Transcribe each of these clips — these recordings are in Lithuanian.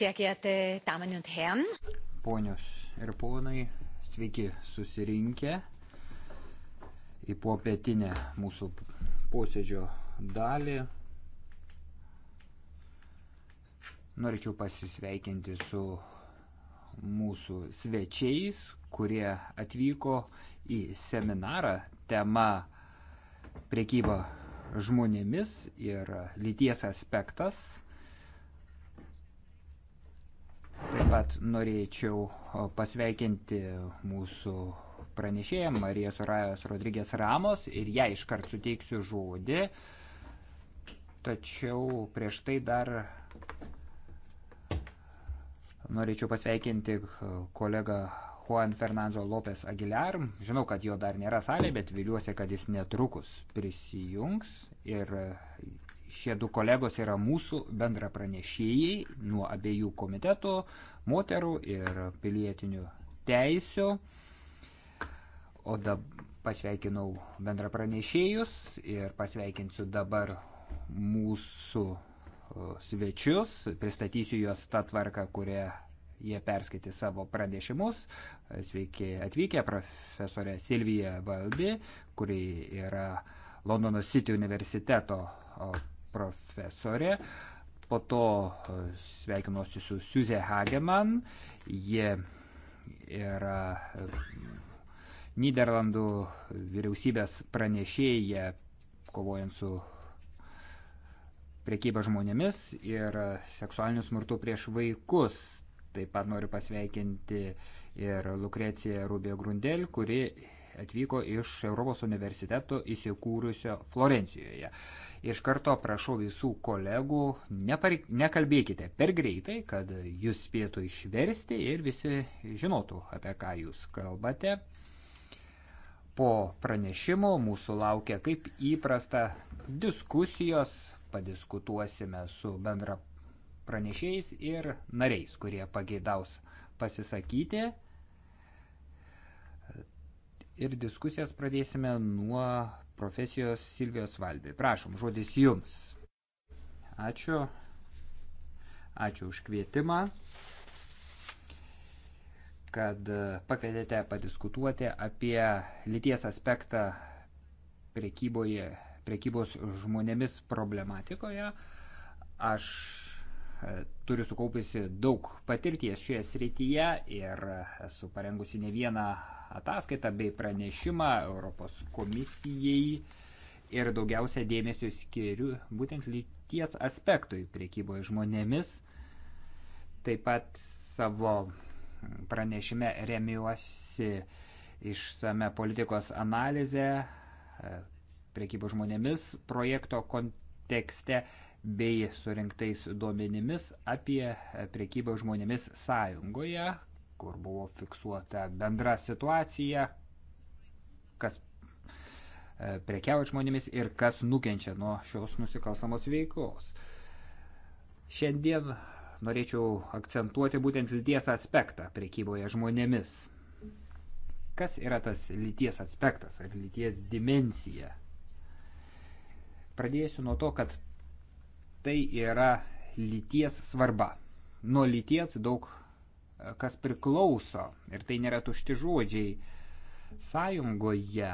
sehr geehrte Damen und Herren. Ponios ir ponai, sveiki susirinkę į popietinę mūsų posėdžio dalį. Norėčiau pasisveikinti su mūsų svečiais, kurie atvyko į seminarą tema priekyba žmonėmis ir lyties aspektas – Taip pat norėčiau pasveikinti mūsų pranešėją Mariją Sorajos Rodrygės Ramos ir ją iškart suteiksiu žodį. Tačiau prieš tai dar norėčiau pasveikinti kolegą Juan Fernando Lopes Aguilar. Žinau, kad jo dar nėra salė, bet viliuosi, kad jis netrukus prisijungs ir Šie du kolegos yra mūsų bendra pranešėjai nuo abiejų komitetų, moterų ir pilietinių teisių. O dabar pasveikinau bendra pranešėjus ir pasveikinsiu dabar mūsų svečius, pristatysiu juos tą tvarką, kurią jie perskaitė savo pranešimus. Sveiki atvykę profesorė Silvija Valdi, kuri yra Londono City universiteto profesorė. Po to e, sveikinuosi su Suze Hageman. Jie yra e, Niderlandų vyriausybės pranešėja kovojant su priekyba žmonėmis ir seksualiniu smurtu prieš vaikus. Taip pat noriu pasveikinti ir Lukreciją Rubio Grundel, kuri atvyko iš Europos universiteto įsikūrusio Florencijoje. Iš karto prašau visų kolegų, nepar... nekalbėkite per greitai, kad jūs spėtų išversti ir visi žinotų, apie ką jūs kalbate. Po pranešimo mūsų laukia, kaip įprasta, diskusijos, padiskutuosime su bendra pranešėjais ir nariais, kurie pageidaus pasisakyti ir diskusijas pradėsime nuo profesijos Silvijos Valbė. Prašom, žodis jums. Ačiū. Ačiū už kvietimą, kad pakvietėte padiskutuoti apie lyties aspektą prekyboje, prekybos žmonėmis problematikoje. Aš e, turiu sukaupusi daug patirties šioje srityje ir esu parengusi ne vieną ataskaitą bei pranešimą Europos komisijai ir daugiausia dėmesio skiriu būtent lyties aspektui priekyboje žmonėmis. Taip pat savo pranešime remiuosi išsame politikos analizę e, priekybos žmonėmis projekto kontekste bei surinktais duomenimis apie priekybą žmonėmis sąjungoje, kur buvo fiksuota bendra situacija, kas e, prekiavo žmonėmis ir kas nukenčia nuo šios nusikalstamos veiklos. Šiandien norėčiau akcentuoti būtent lyties aspektą prekyboje žmonėmis. Kas yra tas lyties aspektas ar lyties dimensija? Pradėsiu nuo to, kad tai yra lyties svarba. Nuo lyties daug kas priklauso. Ir tai nėra tušti žodžiai. Sąjungoje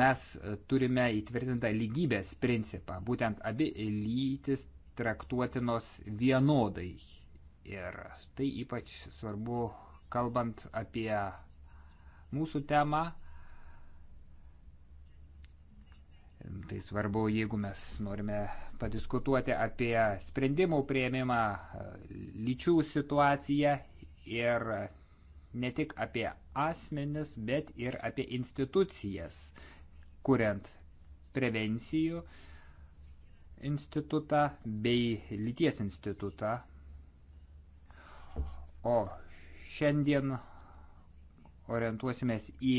mes turime įtvirtintą lygybės principą. Būtent abi lytis traktuotinos vienodai. Ir tai ypač svarbu, kalbant apie mūsų temą. Tai svarbu, jeigu mes norime padiskutuoti apie sprendimų prieimimą, lyčių situaciją ir ne tik apie asmenis, bet ir apie institucijas, kuriant prevencijų institutą bei lyties institutą. O šiandien orientuosimės į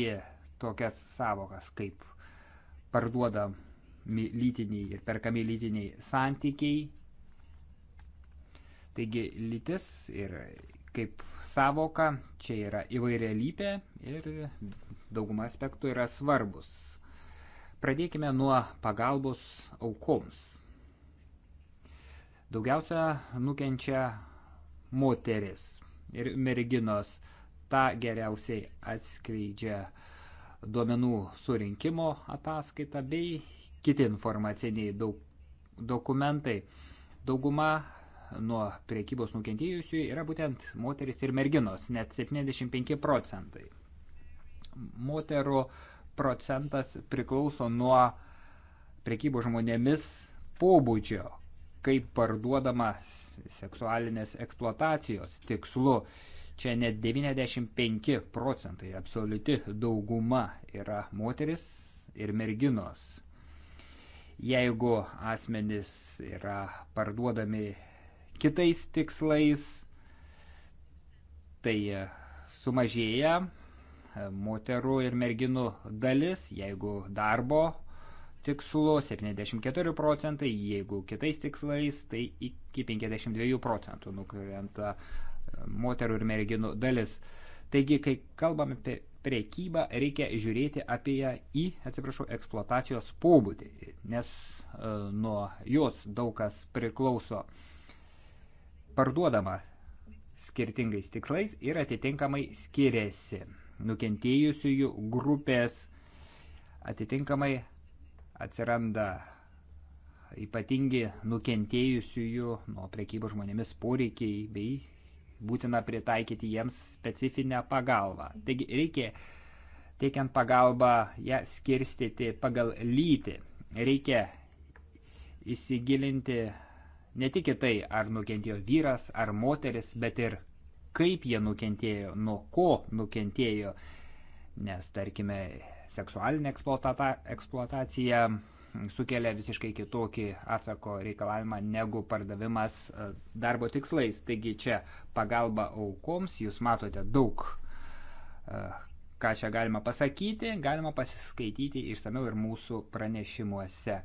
tokias savokas kaip parduodam lytiniai ir perkami lytiniai santykiai. Taigi lytis ir kaip savoka čia yra įvairia lypė ir dauguma aspektų yra svarbus. Pradėkime nuo pagalbos aukoms. Daugiausia nukenčia moteris ir merginos. Ta geriausiai atskleidžia duomenų surinkimo ataskaita bei kiti informaciniai daug, dokumentai. Dauguma nuo priekybos nukentėjusių yra būtent moteris ir merginos, net 75 procentai. Moterų procentas priklauso nuo priekybos žmonėmis pobūdžio, kaip parduodama seksualinės eksploatacijos tikslu. Čia net 95 procentai, absoliuti dauguma yra moteris ir merginos. Jeigu asmenys yra parduodami kitais tikslais, tai sumažėja moterų ir merginų dalis, jeigu darbo tikslu 74 procentai, jeigu kitais tikslais, tai iki 52 procentų nukrenta moterų ir merginų dalis. Taigi, kai kalbame apie prekybą reikia žiūrėti apie ją į, atsiprašau, eksploatacijos pobūdį, nes e, nuo jos daug kas priklauso parduodama skirtingais tikslais ir atitinkamai skiriasi nukentėjusiųjų grupės, atitinkamai atsiranda ypatingi nukentėjusiųjų nuo prekybos žmonėmis poreikiai bei būtina pritaikyti jiems specifinę pagalbą. Taigi reikia teikiant pagalbą ją skirstyti pagal lytį. Reikia įsigilinti ne tik į tai, ar nukentėjo vyras ar moteris, bet ir kaip jie nukentėjo, nuo ko nukentėjo, nes tarkime seksualinė eksploatacija sukelia visiškai kitokį atsako reikalavimą negu pardavimas e, darbo tikslais. Taigi čia pagalba aukoms, jūs matote daug, e, ką čia galima pasakyti, galima pasiskaityti išsameu ir mūsų pranešimuose.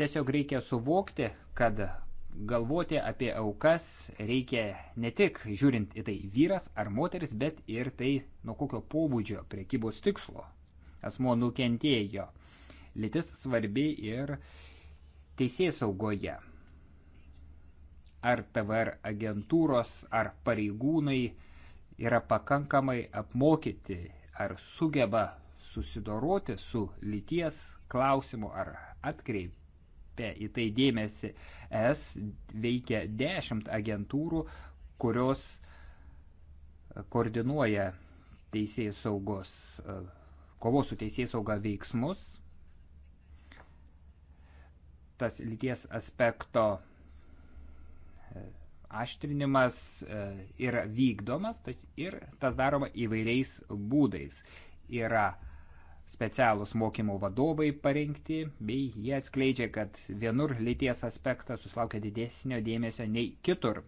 Tiesiog reikia suvokti, kad galvoti apie aukas reikia ne tik žiūrint į tai vyras ar moteris, bet ir tai nuo kokio pobūdžio priekybos tikslo asmo nukentėjo lytis svarbi ir teisėjai saugoje. Ar TVR agentūros, ar pareigūnai yra pakankamai apmokyti, ar sugeba susidoroti su lyties klausimu, ar atkreipia į tai dėmesį. Es veikia dešimt agentūrų, kurios koordinuoja teisėjai saugos, kovos su teisėjai sauga veiksmus tas lyties aspekto e, aštrinimas e, yra vykdomas tai ir tas daroma įvairiais būdais. Yra specialūs mokymo vadovai parengti, bei jie atskleidžia, kad vienur lyties aspektas susilaukia didesnio dėmesio nei kitur.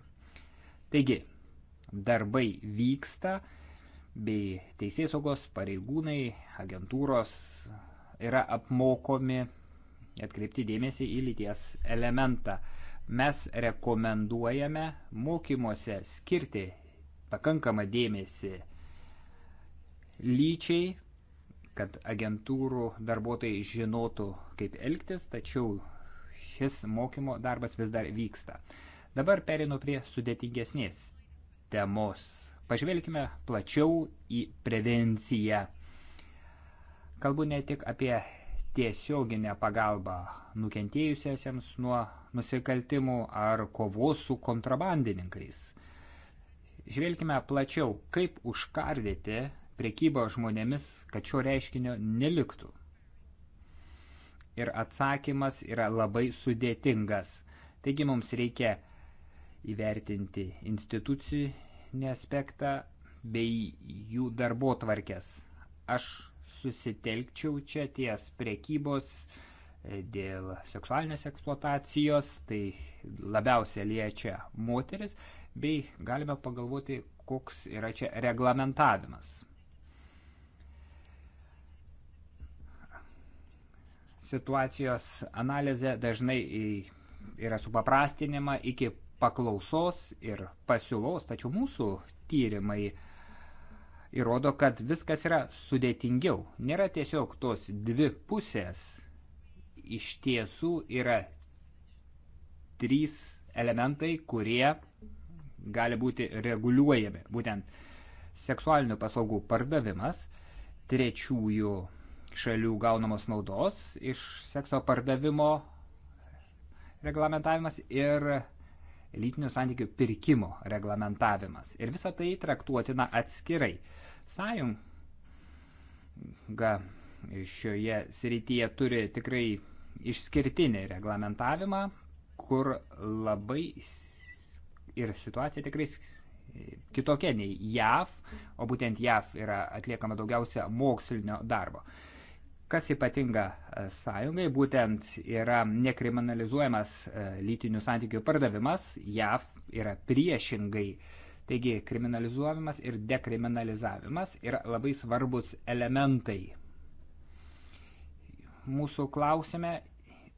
Taigi, darbai vyksta, bei teisėsaugos pareigūnai, agentūros yra apmokomi atkreipti dėmesį į lyties elementą. Mes rekomenduojame mokymuose skirti pakankamą dėmesį lyčiai, kad agentūrų darbuotojai žinotų, kaip elgtis, tačiau šis mokymo darbas vis dar vyksta. Dabar perinu prie sudėtingesnės temos. Pažvelkime plačiau į prevenciją. Kalbu ne tik apie tiesioginę pagalbą nukentėjusiesiems nuo nusikaltimų ar kovos su kontrabandininkais. Žvelkime plačiau, kaip užkardyti priekybą žmonėmis, kad šio reiškinio neliktų. Ir atsakymas yra labai sudėtingas. Taigi mums reikia įvertinti institucinį aspektą bei jų darbo tvarkės. Aš susitelkčiau čia ties prekybos e, dėl seksualinės eksploatacijos, tai labiausiai liečia moteris, bei galime pagalvoti, koks yra čia reglamentavimas. Situacijos analizė dažnai yra supaprastinima iki paklausos ir pasiūlos, tačiau mūsų tyrimai įrodo, kad viskas yra sudėtingiau. Nėra tiesiog tos dvi pusės. Iš tiesų yra trys elementai, kurie gali būti reguliuojami. Būtent seksualinių paslaugų pardavimas, trečiųjų šalių gaunamos naudos iš sekso pardavimo reglamentavimas ir lytinių santykių pirkimo reglamentavimas. Ir visą tai traktuotina atskirai. Sąjunga šioje srityje turi tikrai išskirtinį reglamentavimą, kur labai ir situacija tikrai kitokia nei JAV, o būtent JAV yra atliekama daugiausia mokslinio darbo. Kas ypatinga e, sąjungai, būtent yra nekriminalizuojamas e, lytinių santykių pardavimas, JAV yra priešingai. Taigi kriminalizuojamas ir dekriminalizavimas yra labai svarbus elementai mūsų klausime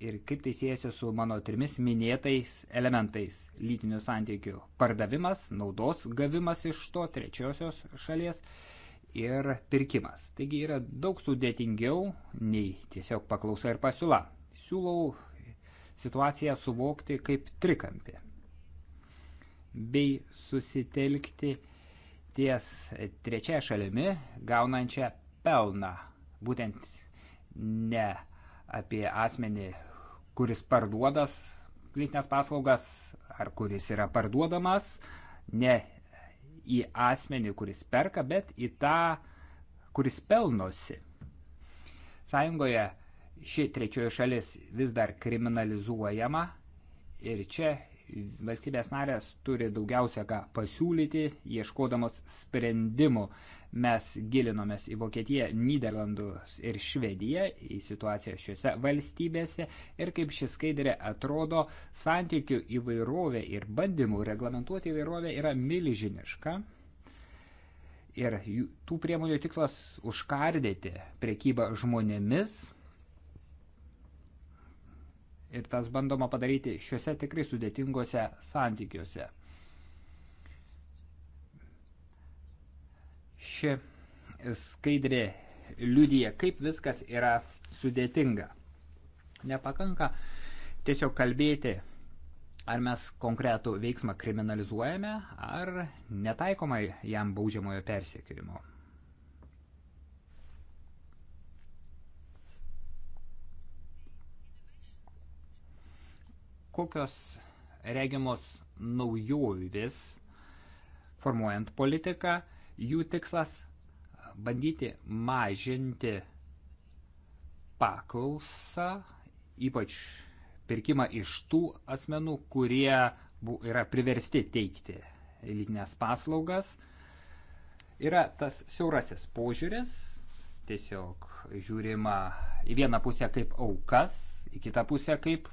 ir kaip tai siejasi su mano trimis minėtais elementais - lytinių santykių pardavimas, naudos gavimas iš to trečiosios šalies ir pirkimas. Taigi yra daug sudėtingiau nei tiesiog paklausa ir pasiūla. Siūlau situaciją suvokti kaip trikampį bei susitelkti ties trečia šalimi gaunančią pelną. Būtent ne apie asmenį, kuris parduodas lytinės paslaugas ar kuris yra parduodamas, ne į asmenį, kuris perka, bet į tą, kuris pelnosi. Sąjungoje ši trečioji šalis vis dar kriminalizuojama ir čia valstybės narės turi daugiausia ką pasiūlyti, ieškodamos sprendimų. Mes gilinomės į Vokietiją, Niderlandus ir Švediją, į situaciją šiuose valstybėse ir kaip šis skaidrė atrodo, santykių įvairovė ir bandymų reglamentuoti įvairovę yra milžiniška. Ir tų priemonių tikslas užkardyti prekybą žmonėmis. Ir tas bandoma padaryti šiuose tikrai sudėtingose santykiuose. Ši skaidrė liudyje, kaip viskas yra sudėtinga. Nepakanka tiesiog kalbėti, ar mes konkretų veiksmą kriminalizuojame, ar netaikomai jam baudžiamojo persiekėjimo. Kokios regimos naujovės formuojant politiką – Jų tikslas - bandyti mažinti paklausą, ypač pirkimą iš tų asmenų, kurie yra priversti teikti lytinės paslaugas. Yra tas siaurasis požiūris, tiesiog žiūrima į vieną pusę kaip aukas, į kitą pusę kaip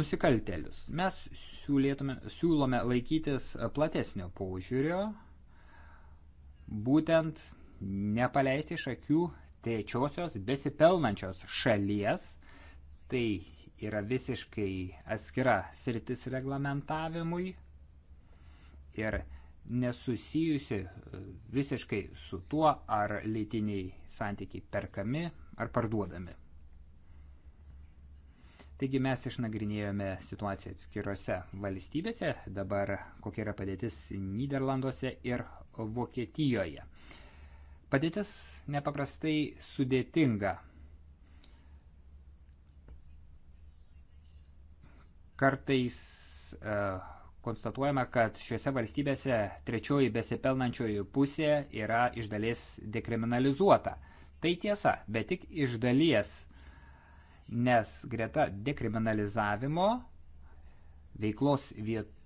nusikaltelius. Mes siūlėtume, siūlome laikytis platesnio požiūrio, būtent nepaleisti iš akių trečiosios besipelnančios šalies. Tai yra visiškai atskira sritis reglamentavimui ir nesusijusi e, visiškai su tuo, ar lytiniai santykiai perkami ar parduodami. Taigi mes išnagrinėjome situaciją atskirose valstybėse, dabar kokia yra padėtis Niderlanduose ir Vokietijoje. Padėtis nepaprastai sudėtinga. Kartais e, konstatuojama, kad šiuose valstybėse trečioji besipelnančioji pusė yra iš dalies dekriminalizuota. Tai tiesa, bet tik iš dalies, nes greta dekriminalizavimo veiklos vietų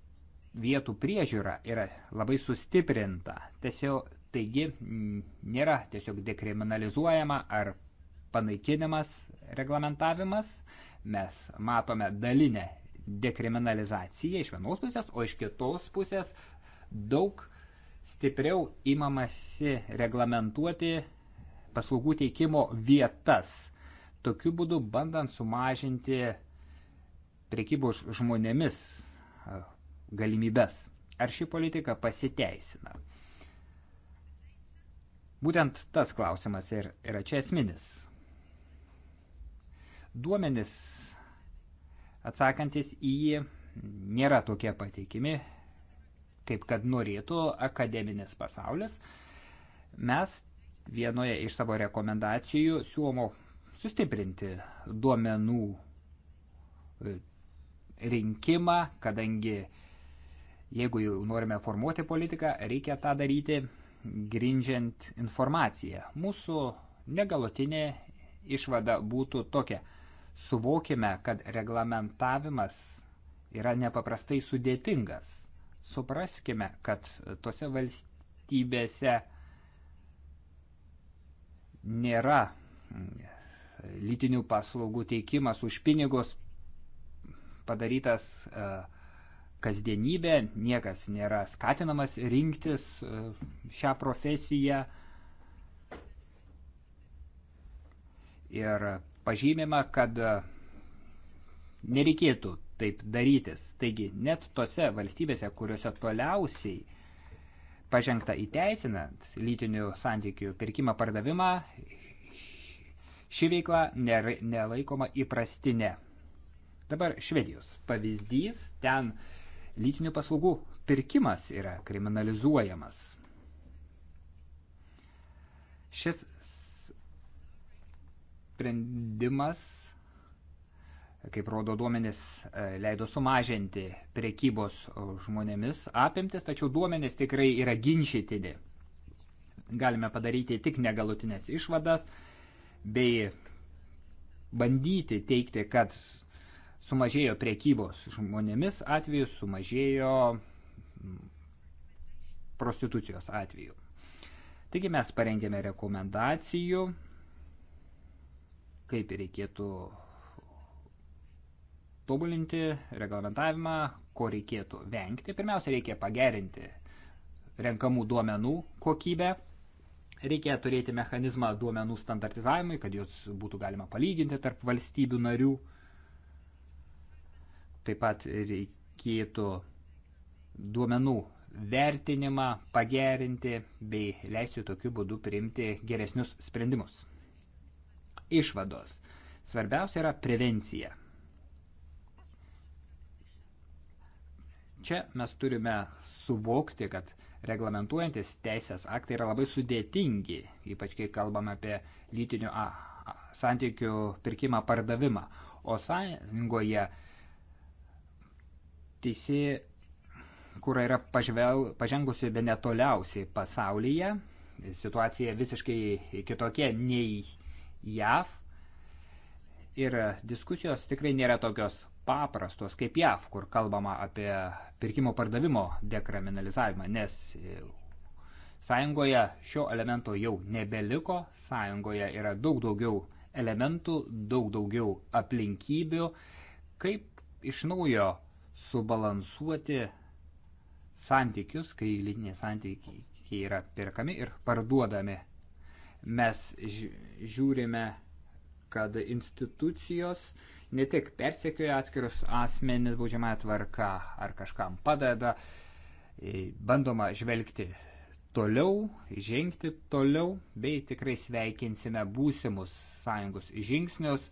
vietų priežiūra yra labai sustiprinta. Tiesiog, taigi nėra tiesiog dekriminalizuojama ar panaikinimas reglamentavimas. Mes matome dalinę dekriminalizaciją iš vienos pusės, o iš kitos pusės daug stipriau imamasi reglamentuoti paslaugų teikimo vietas. Tokiu būdu bandant sumažinti priekybos žmonėmis galimybes. Ar ši politika pasiteisina? Būtent tas klausimas ir yra čia esminis. Duomenis atsakantis į jį nėra tokie pateikimi, kaip kad norėtų akademinis pasaulis. Mes vienoje iš savo rekomendacijų siūlomo sustiprinti duomenų e, rinkimą, kadangi Jeigu jau norime formuoti politiką, reikia tą daryti grindžiant informaciją. Mūsų negalutinė išvada būtų tokia. Suvokime, kad reglamentavimas yra nepaprastai sudėtingas. Supraskime, kad tose valstybėse nėra lytinių paslaugų teikimas už pinigus padarytas uh, kasdienybė, niekas nėra skatinamas rinktis e, šią profesiją. Ir pažymima, kad e, nereikėtų taip darytis. Taigi net tose valstybėse, kuriuose toliausiai pažengta įteisinant lytinių santykių pirkimą pardavimą, ši veikla nelaikoma įprastinė. Dabar Švedijos pavyzdys, ten uh, lytinių paslaugų pirkimas yra kriminalizuojamas. Šis sprendimas, kaip rodo duomenis, e, leido sumažinti prekybos žmonėmis apimtis, tačiau duomenis tikrai yra ginčytini. Galime padaryti tik negalutinės išvadas bei bandyti teikti, kad sumažėjo priekybos žmonėmis atveju, sumažėjo mm, prostitucijos atveju. Taigi mes parengėme rekomendacijų, kaip reikėtų tobulinti reglamentavimą, ko reikėtų vengti. Pirmiausia, reikia pagerinti renkamų duomenų kokybę. Reikia turėti mechanizmą duomenų standartizavimui, kad juos būtų galima palyginti tarp valstybių narių. Taip pat reikėtų duomenų vertinimą pagerinti bei leisti tokiu būdu priimti geresnius sprendimus. Išvados. Svarbiausia yra prevencija. Čia mes turime suvokti, kad reglamentuojantis teisės aktai yra labai sudėtingi, ypač kai kalbame apie lytinių a, a, santykių pirkimą pardavimą. O sąjungoje teisėjai, kur yra pažvel, pažengusi be netoliausiai pasaulyje, situacija visiškai kitokia nei JAV ir diskusijos tikrai nėra tokios paprastos kaip JAV, kur kalbama apie pirkimo pardavimo dekriminalizavimą, nes e, sąjungoje šio elemento jau nebeliko, sąjungoje yra daug daugiau elementų, daug daugiau aplinkybių, kaip iš naujo subalansuoti santykius, kai lytiniai santykiai yra perkami ir parduodami. Mes žiūrime, kad institucijos ne tik persekioja atskirus asmenis baudžiamąją tvarką ar kažkam padeda, bandoma žvelgti toliau, žengti toliau, bei tikrai sveikinsime būsimus sąjungos žingsnius,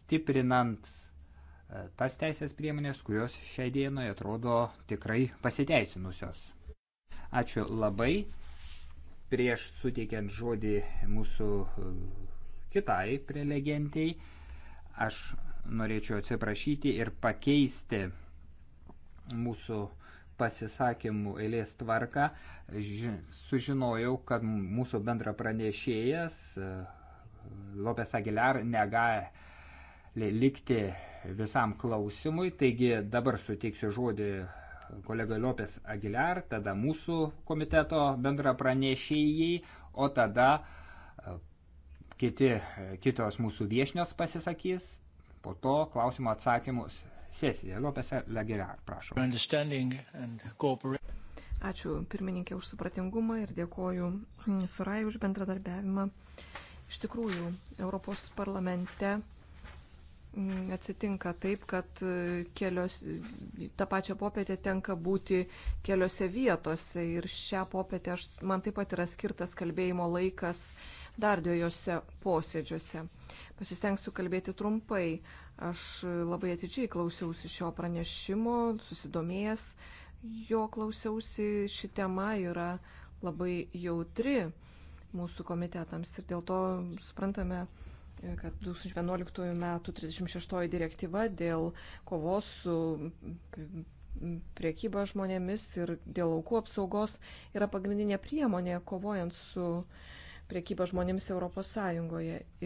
stiprinant E, tas teisės priemonės, kurios šiai dienai atrodo tikrai pasiteisinusios. Ačiū labai. Prieš suteikiant žodį mūsų e, kitai prelegentiai, aš norėčiau atsiprašyti ir pakeisti mūsų pasisakymų eilės tvarką. Ži sužinojau, kad mūsų bendra pranešėjas e, Lopes Aguilar negali likti visam klausimui. Taigi dabar suteiksiu žodį kolega Liopės Aguilar, tada mūsų komiteto bendra pranešėjai, o tada e, kiti, e, kitos mūsų viešnios pasisakys, po to klausimų atsakymus sesija. Liopės Aguilar, prašau. Ačiū pirmininkė už supratingumą ir dėkoju mm, Surai už bendradarbiavimą. Iš tikrųjų, Europos parlamente Mm, atsitinka taip, kad e, kelios, tą pačią popietę tenka būti keliose vietose ir šią popietę aš, man taip pat yra skirtas kalbėjimo laikas dar dviejose posėdžiuose. Pasistengsiu kalbėti trumpai. Aš labai atidžiai klausiausi šio pranešimo, susidomėjęs jo klausiausi. Ši tema yra labai jautri mūsų komitetams ir dėl to suprantame, kad 2011 m. 36 direktyva dėl kovos su priekyba žmonėmis ir dėl aukų apsaugos yra pagrindinė priemonė kovojant su priekyba žmonėmis ES.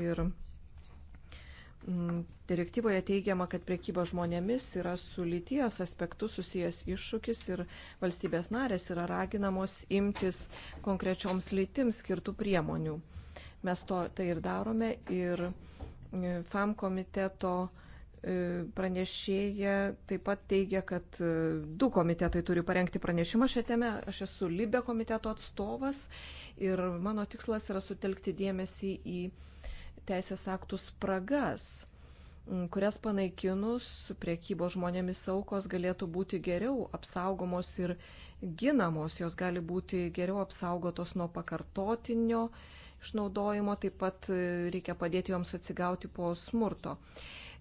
Ir mm, direktyvoje teigiama, kad priekyba žmonėmis yra su lyties aspektu susijęs iššūkis ir valstybės narės yra raginamos imtis konkrečioms lytims skirtų priemonių. Mes to, tai ir darome ir e, FAM komiteto e, pranešėja taip pat teigia, kad e, du komitetai turi parengti pranešimą šią temą. Aš esu Libė komiteto atstovas ir mano tikslas yra sutelkti dėmesį į teisės aktų spragas kurias panaikinus priekybo žmonėmis aukos galėtų būti geriau apsaugomos ir ginamos, jos gali būti geriau apsaugotos nuo pakartotinio išnaudojimo, taip pat e, reikia padėti joms atsigauti po smurto.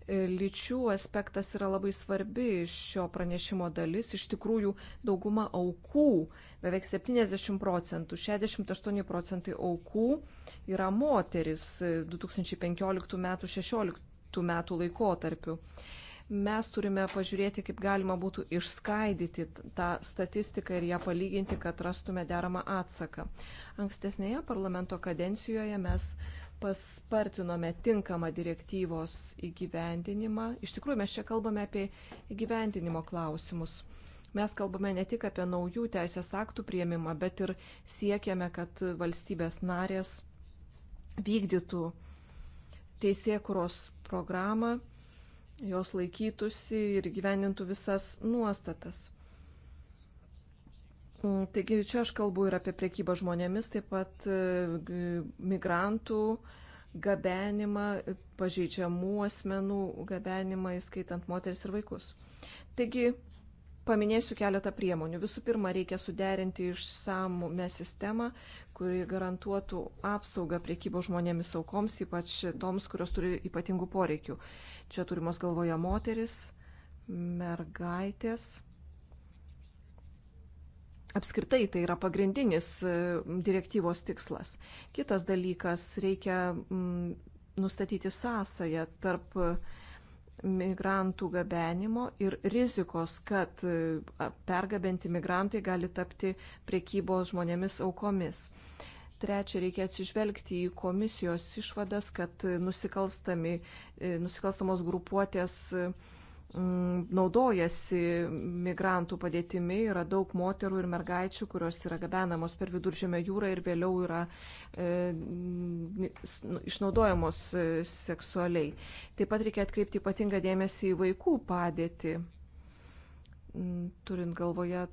E, lyčių aspektas yra labai svarbi šio pranešimo dalis. Iš tikrųjų, dauguma aukų, beveik 70 procentų, 68 procentai aukų yra moteris 2015 m. 16 metų laikotarpiu mes turime pažiūrėti, kaip galima būtų išskaidyti tą statistiką ir ją palyginti, kad rastume deramą atsaką. Ankstesnėje parlamento kadencijoje mes paspartinome tinkamą direktyvos įgyvendinimą. Iš tikrųjų, mes čia kalbame apie įgyvendinimo klausimus. Mes kalbame ne tik apie naujų teisės aktų prieimimą, bet ir siekiame, kad valstybės narės vykdytų teisėkuros programą jos laikytųsi ir gyvenintų visas nuostatas. Taigi čia aš kalbu ir apie priekybą žmonėmis, taip pat e, migrantų gabenimą, pažeidžiamų asmenų gabenimą, įskaitant moteris ir vaikus. Taigi Paminėsiu keletą priemonių. Visų pirma, reikia suderinti išsamumę sistemą, kuri garantuotų apsaugą priekybo žmonėmis aukoms, ypač toms, kurios turi ypatingų poreikių. Čia turimos galvoje moteris, mergaitės. Apskritai tai yra pagrindinis e, direktyvos tikslas. Kitas dalykas, reikia mm, nustatyti sąsąją tarp uh, migrantų gabenimo ir rizikos, kad e, pergabenti migrantai gali tapti priekybos žmonėmis aukomis. Trečia, reikia atsižvelgti į komisijos išvadas, kad e, nusikalstamos grupuotės e, Mm, naudojasi migrantų padėtimi, yra daug moterų ir mergaičių, kurios yra gabenamos per viduržėmę jūrą ir vėliau yra e, nu, išnaudojamos e, seksualiai. Taip pat reikia atkreipti ypatingą dėmesį į vaikų padėtį, turint galvoje,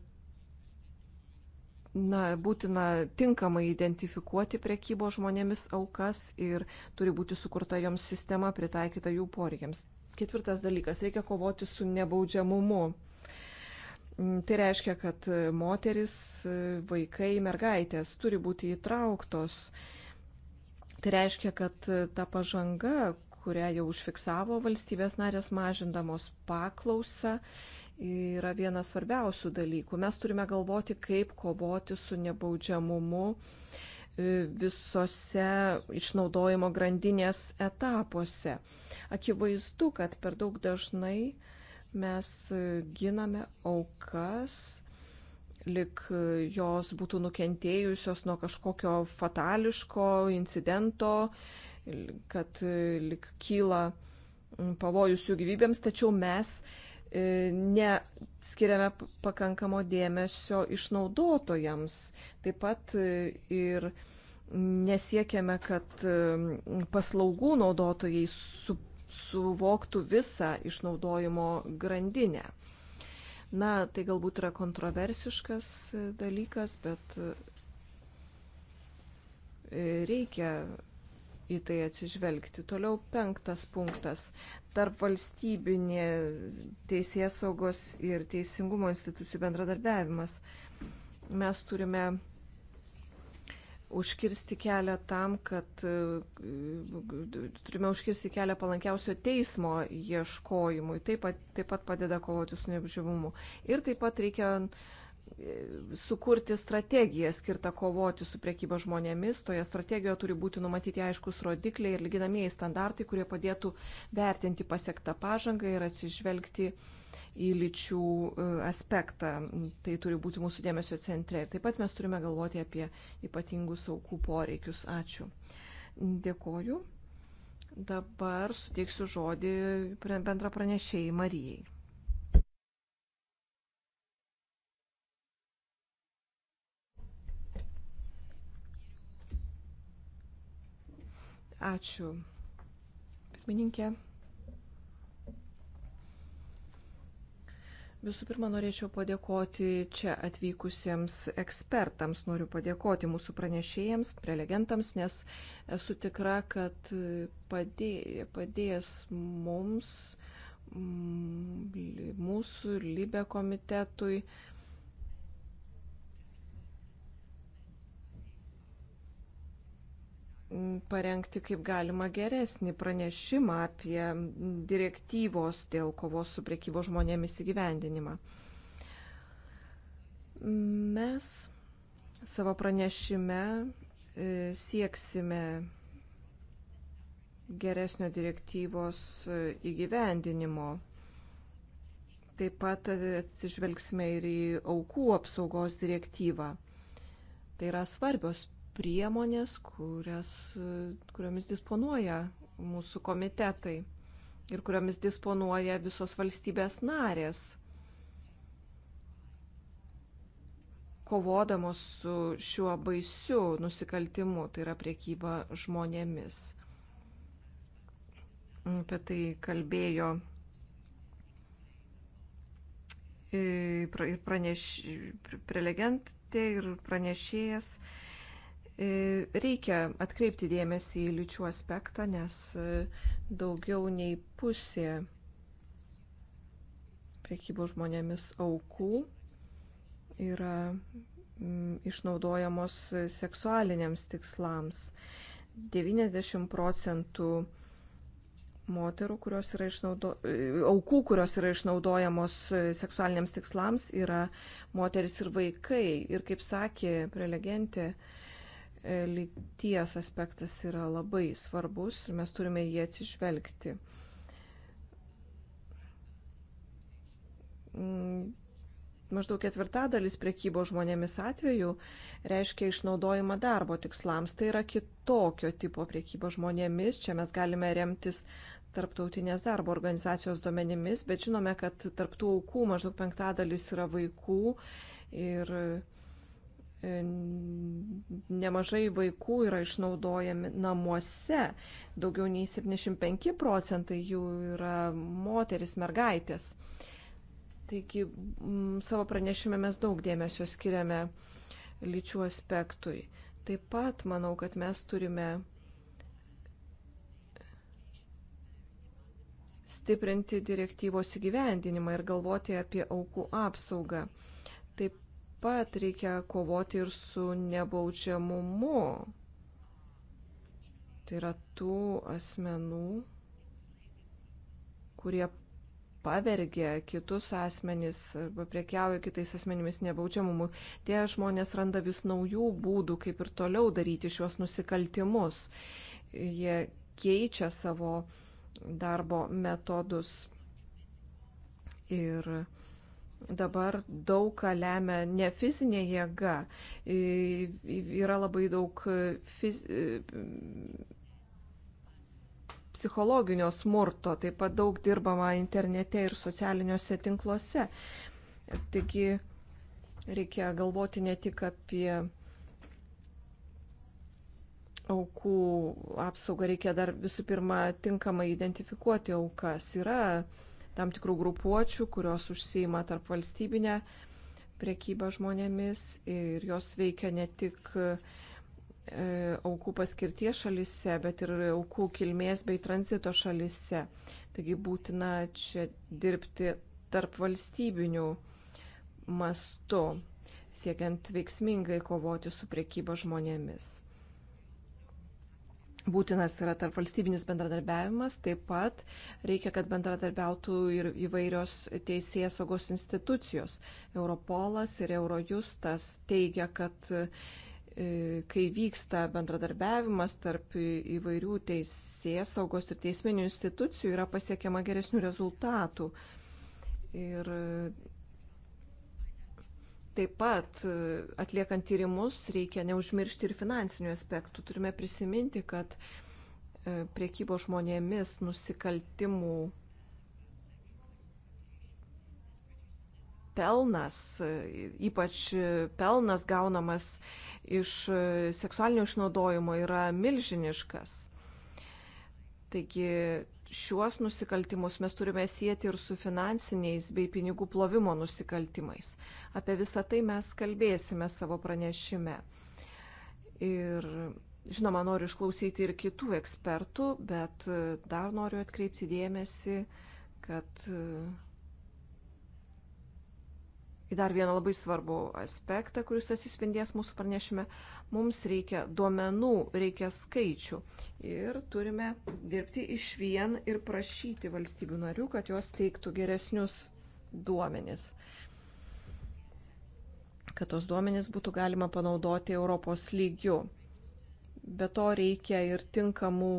na, būtina tinkamai identifikuoti prekybo žmonėmis aukas ir turi būti sukurta joms sistema pritaikyta jų poreikiams. Ketvirtas dalykas - reikia kovoti su nebaudžiamumu. Mm, tai reiškia, kad moteris, vaikai, mergaitės turi būti įtrauktos. Tai reiškia, kad ta pažanga, kurią jau užfiksavo valstybės narės mažindamos paklausą, yra vienas svarbiausių dalykų. Mes turime galvoti, kaip kovoti su nebaudžiamumu, uh, E, visose išnaudojimo grandinės etapuose. Akivaizdu, kad per daug dažnai mes giname aukas, lik jos būtų nukentėjusios nuo kažkokio fatališko incidento, kad lik kyla pavojus jų gyvybėms, tačiau mes E, neskiriame pakankamo dėmesio išnaudotojams. Taip pat e, ir nesiekiame, kad e, paslaugų naudotojai su, suvoktų visą išnaudojimo grandinę. Na, tai galbūt yra kontroversiškas dalykas, bet reikia į tai atsižvelgti. Toliau penktas punktas. Tarp valstybinė teisės saugos ir teisingumo institucijų bendradarbiavimas. Mes turime užkirsti kelią tam, kad turime užkirsti kelią palankiausio teismo ieškojimui. Taip pat, taip pat padeda kovoti su neapžiavumu. Ir taip pat reikia sukurti strategiją skirtą kovoti su priekyba žmonėmis. Toje strategijoje turi būti numatyti aiškus rodikliai ir lyginamieji standartai, kurie padėtų vertinti pasiektą pažangą ir atsižvelgti į lyčių e, aspektą. Tai turi būti mūsų dėmesio centre. Ir taip pat mes turime galvoti apie ypatingus aukų poreikius. Ačiū. Dėkoju. Dabar suteiksiu žodį bendra pranešėjai Marijai. Ačiū. Pirmininkė. Visų pirma, norėčiau padėkoti čia atvykusiems ekspertams, noriu padėkoti mūsų pranešėjams, prelegentams, nes esu tikra, kad padė, padės mums, mūsų Libe komitetui, parengti kaip galima geresnį pranešimą apie direktyvos dėl kovos su priekybo žmonėmis įgyvendinimą. Mes savo pranešime e, sieksime geresnio direktyvos e, įgyvendinimo. Taip pat atsižvelgsime ir į aukų apsaugos direktyvą. Tai yra svarbios priemonės, kurias, kuriomis disponuoja mūsų komitetai ir kuriomis disponuoja visos valstybės narės, kovodamos su šiuo baisiu nusikaltimu, tai yra priekyba žmonėmis. Apie tai kalbėjo ir praneš, prelegentė, ir pranešėjas. E, reikia atkreipti dėmesį į lyčių aspektą, nes e, daugiau nei pusė priekybos žmonėmis aukų yra išnaudojamos seksualiniams tikslams. 90 procentų moterų, kurios yra išnaudo... E, aukų, kurios yra išnaudojamos seksualiniams tikslams, yra moteris ir vaikai. Ir kaip sakė prelegentė, uh, E, lyties aspektas yra labai svarbus ir mes turime jį atsižvelgti. Mm, maždaug ketvirtadalis priekybos žmonėmis atveju reiškia išnaudojimą darbo tikslams. Tai yra kitokio tipo priekyba žmonėmis. Čia mes galime remtis tarptautinės darbo organizacijos duomenimis, bet žinome, kad tarptų aukų maždaug penktadalis yra vaikų ir nemažai vaikų yra išnaudojami namuose. Daugiau nei 75 procentai jų yra moteris, mergaitės. Taigi savo pranešime mes daug dėmesio skiriame lyčių aspektui. Taip pat manau, kad mes turime stiprinti direktyvos įgyvendinimą ir galvoti apie aukų apsaugą pat reikia kovoti ir su nebaudžiamumu. Tai yra tų asmenų, kurie pavergia kitus asmenys arba priekiauja kitais asmenimis nebaudžiamumu, tie žmonės randa vis naujų būdų, kaip ir toliau daryti šiuos nusikaltimus. Jie keičia savo darbo metodus ir dabar daug ką lemia ne fizinė jėga, yra labai daug e, fiz... E, psichologinio smurto, taip pat daug dirbama internete ir socialiniuose tinkluose. Taigi reikia galvoti ne tik apie aukų apsaugą, reikia dar visų pirma tinkamai identifikuoti aukas. Yra tam tikrų grupuočių, kurios užsima tarp valstybinę priekybą žmonėmis ir jos veikia ne tik e, aukų paskirties šalise, bet ir aukų kilmės bei tranzito šalise. Taigi būtina čia dirbti tarp valstybinių mastų, siekiant veiksmingai kovoti su priekyba žmonėmis. Būtinas yra tarp valstybinis bendradarbiavimas, taip pat reikia, kad bendradarbiautų ir įvairios teisėjas saugos institucijos. Europolas ir Eurojustas teigia, kad e, kai vyksta bendradarbiavimas tarp įvairių teisėjas saugos ir teisminių institucijų, yra pasiekiama geresnių rezultatų. Ir Taip pat e, atliekant tyrimus reikia neužmiršti ir finansinių aspektų. Turime prisiminti, kad e, priekybo žmonėmis nusikaltimų pelnas, e, ypač pelnas gaunamas iš seksualinio išnaudojimo yra milžiniškas. Taigi šiuos nusikaltimus mes turime sieti ir su finansiniais bei pinigų plovimo nusikaltimais. Apie visą tai mes kalbėsime savo pranešime. Ir žinoma, noriu išklausyti ir kitų ekspertų, bet e, dar noriu atkreipti dėmesį, kad e, į dar vieną labai svarbų aspektą, kuris atsispindės mūsų pranešime. Mums reikia duomenų, reikia skaičių ir turime dirbti iš vien ir prašyti valstybių narių, kad jos teiktų geresnius duomenis. Kad tos duomenys būtų galima panaudoti Europos lygiu. Be to reikia ir tinkamų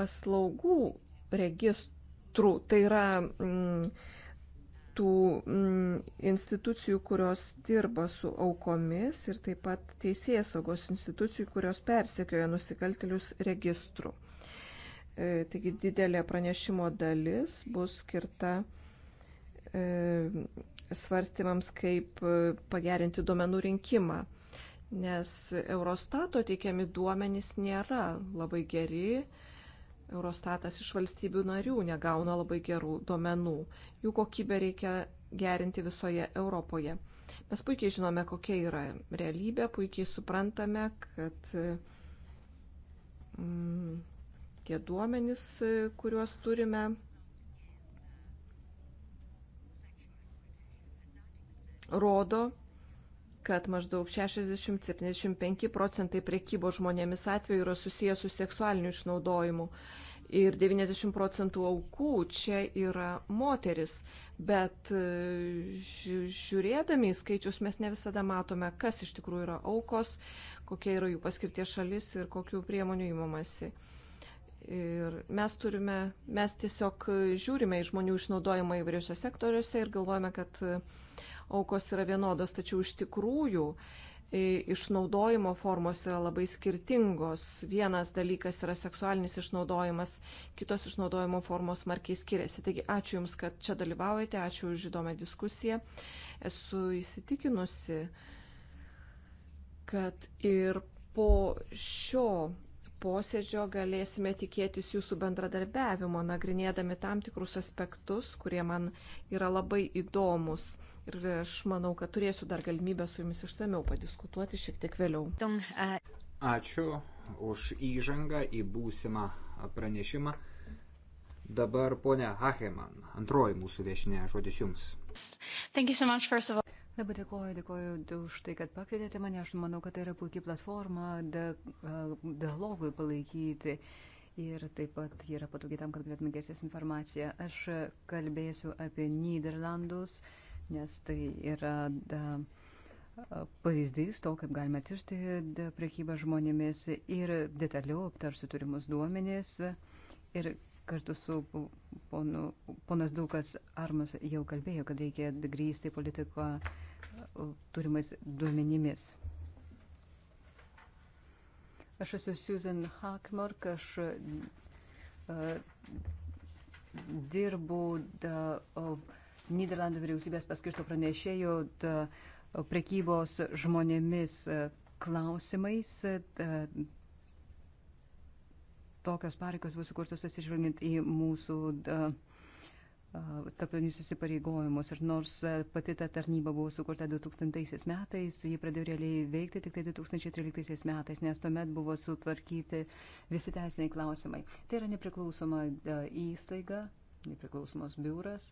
paslaugų registrų. Tai yra mm, tų mm, institucijų, kurios dirba su aukomis ir taip pat teisėjas saugos institucijų, kurios persekioja nusikaltelius registru. E, taigi didelė pranešimo dalis bus skirta e, svarstymams, kaip e, pagerinti duomenų rinkimą, nes Eurostato teikiami duomenys nėra labai geri, Eurostatas iš valstybių narių negauna labai gerų duomenų. Jų kokybę reikia gerinti visoje Europoje. Mes puikiai žinome, kokia yra realybė, puikiai suprantame, kad mm, tie duomenys, kuriuos turime, rodo, kad maždaug 60-75 procentai priekybos žmonėmis atveju yra susijęs su seksualiniu išnaudojimu ir 90 procentų aukų čia yra moteris, bet e, žiūrėdami į skaičius mes ne visada matome, kas iš tikrųjų yra aukos, kokia yra jų paskirties šalis ir kokiu priemonių įmamasi. Ir mes turime, mes tiesiog žiūrime į žmonių išnaudojimą įvairiuose sektoriuose ir galvojame, kad e, aukos yra vienodos, tačiau iš tikrųjų uh, išnaudojimo formos yra labai skirtingos. Vienas dalykas yra seksualinis išnaudojimas, kitos išnaudojimo formos smarkiai skiriasi. Taigi ačiū Jums, kad čia dalyvaujate, ačiū už įdomią diskusiją. Esu įsitikinusi, kad ir po šio posėdžio galėsime tikėtis jūsų bendradarbiavimo, nagrinėdami tam tikrus aspektus, kurie man yra labai įdomus. Ir aš manau, kad turėsiu dar galimybę su jumis išsameu padiskutuoti šiek tiek vėliau. Ačiū už įžangą į būsimą pranešimą. Dabar ponia Hacheman, antroji mūsų viešinė, žodis jums. So much, Labai dėkoju, dėkoju už tai, kad pakvietėte mane. Aš manau, kad tai yra puikia platforma dialogui palaikyti. Ir taip pat yra patogi tam, kad galėtume gesės informaciją. Aš kalbėsiu apie Niderlandus, nes tai yra da, pavyzdys to, kaip galime tirti priekybą žmonėmis ir detaliau aptarsiu turimus duomenys. Ir kartu su ponu, ponas Dukas Armas jau kalbėjo, kad reikia grįsti politiką turimais duomenimis. Aš esu Susan Hakmark, aš uh, dirbu uh, Niderlandų vyriausybės paskirto pranešėjo uh, prekybos žmonėmis uh, klausimais. Uh, tokios pareigos bus sukurtos atsižvelgiant į mūsų uh, taptinius įsipareigojimus. Ir nors pati ta tarnyba buvo sukurta 2000 metais, ji pradėjo realiai veikti tik tai 2013 metais, nes tuomet buvo sutvarkyti visi teisiniai klausimai. Tai yra nepriklausoma įstaiga, nepriklausomos biuras.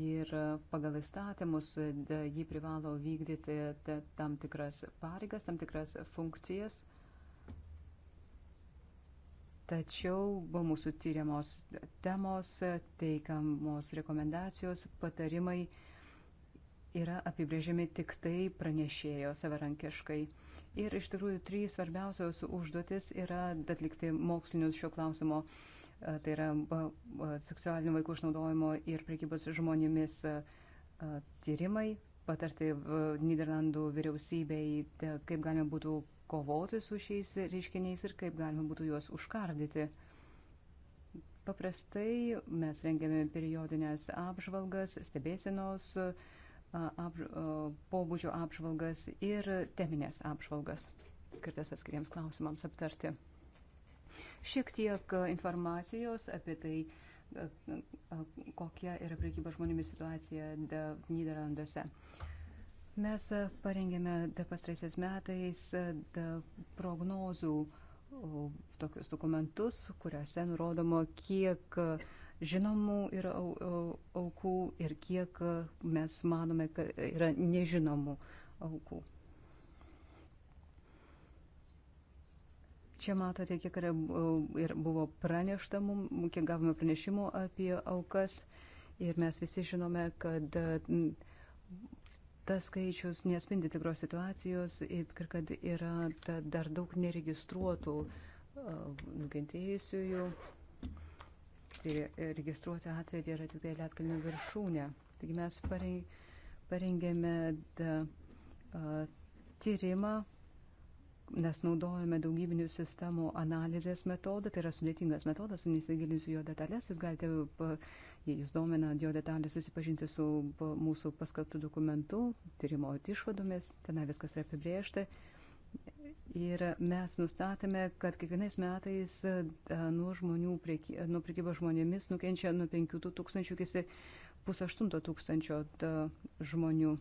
Ir pagal įstatymus ji privalo vykdyti tam tikras pareigas, tam tikras funkcijas Tačiau mūsų tyriamos temos, teikiamos rekomendacijos, patarimai yra apibrėžiami tik tai pranešėjo savarankiškai. Ir iš tikrųjų trys svarbiausios užduotis yra atlikti mokslinius šio klausimo, tai yra seksualinių vaikų išnaudojimo ir prekybos žmonėmis tyrimai, patarti Niderlandų vyriausybei, kaip galima būtų kovoti su šiais reiškiniais ir kaip galima būtų juos užkardyti. Paprastai mes rengiame periodinės apžvalgas, stebėsinos ap, pobūdžio apžvalgas ir teminės apžvalgas, skirtas atskiriems klausimams aptarti. Šiek tiek informacijos apie tai, kokia yra priekyba žmonėmis situacija Niderlanduose. Uh, Mes e, parengėme pastraisiais metais e, prognozių tokius dokumentus, kuriuose nurodoma, kiek e, žinomų yra aukų ir kiek mes manome, kad yra nežinomų aukų. Čia matote, kiek yra, ir buvo pranešta mums, kiek gavome pranešimų apie aukas. Ir mes visi žinome, kad tas skaičius nespindi tikros situacijos ir kad yra dar daug neregistruotų nukentėjusiųjų. Tai registruoti atvejai yra tik tai Lietkalnio viršūnė. Taigi mes parengėme tyrimą, nes naudojame daugybinių sistemų analizės metodą. Tai yra sudėtingas metodas, nesigilinsiu jo detalės, jūs galite Jei jūs domina jo detalė susipažinti su mūsų paskalbtų dokumentu, tyrimo išvadomis, ten viskas yra apibriešta. Ir mes nustatėme, kad kiekvienais metais e, e, nuo, žmonių, prieky, e, nuo priekybos žmonėmis nukenčia nuo 5 tūkstančių iki pusaštunto tūkstančio žmonių.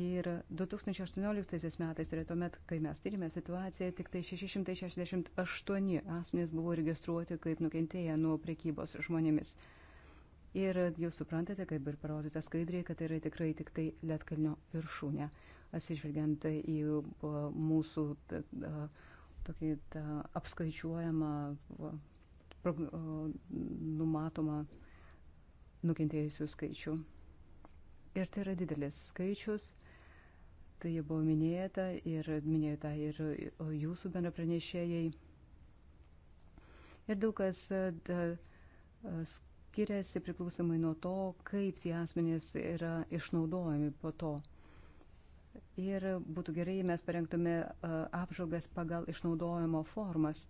Ir 2018 metais, tai yra tuomet, kai mes tyrėme situaciją, tik tai 668 asmenys buvo registruoti kaip nukentėję nuo priekybos žmonėmis. Ir jūs suprantate, kaip ir parodyta skaidrėje, kad tai yra tikrai tik tai Lietkalnio viršūnė, atsižvelgiant į mūsų tokį tą apskaičiuojamą, numatomą nukentėjusių skaičių. Ir tai yra didelis skaičius. Tai jau buvo minėta ir minėjo tą ir jūsų bendrapranešėjai. Ir daug kas da, skiriasi priklausomai nuo to, kaip tie asmenys yra išnaudojami po to. Ir būtų gerai, jei mes parengtume e, apžalgas pagal išnaudojimo formas.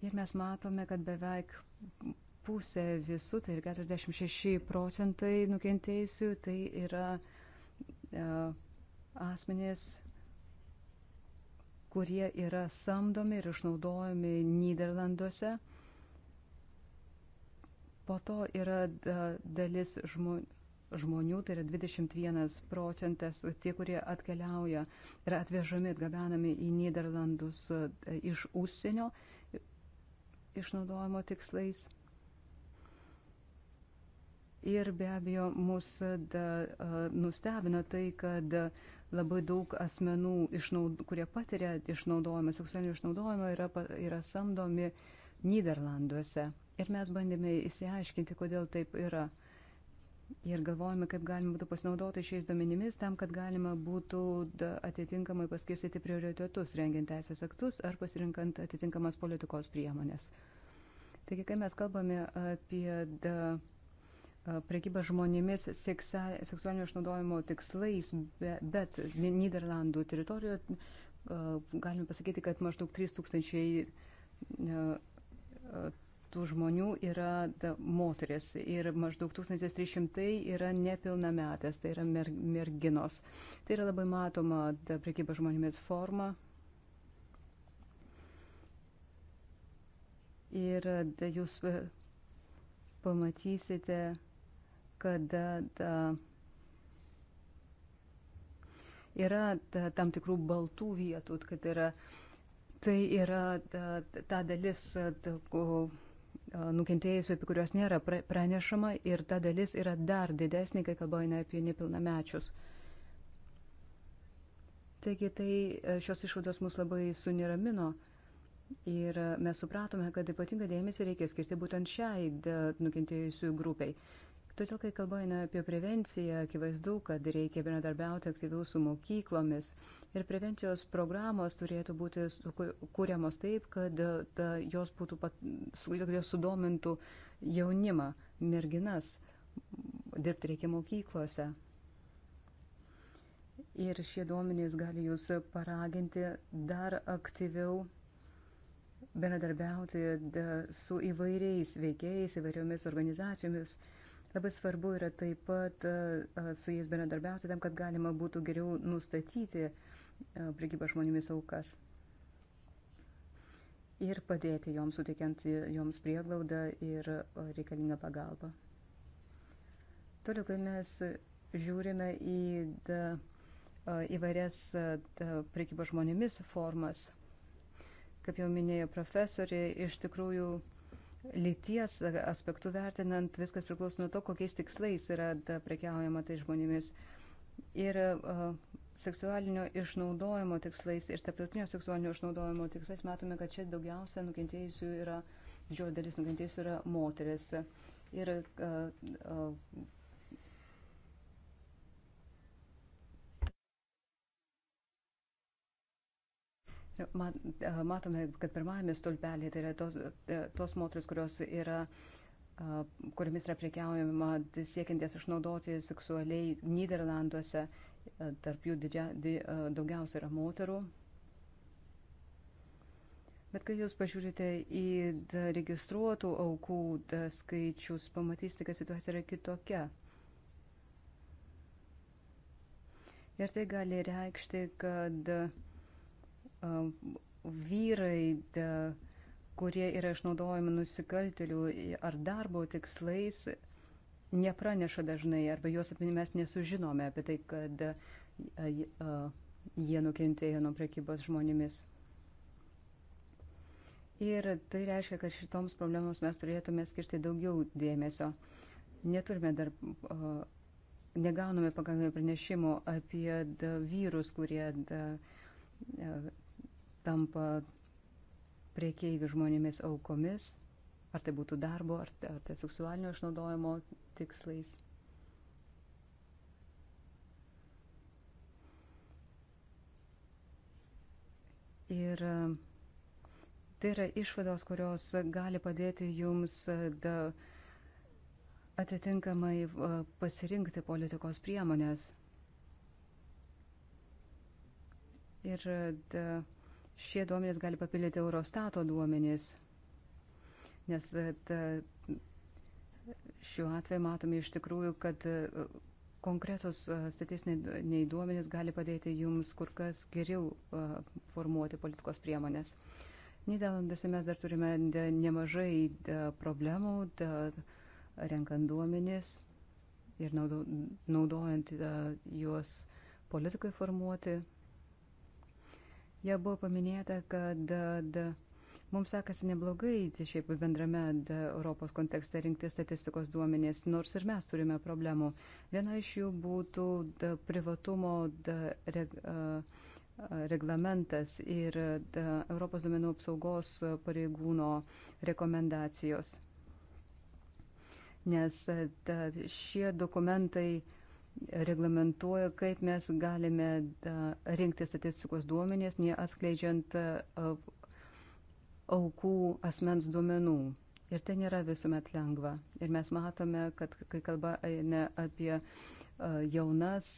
Ir mes matome, kad beveik pusė visų, tai ir 46 procentai nukentėjusių, tai yra e, asmenys, kurie yra samdomi ir išnaudojami Niderlanduose. Po to yra dalis žmonių žmonių, tai yra 21 procentas, tie, kurie atkeliauja, yra atvežami, atgabenami į Niderlandus e, iš užsienio išnaudojimo tikslais. Ir be abejo, mus da, e, nustebino tai, kad labai daug asmenų, išnaud, kurie patiria išnaudojimą, seksualinį išnaudojimą, yra, yra samdomi Niderlanduose. Ir mes bandėme įsiaiškinti, kodėl taip yra. Ir galvojame, kaip galima būtų pasinaudoti šiais duomenimis tam, kad galima būtų atitinkamai paskirstyti prioritetus, rengiant teisės aktus ar pasirinkant atitinkamas politikos priemonės. Taigi, kai mes kalbame apie da, prekybą žmonėmis seksualinio išnaudojimo tikslais, bet Niderlandų teritorijoje galime pasakyti, kad maždaug 3000 tų žmonių yra da, moteris ir maždaug 1300 yra nepilnametės, tai yra mer, merginos. Tai yra labai matoma da, prekyba žmonėmis forma. Ir da, jūs e, pamatysite, kada da, yra da, tam tikrų baltų vietų, kad yra Tai yra ta, ta dalis, ta, ko, nukentėjusių, apie kuriuos nėra pranešama ir ta dalis yra dar didesnė, kai kalba eina apie nepilnamečius. Taigi tai e, šios išvados mus labai suniramino ir e, mes supratome, kad ypatingą dėmesį reikia skirti būtent šiai nukentėjusių grupiai. Todėl, kai kalbame apie prevenciją, akivaizdu, kad reikia bendradarbiauti aktyviau su mokyklomis ir prevencijos programos turėtų būti kūriamos taip, kad ta, jos, būtų pat, jos sudomintų jaunimą, merginas. Dirbti reikia mokyklose. Ir šie duomenys gali jūs paraginti dar aktyviau bendradarbiauti su įvairiais veikėjais, įvairiomis organizacijomis Labai svarbu yra taip pat e, e, su jais bendradarbiauti tam, kad galima būtų geriau nustatyti e, prekybą žmonėmis aukas ir padėti joms, suteikiant joms prieglaudą ir reikalingą pagalbą. Toliau, kai mes žiūrime į da, įvairias prekybos žmonėmis formas, kaip jau minėjo profesorė, iš tikrųjų lyties aspektų vertinant, viskas priklauso nuo to, kokiais tikslais yra prekiaujama tai žmonėmis. Ir uh, seksualinio išnaudojimo tikslais ir tarptautinio seksualinio išnaudojimo tikslais matome, kad čia daugiausia nukentėjusių yra, didžioji dalis nukentėjusių yra moteris. Ir uh, uh, E, matome, kad pirmajame stulpelėje tai yra tos, e, tos moteris, kurios yra e, kuriamis yra prekiaujama siekiantės išnaudoti seksualiai Niderlanduose, tarp jų didžia, di, daugiausia yra moterų. Bet kai jūs pažiūrite į registruotų aukų skaičius, pamatysite, kad situacija yra kitokia. Ir tai gali reikšti, kad uh, vyrai, kurie yra išnaudojami nusikaltelių ar darbo tikslais, nepraneša dažnai arba juos apie mes nesužinome apie tai, kad jie nukentėjo nuo prekybos žmonėmis. Ir tai reiškia, kad šitoms problemams mes turėtume skirti daugiau dėmesio. Neturime dar, negauname pakankamai pranešimų apie vyrus, kurie tampa priekeivių žmonėmis aukomis, ar tai būtų darbo, ar, ar tai seksualinio išnaudojimo tikslais. Ir e, tai yra išvados, kurios gali padėti jums e, da, atitinkamai e, pasirinkti politikos priemonės. Ir da, Šie duomenys gali papildyti Eurostato duomenys, nes e, ta, šiuo atveju matome iš tikrųjų, kad e, konkretus e, statistiniai duomenys gali padėti jums kur kas geriau formuoti politikos priemonės. Niderlanduose mes dar turime nemažai problemų renkant duomenys ir naudojant juos politikai formuoti. Jau buvo paminėta, kad mums sekasi neblogai, tai šiaip bendrame Europos kontekste rinkti statistikos duomenės, nors ir mes turime problemų. Viena iš jų būtų da, privatumo da, reg, reglamentas ir da, Europos duomenų apsaugos pareigūno rekomendacijos. Nes da, šie dokumentai reglamentuoja, kaip mes galime rinkti statistikos duomenės, neatskleidžiant aukų asmens duomenų. Ir tai nėra visuomet lengva. Ir mes matome, kad kai kalba eina apie jaunas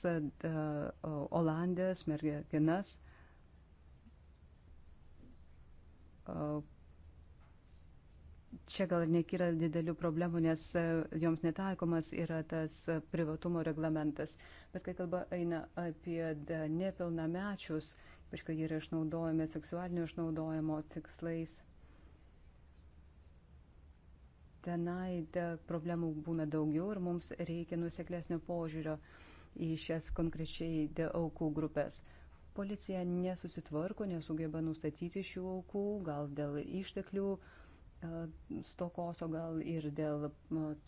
Olandės merginas, čia gal nekyra didelių problemų, nes e, joms netaikomas yra tas e, privatumo reglamentas. Bet kai kalba eina apie e, nepilnamečius, ypač kai jie yra išnaudojami seksualinio išnaudojimo tikslais, tenai problemų būna daugiau ir mums reikia nuseklesnio požiūrio į šias konkrečiai aukų grupės. Policija nesusitvarko, nesugeba nustatyti šių aukų, gal dėl išteklių E, stokos, o gal ir dėl e,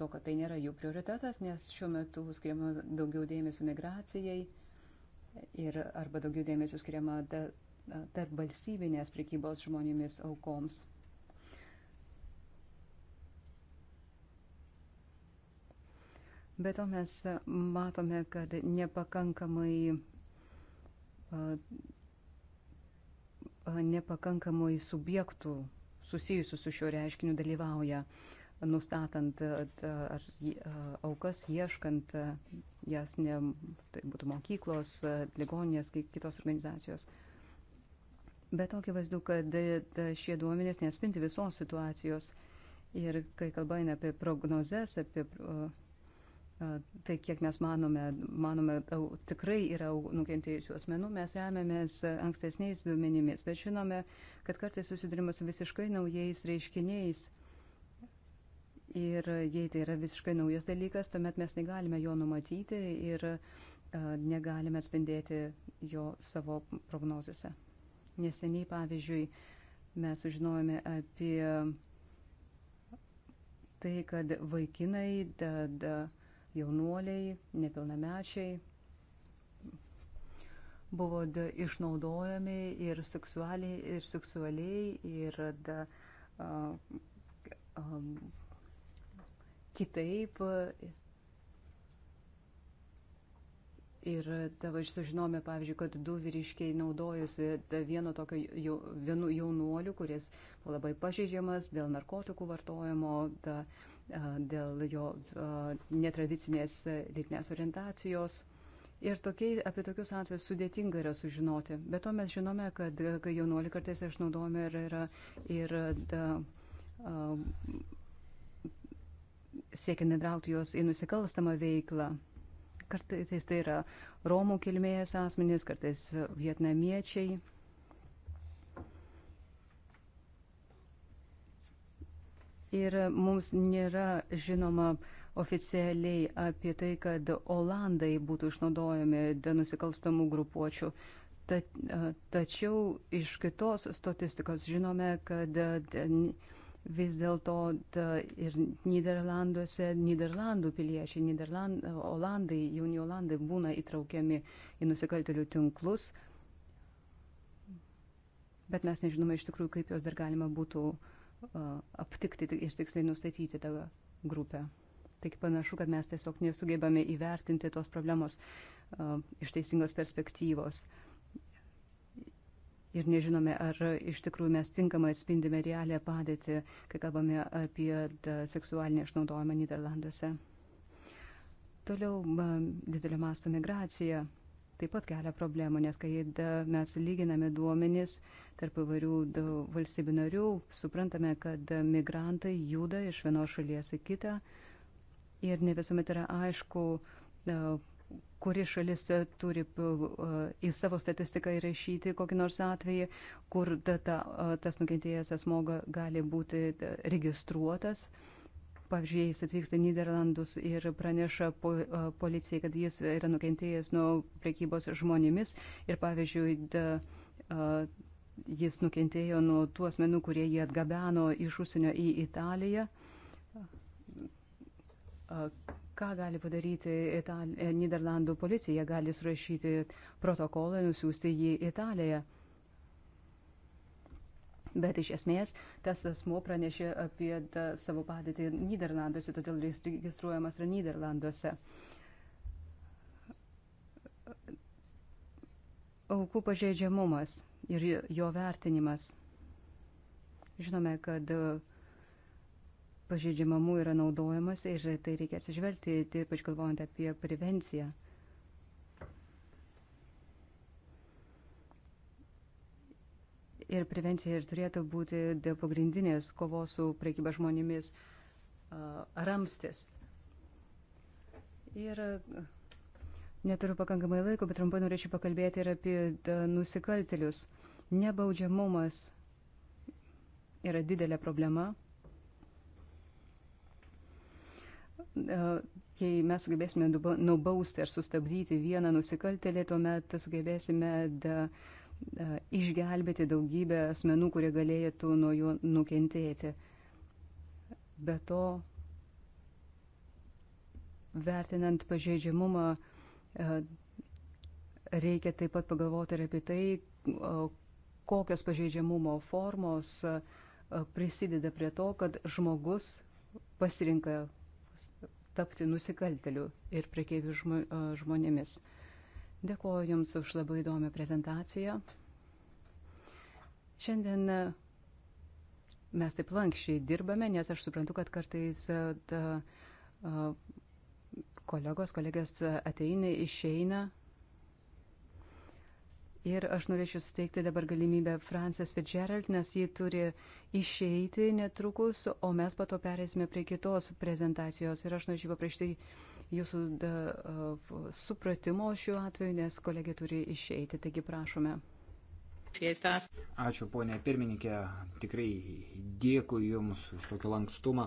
to, kad tai nėra jų prioritetas, nes šiuo metu skiriama daugiau dėmesio migracijai ir arba daugiau dėmesio skiriama e, tarp valstybinės prekybos žmonėmis aukoms. Be to mes matome, kad nepakankamai nepakankamai subjektų susijusių su šiuo reiškiniu dalyvauja, nustatant e, ar e, aukas, ieškant e, jas, ne, tai būtų mokyklos, ligoninės, kitos organizacijos. Bet tokia vaizdu, kad šie duomenys nespinti visos situacijos. Ir kai kalba eina apie prognozes, apie uh, tai kiek mes manome, manome tikrai yra nukentėjusių asmenų, mes remiamės ankstesniais duomenimis, bet žinome, kad kartais susidurime su visiškai naujais reiškiniais. Ir jei tai yra visiškai naujas dalykas, tuomet mes negalime jo numatyti ir negalime atspindėti jo savo prognozėse. Neseniai, pavyzdžiui, mes sužinojome apie tai, kad vaikinai da, da, jaunuoliai, nepilnamečiai buvo da, išnaudojami ir seksualiai, ir, seksualiai, ir da, a, a, kitaip. Ir tavo sužinome, pavyzdžiui, kad du vyriškiai naudojusi vieno tokio jau, vienu jaunuoliu, kuris buvo labai pažeidžiamas dėl narkotikų vartojimo. Da, uh, dėl jo netradicinės lytinės orientacijos. Ir tokiai, apie tokius atvejus sudėtinga yra sužinoti. Bet to mes žinome, kad jaunuolį kartais išnaudojame ir, yra, ir da, a, siekiant įtraukti juos į nusikalstamą veiklą. Kartais tai yra Romų kilmės asmenys, kartais vietnamiečiai. ir mums nėra žinoma oficialiai apie tai, kad Olandai būtų išnaudojami nusikalstamų grupuočių. Ta, tačiau iš kitos statistikos žinome, kad vis dėlto ir Niderlanduose Niderlandų piliečiai, Niderland, Olandai, jauni Olandai būna įtraukiami į nusikaltelių tinklus, bet mes nežinome iš tikrųjų, kaip juos dar galima būtų uh, aptikti ir tiksliai nustatyti tą grupę. Taigi panašu, kad mes tiesiog nesugebame įvertinti tos problemos iš teisingos perspektyvos. Ir nežinome, ar iš tikrųjų mes tinkamai atspindime realią padėtį, kai kalbame apie seksualinį išnaudojimą Niderlanduose. Toliau didelio masto migracija taip pat kelia problemų, nes kai mes lyginame duomenis tarp įvairių valstybių narių, suprantame, kad migrantai juda iš vienos šalies į kitą ir ne visuomet yra aišku, kuri šalis e, turi e, į savo statistiką įrašyti kokį nors atvejį, kur ta, ta, e, tas nukentėjęs asmoga gali būti registruotas. Ta, Pavyzdžiui, jis atvyksta į Niderlandus ir praneša po, policijai, kad jis yra nukentėjęs nuo prekybos žmonėmis ir, pavyzdžiui, da, a, jis nukentėjo nuo tų asmenų, kurie jį atgabeno iš užsienio į Italiją. A, ką gali padaryti Ital Niderlandų policija? Gali surašyti protokolą, nusiųsti jį Italiją. Bet iš esmės tas asmo pranešė apie savo padėtį Niderlanduose, todėl jis registruojamas yra Niderlanduose. Aukų pažeidžiamumas ir jo vertinimas. Žinome, kad pažeidžiamamų yra naudojamas ir tai reikės išvelgti, ypač galvojant apie prevenciją. Ir prevencija ir turėtų būti dėl pagrindinės kovos su priekyba žmonėmis uh, ramstis. Ir neturiu pakankamai laiko, bet trumpai norėčiau pakalbėti ir apie nusikaltelius. Nebaudžiamumas yra didelė problema. Jei mes sugebėsime nubausti ar sustabdyti vieną nusikaltelį, tuomet sugebėsime da, uh, E, išgelbėti daugybę asmenų, kurie galėtų nuo jo nukentėti. Be to, vertinant pažeidžiamumą, e, reikia taip pat pagalvoti ir apie tai, kokios pažeidžiamumo formos e, prisideda prie to, kad žmogus pasirinka tapti nusikalteliu ir priekeiviu žmonėmis. Dėkuoju Jums už labai įdomią prezentaciją. Šiandien e, mes taip lankščiai dirbame, nes aš suprantu, kad kartais e, ta, e, kolegos, kolegės ateina, išeina. Ir aš norėčiau suteikti dabar galimybę Frances Fitzgerald, nes ji turi išeiti netrukus, o mes po to perėsime prie kitos prezentacijos. Ir aš norėčiau paprašyti jūsų da, supratimo šiuo atveju, nes kolegė turi išeiti, taigi prašome. Ačiū, ponė pirmininkė, tikrai dėkui Jums už tokį lankstumą,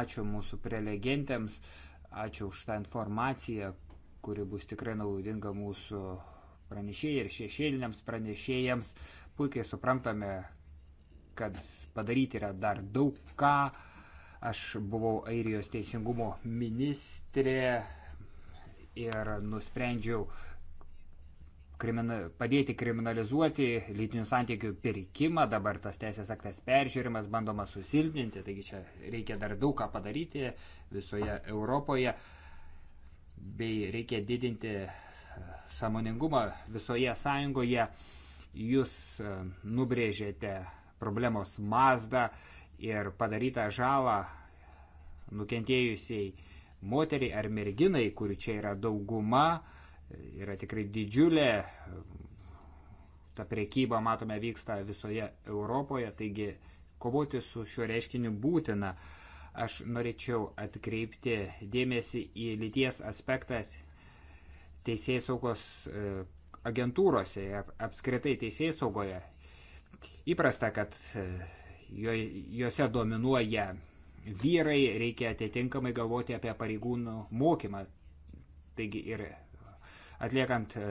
ačiū mūsų prelegentėms, ačiū už tą informaciją, kuri bus tikrai naudinga mūsų pranešėjai ir šešėliniams pranešėjams. Puikiai suprantame, kad padaryti yra dar daug ką Aš buvau Airijos teisingumo ministrė ir nusprendžiau krimina, padėti kriminalizuoti lytinių santykių pirkimą, dabar tas teisės aktas peržiūrimas, bandoma susilpninti, taigi čia reikia dar daug ką padaryti visoje Europoje, bei reikia didinti e, samoningumą visoje sąjungoje. Jūs e, nubrėžėte problemos mazdą, ir padarytą žalą nukentėjusiai moteriai ar merginai, kurių čia yra dauguma, yra tikrai didžiulė. Ta priekyba, matome, vyksta visoje Europoje, taigi kovoti su šiuo reiškiniu būtina. Aš norėčiau atkreipti dėmesį į lyties aspektą teisėjai saugos e, agentūrose, apskritai teisėjai saugoje. Įprasta, kad e, juose dominuoja vyrai, reikia atitinkamai galvoti apie pareigūnų mokymą. Taigi ir atliekant e,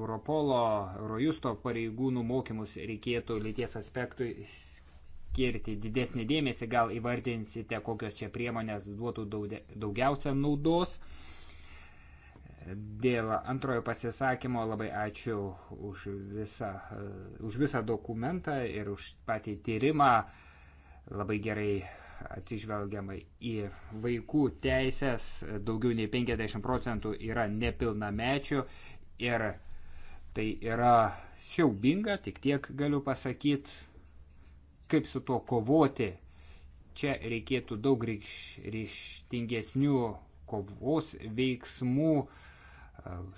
Europolo, Eurojusto pareigūnų mokymus reikėtų lyties aspektui skirti didesnį dėmesį, gal įvardinsite, kokios čia priemonės duotų daugiausia naudos. Dėl antrojo pasisakymo labai ačiū už visą, už visą dokumentą ir už patį tyrimą. Labai gerai atsižvelgiama į vaikų teisės, daugiau nei 50 procentų yra nepilnamečių ir tai yra siaubinga, tik tiek galiu pasakyti, kaip su tuo kovoti. Čia reikėtų daug ryš, ryštingesnių kovos veiksmų, uh,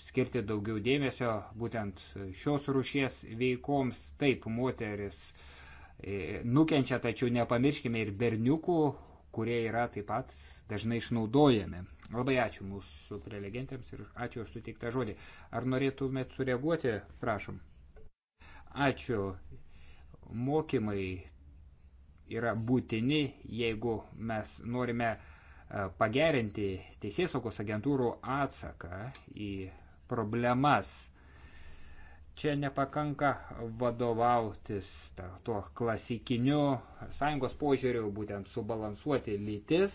skirti daugiau dėmesio būtent šios rušies veikoms. Taip, moteris e, nukenčia, tačiau nepamirškime ir berniukų, kurie yra taip pat dažnai išnaudojami. Labai ačiū mūsų prelegentėms ir ačiū už suteiktą žodį. Ar norėtumėt sureaguoti, prašom. Ačiū. Mokymai yra būtini, jeigu mes norime uh, E, pagerinti teisėsaugos agentūrų atsaką į problemas. Čia nepakanka vadovautis ta, tuo klasikiniu sąjungos požiūriu, būtent subalansuoti lytis.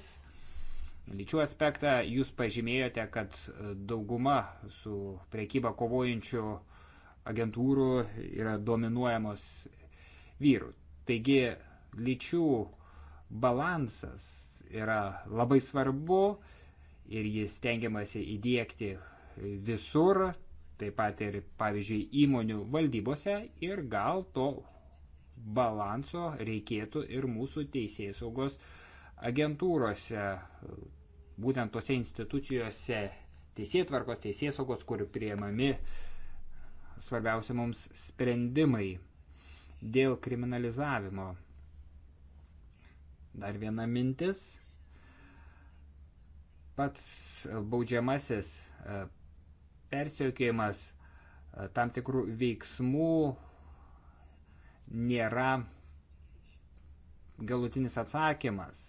Lyčių aspektą jūs pažymėjote, kad dauguma su priekyba kovojančių agentūrų yra dominuojamos vyrų. Taigi lyčių balansas yra labai svarbu ir jis tengiamasi įdėkti visur, taip pat ir, pavyzdžiui, įmonių valdybose ir gal to balanso reikėtų ir mūsų teisės saugos agentūrose, būtent tose institucijose teisėtvarkos, teisės saugos, kur prieimami svarbiausia mums sprendimai dėl kriminalizavimo. Dar viena mintis – pats baudžiamasis e, persiekėjimas e, tam tikrų veiksmų nėra galutinis atsakymas.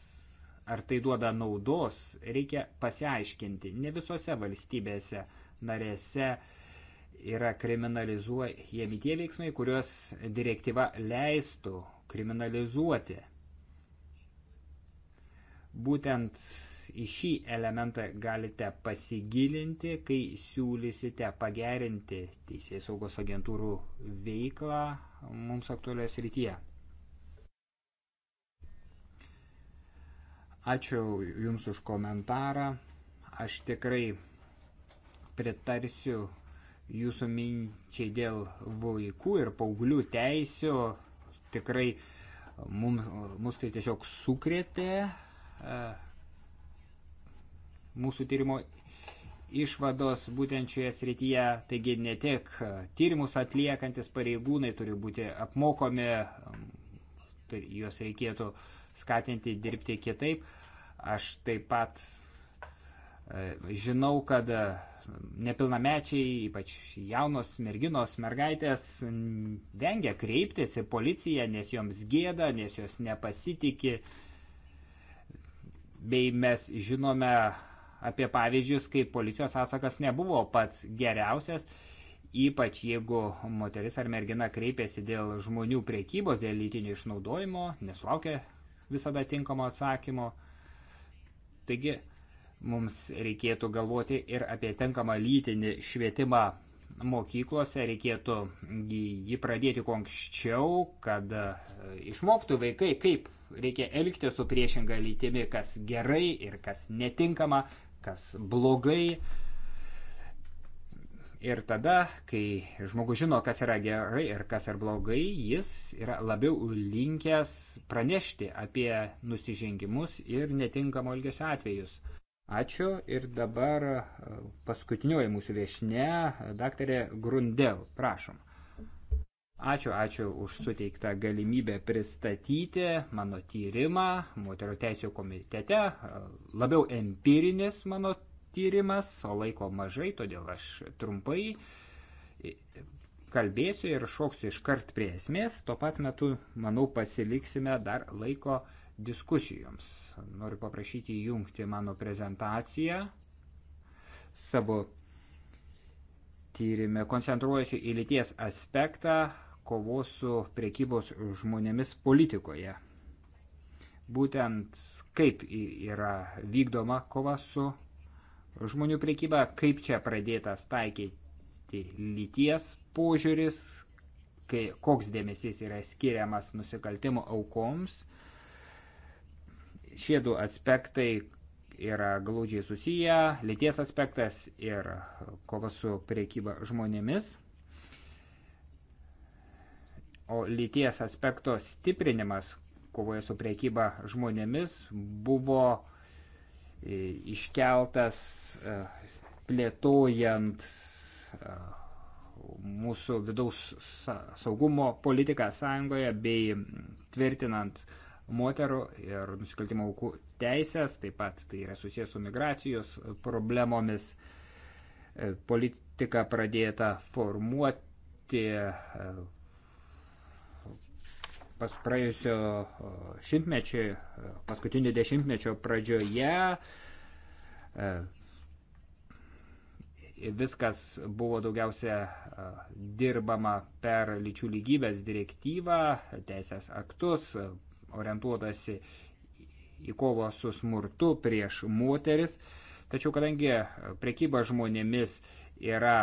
Ar tai duoda naudos, reikia pasiaiškinti. Ne visose valstybėse narėse yra kriminalizuojami tie veiksmai, kuriuos direktyva leistų kriminalizuoti. Būtent į šį elementą galite pasigilinti, kai siūlysite pagerinti Teisės saugos agentūrų veiklą mums aktualioje srityje. Ačiū Jums už komentarą. Aš tikrai pritarsiu Jūsų minčiai dėl vaikų ir paauglių teisių. Tikrai mums, mus tai tiesiog sukrėtė. Uh, mūsų tyrimo išvados būtent šioje srityje. Taigi ne tik tyrimus atliekantis pareigūnai turi būti apmokomi, tai juos reikėtų skatinti dirbti kitaip. Aš taip pat e, žinau, kad nepilnamečiai, ypač jaunos merginos, mergaitės, vengia kreiptis į policiją, nes joms gėda, nes jos nepasitikė. Bei mes žinome, apie pavyzdžius, kai policijos atsakas nebuvo pats geriausias, ypač jeigu moteris ar mergina kreipėsi dėl žmonių priekybos, dėl lytinio išnaudojimo, nesulaukia visada tinkamo atsakymo. Taigi mums reikėtų galvoti ir apie tinkamą lytinį švietimą mokyklose, reikėtų jį pradėti kuo anksčiau, kad e, išmoktų vaikai, kaip reikia elgti su priešinga lytimi, kas gerai ir kas netinkama, kas blogai. Ir tada, kai žmogus žino, kas yra gerai ir kas yra blogai, jis yra labiau linkęs pranešti apie nusižengimus ir netinkamo elgesio atvejus. Ačiū ir dabar e, paskutinioji mūsų viešne, daktarė Grundel, prašom. Ačiū, ačiū už suteiktą galimybę pristatyti mano tyrimą moterų teisų komitete. Labiau empirinis mano tyrimas, o laiko mažai, todėl aš trumpai kalbėsiu ir šoksiu iškart prie esmės. Tuo pat metu, manau, pasiliksime dar laiko diskusijoms. Noriu paprašyti įjungti mano prezentaciją savo tyrimė koncentruojasi į lyties aspektą, kovos su priekybos žmonėmis politikoje. Būtent kaip yra vykdoma kova su žmonių priekyba, kaip čia pradėtas taikyti lyties požiūris, kai, koks dėmesys yra skiriamas nusikaltimo aukoms. Šie du aspektai yra glaudžiai susiję - lyties aspektas ir kova su priekyba žmonėmis – O lyties aspekto stiprinimas kovoje su priekyba žmonėmis buvo e, iškeltas e, plėtojant e, mūsų vidaus saugumo politiką sąjungoje bei tvirtinant moterų ir nusikaltimo aukų teisės, taip pat tai yra susijęs su migracijos problemomis. Politika pradėta formuoti pas praėjusio šimtmečio, paskutinio dešimtmečio pradžioje e, viskas buvo daugiausia e, dirbama per lyčių lygybės direktyvą, teisės aktus, orientuotasi į kovą su smurtu prieš moteris. Tačiau kadangi e, prekyba žmonėmis yra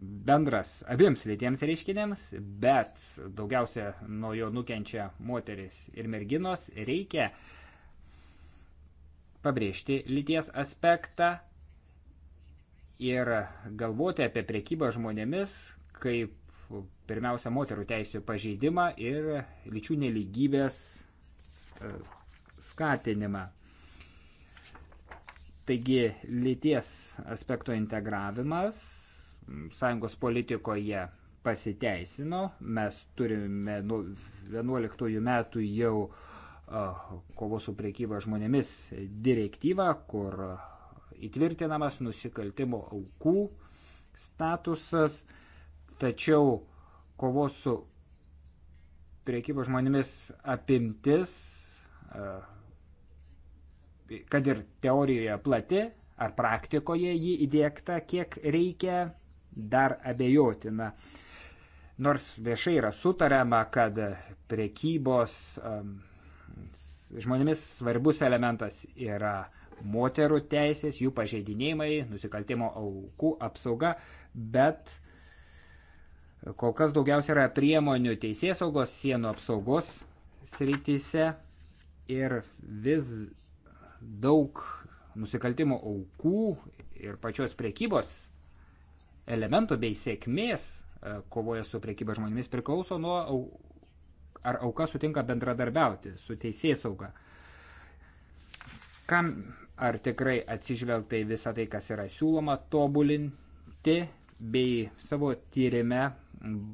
bendras abiems lytiems reiškiniams, bet daugiausia nuo jo nukenčia moteris ir merginos, reikia pabrėžti lyties aspektą ir galvoti apie prekybą žmonėmis kaip pirmiausia moterų teisų pažeidimą ir lyčių neligybės e, skatinimą. Taigi lyties aspekto integravimas sąjungos politikoje pasiteisino. Mes turime nu, nuo 11 metų jau kovos su priekyba žmonėmis direktyvą, kur įtvirtinamas nusikaltimo aukų statusas, tačiau kovos su priekyba žmonėmis apimtis, kad ir teorijoje plati, ar praktikoje jį įdėkta kiek reikia, dar abejotina. Nors viešai yra sutariama, kad prekybos um, žmonėmis svarbus elementas yra moterų teisės, jų pažeidinėjimai, nusikaltimo aukų apsauga, bet kol kas daugiausia yra priemonių teisėsaugos, sienų apsaugos srityse ir vis daug nusikaltimo aukų ir pačios priekybos elementų bei sėkmės e, kovoje su priekyba žmonėmis priklauso nuo ar auka sutinka bendradarbiauti su teisės auga. Kam ar tikrai atsižvelgtai visą tai, kas yra siūloma tobulinti, bei savo tyrime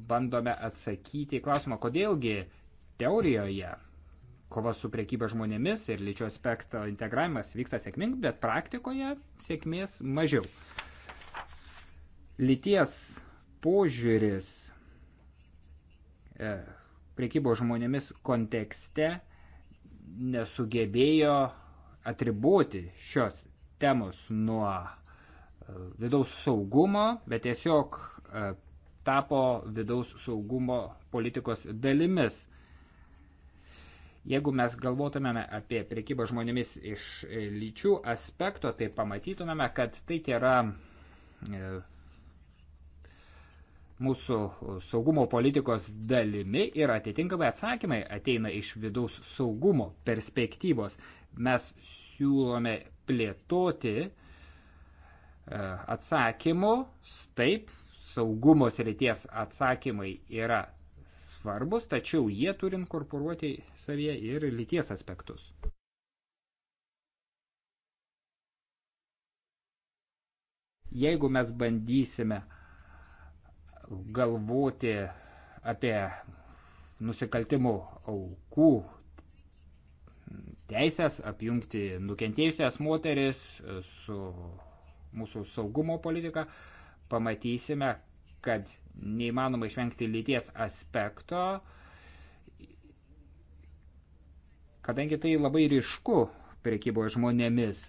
bandome atsakyti į klausimą, kodėlgi teorijoje kova su priekyba žmonėmis ir lyčio aspekto integravimas vyksta sėkmingai, bet praktikoje sėkmės mažiau lyties požiūris e, priekybo žmonėmis kontekste nesugebėjo atribuoti šios temos nuo e, vidaus saugumo, bet tiesiog e, tapo vidaus saugumo politikos dalimis. Jeigu mes galvotumėme apie priekybą žmonėmis iš lyčių aspekto, tai pamatytumėme, kad tai yra mūsų saugumo politikos dalimi ir atitinkamai atsakymai ateina iš vidaus saugumo perspektyvos. Mes siūlome plėtoti e, atsakymus, taip, saugumo srities atsakymai yra svarbus, tačiau jie turi inkorporuoti savyje ir lyties aspektus. Jeigu mes bandysime galvoti apie nusikaltimų aukų teisės, apjungti nukentėjusias moteris su mūsų saugumo politika, pamatysime, kad neįmanoma išvengti lyties aspekto, kadangi tai labai ryšku priekyboje žmonėmis.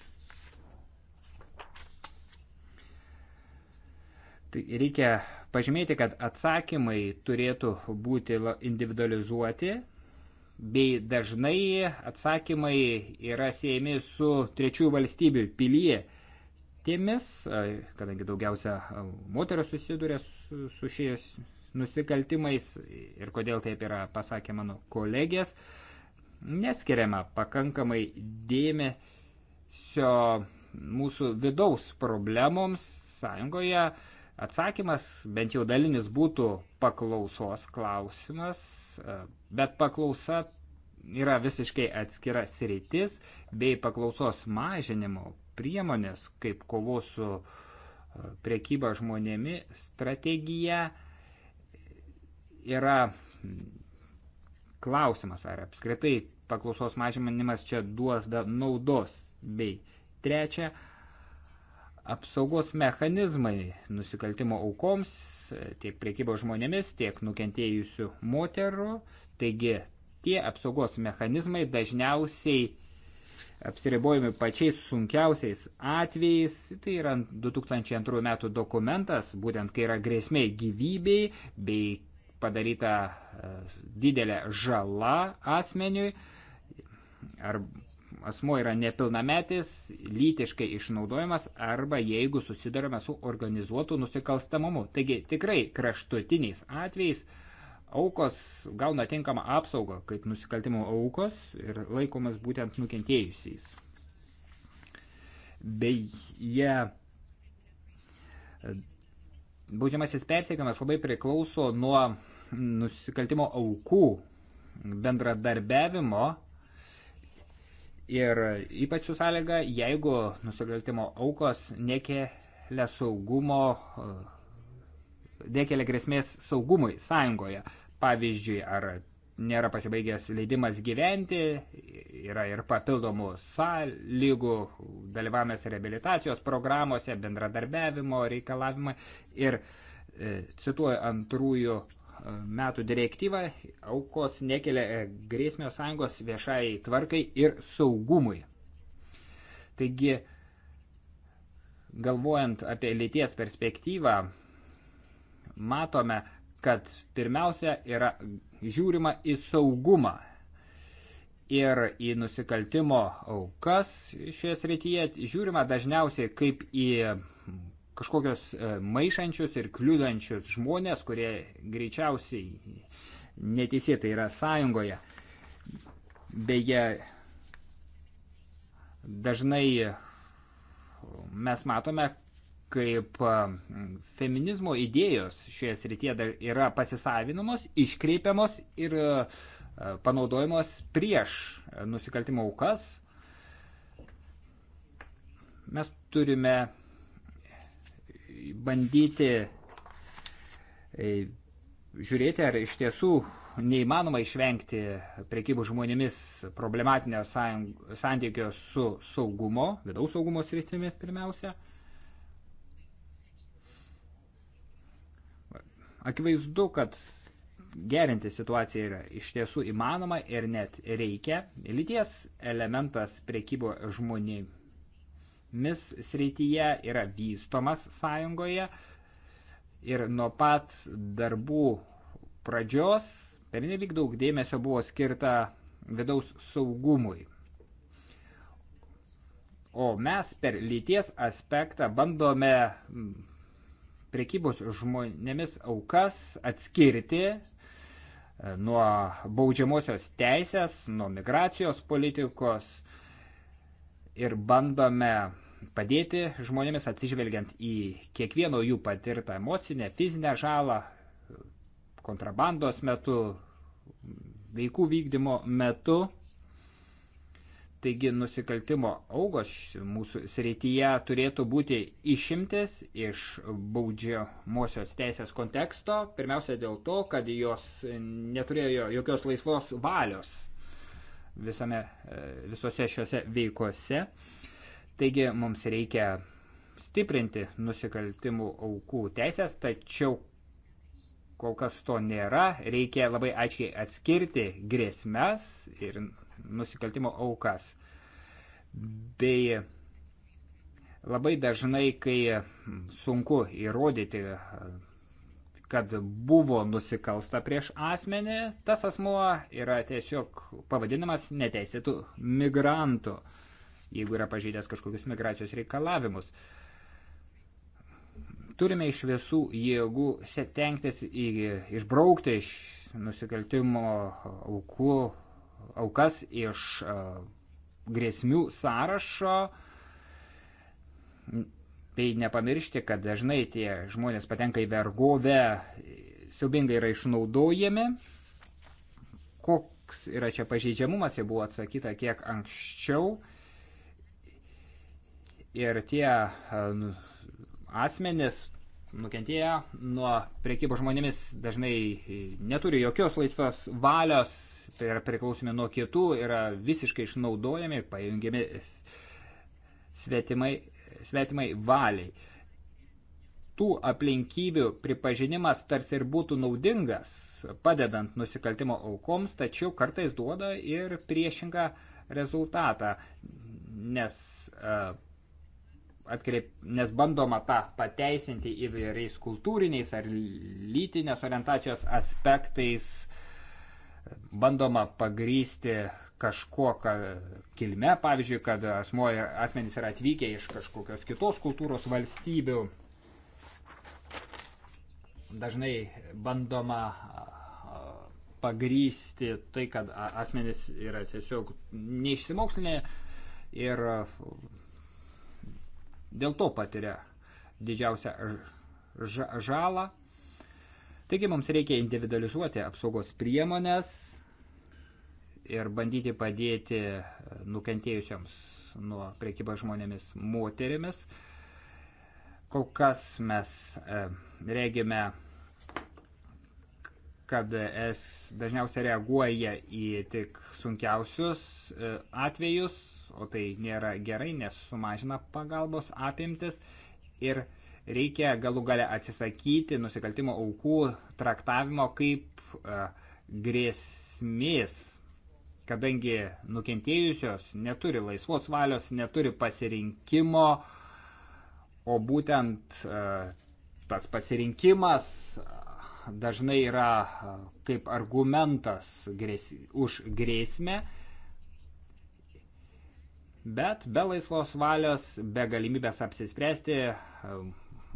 Tai reikia pažymėti, kad atsakymai turėtų būti individualizuoti, bei dažnai atsakymai yra siejami su trečiųjų valstybių pilietėmis, kadangi daugiausia moterų susiduria su šiais nusikaltimais ir kodėl taip yra, pasakė mano kolegės, neskiriama pakankamai dėmesio mūsų vidaus problemoms sąjungoje, Atsakymas bent jau dalinis būtų paklausos klausimas, e, bet paklausa yra visiškai atskira sritis bei paklausos mažinimo priemonės, kaip kovos su e, priekyba žmonėmi strategija yra klausimas, ar apskritai paklausos mažinimas čia duoda naudos bei trečia, apsaugos mechanizmai nusikaltimo aukoms, tiek priekybo žmonėmis, tiek nukentėjusių moterų. Taigi tie apsaugos mechanizmai dažniausiai apsiribojami pačiais sunkiausiais atvejais. Tai yra 2002 metų dokumentas, būtent kai yra grėsmė gyvybei bei padaryta e, didelė žala asmeniui ar asmo yra nepilnametis, lytiškai išnaudojamas arba jeigu susidarome su organizuotu nusikalstamumu. Taigi tikrai kraštutiniais atvejais aukos gauna tinkamą apsaugą kaip nusikaltimo aukos ir laikomas būtent nukentėjusiais. Beje, baudžiamasis persiekimas labai priklauso nuo nusikaltimo aukų bendradarbiavimo Ir ypač su sąlyga, jeigu nusikaltimo aukos nekelia saugumo, e, nekelia grėsmės saugumui sąjungoje. Pavyzdžiui, ar nėra pasibaigęs leidimas gyventi, yra ir papildomų sąlygų, dalyvavimės rehabilitacijos programuose, bendradarbiavimo reikalavimai. Ir e, cituoju antrųjų metų direktyvą aukos nekelia e, grėsmio sąjungos viešai tvarkai ir saugumui. Taigi, galvojant apie lyties perspektyvą, matome, kad pirmiausia yra žiūrima į saugumą ir į nusikaltimo aukas šioje srityje žiūrima dažniausiai kaip į kažkokios e, maišančios ir kliūdančios žmonės, kurie greičiausiai neteisėtai yra sąjungoje. Beje, dažnai mes matome, kaip e, feminizmo idėjos šioje srityje dar yra pasisavinamos, iškreipiamos ir e, panaudojamos prieš nusikaltimo aukas. Mes turime bandyti e, žiūrėti, ar iš tiesų neįmanoma išvengti prekybų žmonėmis problematinio santykio su saugumo, vidaus saugumo sritimi pirmiausia. Akivaizdu, kad gerinti situaciją yra iš tiesų įmanoma ir net reikia. Lyties elementas prekybo žmonėmis mis srityje yra vystomas sąjungoje ir nuo pat darbų pradžios pernelyg daug dėmesio buvo skirta vidaus saugumui. O mes per lyties aspektą bandome prekybos žmonėmis aukas atskirti e, nuo baudžiamosios teisės, nuo migracijos politikos ir bandome padėti žmonėmis atsižvelgiant į kiekvieno jų patirtą emocinę, fizinę žalą, kontrabandos metu, veikų vykdymo metu. Taigi nusikaltimo augos mūsų srityje turėtų būti išimtis iš baudžiamosios teisės konteksto, pirmiausia dėl to, kad jos neturėjo jokios laisvos valios visame, e, visose šiuose veikose. Taigi mums reikia stiprinti nusikaltimų aukų teisės, tačiau kol kas to nėra, reikia labai aiškiai atskirti grėsmes ir nusikaltimo aukas. Bei labai dažnai, kai sunku įrodyti, kad buvo nusikalsta prieš asmenį, tas asmuo yra tiesiog pavadinamas neteisėtų migrantų jeigu yra pažeidęs kažkokius migracijos reikalavimus. Turime iš visų jėgų tenktis į, išbraukti iš nusikaltimo aukų, aukas iš uh, grėsmių sąrašo, bei tai nepamiršti, kad dažnai tie žmonės patenka į vergovę, siubingai yra išnaudojami. Koks yra čia pažeidžiamumas, jau buvo atsakyta kiek anksčiau ir tie e, nu, asmenys nukentėję nuo priekybos žmonėmis dažnai e, neturi jokios laisvos valios, tai yra priklausomi nuo kitų, yra visiškai išnaudojami, pajungiami svetimai, svetimai valiai. Tų aplinkybių pripažinimas tarsi ir būtų naudingas, padedant nusikaltimo aukoms, tačiau kartais duoda ir priešingą rezultatą, nes uh, atkreip, nes bandoma tą pateisinti įvairiais kultūriniais ar lytinės orientacijos aspektais, bandoma pagrysti kažkuo ka, kilme, pavyzdžiui, kad asmo asmenys yra atvykę iš kažkokios kitos kultūros valstybių. Dažnai bandoma pagrysti tai, kad asmenys yra tiesiog neišsimokslinė ir dėl to patiria didžiausią žalą. Taigi mums reikia individualizuoti apsaugos priemonės ir bandyti padėti nukentėjusiams nuo priekybos žmonėmis moterimis. Kol kas mes e, regime, kad es dažniausiai reaguoja į tik sunkiausius e, atvejus, o tai nėra gerai, nes sumažina pagalbos apimtis ir reikia galų gale atsisakyti nusikaltimo aukų traktavimo kaip a, e, grėsmės, kadangi nukentėjusios neturi laisvos valios, neturi pasirinkimo, o būtent a, e, tas pasirinkimas dažnai yra e, kaip argumentas grės, už grėsmę bet be laisvos valios, be galimybės apsispręsti,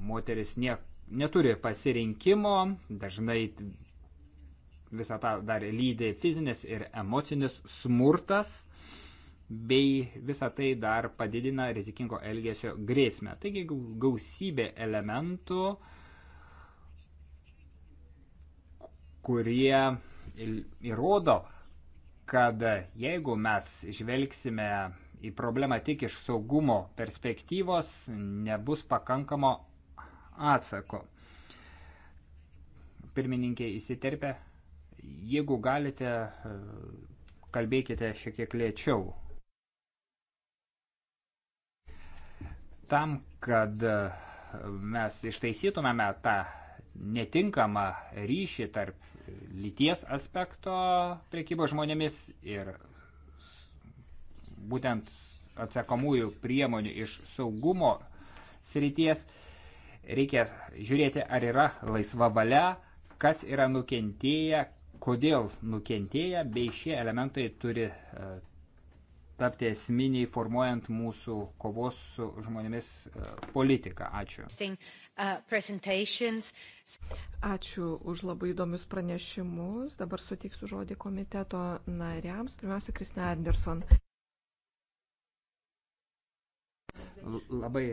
moteris nie, neturi pasirinkimo, dažnai visą tą dar lydi fizinis ir emocinis smurtas, bei visą tai dar padidina rizikingo elgesio grėsmę. Taigi gausybė elementų, kurie įrodo, kad jeigu mes žvelgsime į problemą tik iš saugumo perspektyvos, nebus pakankamo atsako. Pirmininkė įsiterpia, jeigu galite, kalbėkite šiek tiek lėčiau. Tam, kad mes ištaisytumėme tą netinkamą ryšį tarp lyties aspekto priekybos žmonėmis ir būtent atsakomųjų priemonių iš saugumo srities, reikia žiūrėti, ar yra laisva valia, kas yra nukentėję, kodėl nukentėję, bei šie elementai turi e, tapti esminiai formuojant mūsų kovos su žmonėmis e, politiką. Ačiū. Uh, Ačiū už labai įdomius pranešimus. Dabar sutiksiu žodį komiteto nariams. Pirmiausia, Kristina Anderson. Labai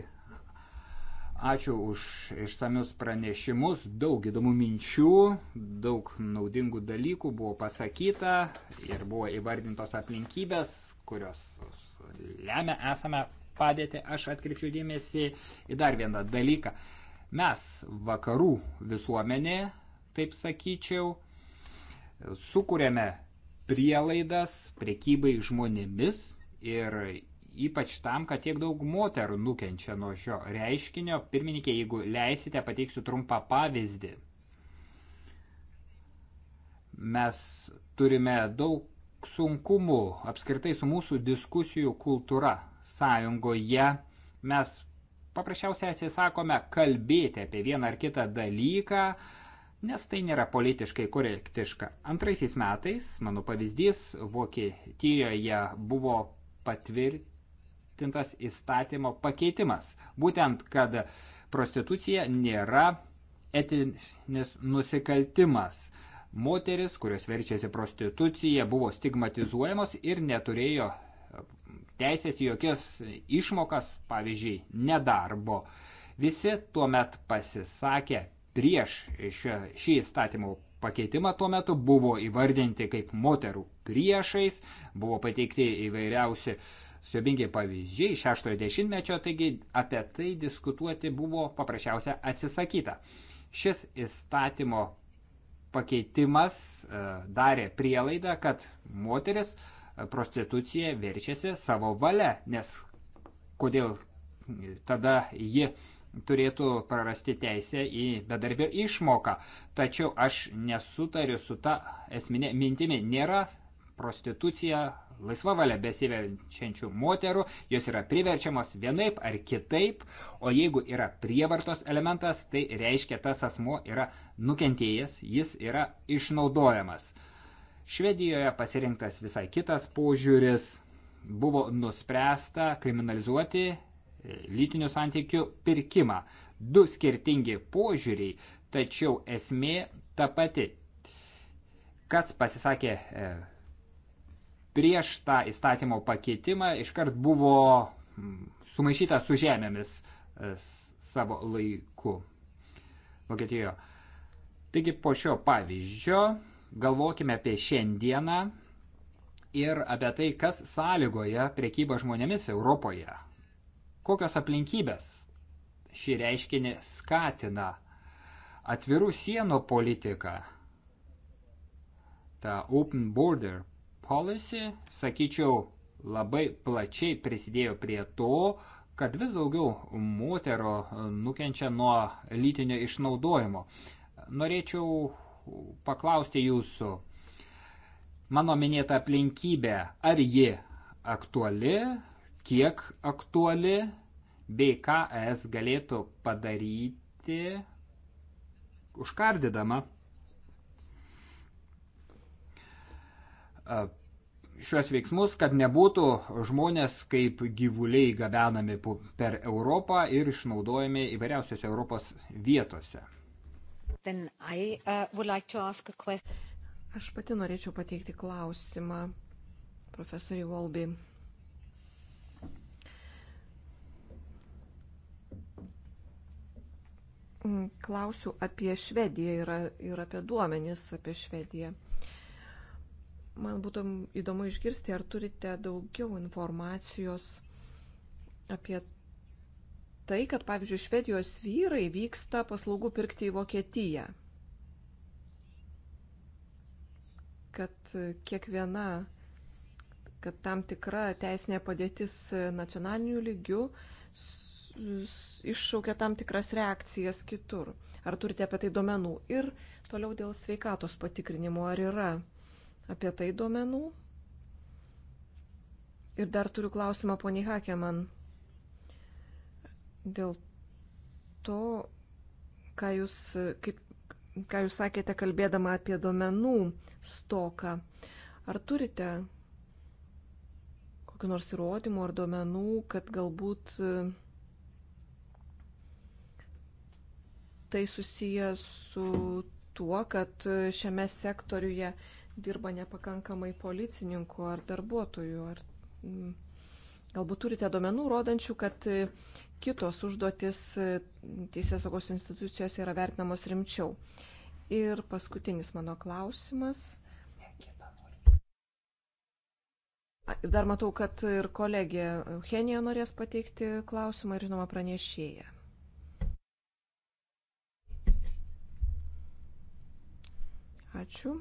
ačiū už išsamius pranešimus, daug įdomų minčių, daug naudingų dalykų buvo pasakyta ir buvo įvardintos aplinkybės, kurios lemia esame padėtį. Aš atkreipčiau dėmesį į dar vieną dalyką. Mes vakarų visuomenė, taip sakyčiau, sukūrėme prielaidas prekybai žmonėmis ir ypač tam, kad tiek daug moterų nukenčia nuo šio reiškinio. Pirmininkė, jeigu leisite, pateiksiu trumpą pavyzdį. Mes turime daug sunkumų apskritai su mūsų diskusijų kultūra sąjungoje. Mes paprasčiausiai atsisakome kalbėti apie vieną ar kitą dalyką, nes tai nėra politiškai korektiška. Antraisiais metais, mano pavyzdys, Vokietijoje buvo patvirt patvirtintas įstatymo pakeitimas. Būtent, kad prostitucija nėra etinis nusikaltimas. Moteris, kurios verčiasi prostitucija, buvo stigmatizuojamos ir neturėjo teisės į jokias išmokas, pavyzdžiui, nedarbo. Visi tuo met pasisakė prieš šio, šį įstatymų pakeitimą tuo metu, buvo įvardinti kaip moterų priešais, buvo pateikti įvairiausi uh, siubingiai pavyzdžiai šeštojo dešimtmečio, taigi apie tai diskutuoti buvo paprasčiausia atsisakyta. Šis įstatymo pakeitimas e, darė prielaidą, kad moteris e, prostitucija verčiasi savo valia, nes kodėl tada ji turėtų prarasti teisę į bedarbio išmoką. Tačiau aš nesutariu su ta esminė mintimi. Nėra prostituciją, laisvą valią besiverčiančių moterų, jos yra priverčiamos vienaip ar kitaip, o jeigu yra prievartos elementas, tai reiškia tas asmo yra nukentėjęs, jis yra išnaudojamas. Švedijoje pasirinktas visai kitas požiūris, buvo nuspręsta kriminalizuoti e, lytinių santykių pirkimą. Du skirtingi požiūriai, tačiau esmė ta pati. Kas pasisakė e, prieš tą įstatymo pakeitimą iškart buvo mm, sumaišyta su žemėmis e, savo laiku Vokietijoje. Taigi po šio pavyzdžio galvokime apie šiandieną ir apie tai, kas sąlygoja priekybą žmonėmis Europoje. Kokios aplinkybės šį reiškinį skatina atvirų sienų politika, ta open border Policy, sakyčiau, labai plačiai prisidėjo prie to, kad vis daugiau moterų nukenčia nuo lytinio išnaudojimo. Norėčiau paklausti jūsų, mano minėta aplinkybė, ar ji aktuali, kiek aktuali, bei ką es galėtų padaryti, užkardydama šios veiksmus, kad nebūtų žmonės kaip gyvuliai gabenami per Europą ir išnaudojami įvairiausiose Europos vietose. I, uh, like Aš pati norėčiau pateikti klausimą profesoriai Volbi. Mm, klausiu apie Švediją ir, ir apie duomenis apie Švediją. Man būtų įdomu išgirsti, ar turite daugiau informacijos apie tai, kad, pavyzdžiui, švedijos vyrai vyksta paslaugų pirkti į Vokietiją. Kad kiekviena, kad tam tikra teisinė padėtis nacionalinių lygių iššaukia tam tikras reakcijas kitur. Ar turite apie tai duomenų? Ir toliau dėl sveikatos patikrinimo, ar yra apie tai duomenų. Ir dar turiu klausimą poniai Hakeman. Dėl to, ką jūs, kaip, ką jūs sakėte kalbėdama apie duomenų stoką, ar turite kokiu nors įrodymu ar duomenų, kad galbūt tai susiję su tuo, kad šiame sektoriuje dirba nepakankamai policininkų ar darbuotojų? Ar mm, galbūt turite domenų rodančių, kad e, kitos užduotis e, teisės saugos institucijos yra vertinamos rimčiau? Ir paskutinis mano klausimas. Ir dar matau, kad ir kolegė Eugenija norės pateikti klausimą ir, žinoma, pranešėja. Ačiū.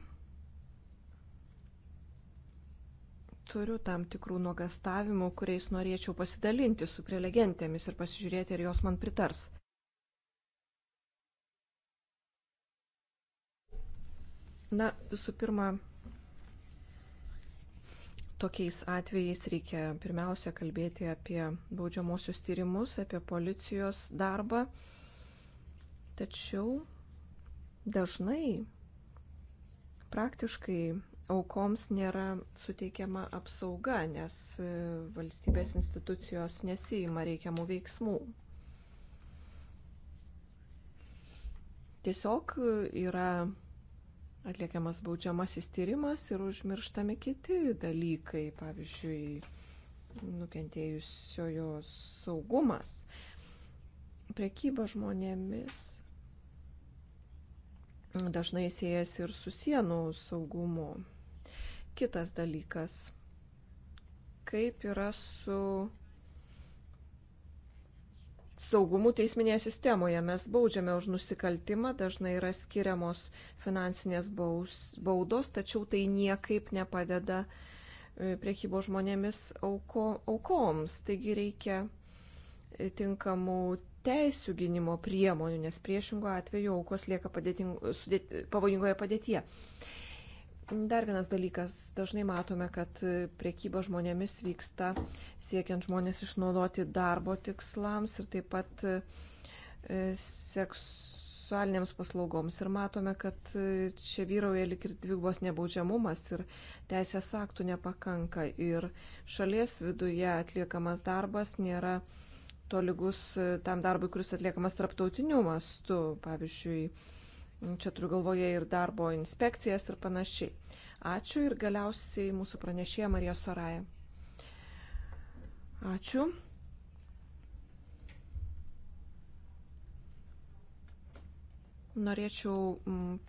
turiu tam tikrų nuogastavimų, kuriais norėčiau pasidalinti su prelegentėmis ir pasižiūrėti, ar jos man pritars. Na, visų pirma, tokiais atvejais reikia pirmiausia kalbėti apie baudžiamosius tyrimus, apie policijos darbą. Tačiau dažnai praktiškai aukoms nėra suteikiama apsauga, nes e, valstybės institucijos nesijima reikiamų veiksmų. Tiesiog e, yra atliekamas baudžiamasis tyrimas ir užmirštami kiti dalykai, pavyzdžiui, nukentėjusiojo saugumas, prekyba žmonėmis dažnai siejas ir su sienų saugumu. Kitas dalykas. Kaip yra su saugumu teisminėje sistemoje. Mes baudžiame už nusikaltimą, dažnai yra skiriamos finansinės baus, baudos, tačiau tai niekaip nepadeda e, priekybo žmonėmis auko, aukoms. Taigi reikia e, tinkamų teisų gynimo priemonių, nes priešingo atveju aukos lieka padėting, sudėt, pavojingoje padėtyje. Dar vienas dalykas. Dažnai matome, kad priekyba žmonėmis vyksta siekiant žmonės išnaudoti darbo tikslams ir taip pat e, seksualinėms paslaugoms. Ir matome, kad e, čia vyrauja lik ir dvigubos nebaudžiamumas ir teisės aktų nepakanka. Ir šalies viduje atliekamas darbas nėra tolygus e, tam darbui, kuris atliekamas tarptautiniu mastu. Pavyzdžiui, Čia turiu galvoje ir darbo inspekcijas ir panašiai. Ačiū ir galiausiai mūsų pranešėja Marija Soraja. Ačiū. Norėčiau mm,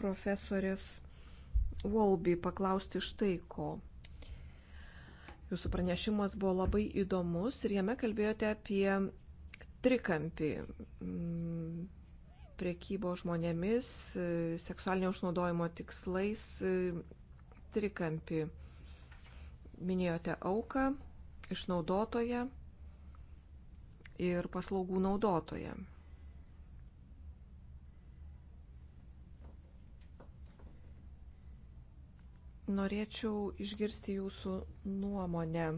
profesorės Volby paklausti štai ko. Jūsų pranešimas buvo labai įdomus ir jame kalbėjote apie trikampį mm, priekybo žmonėmis, e, seksualinio išnaudojimo tikslais e, trikampį. Minėjote auką, išnaudotoją ir paslaugų naudotoją. Norėčiau išgirsti jūsų nuomonę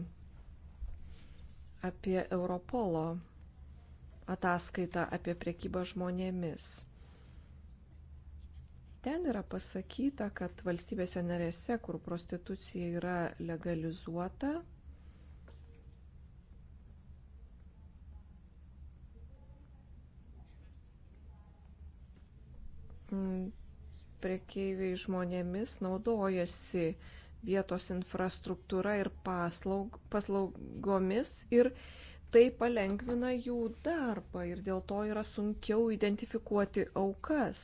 apie Europolo ataskaitą apie priekybą žmonėmis. Ten yra pasakyta, kad valstybėse narėse, kur prostitucija yra legalizuota, priekeiviai žmonėmis naudojasi vietos infrastruktūra ir paslaug, paslaugomis ir paslaugomis tai palengvina jų darbą ir dėl to yra sunkiau identifikuoti aukas.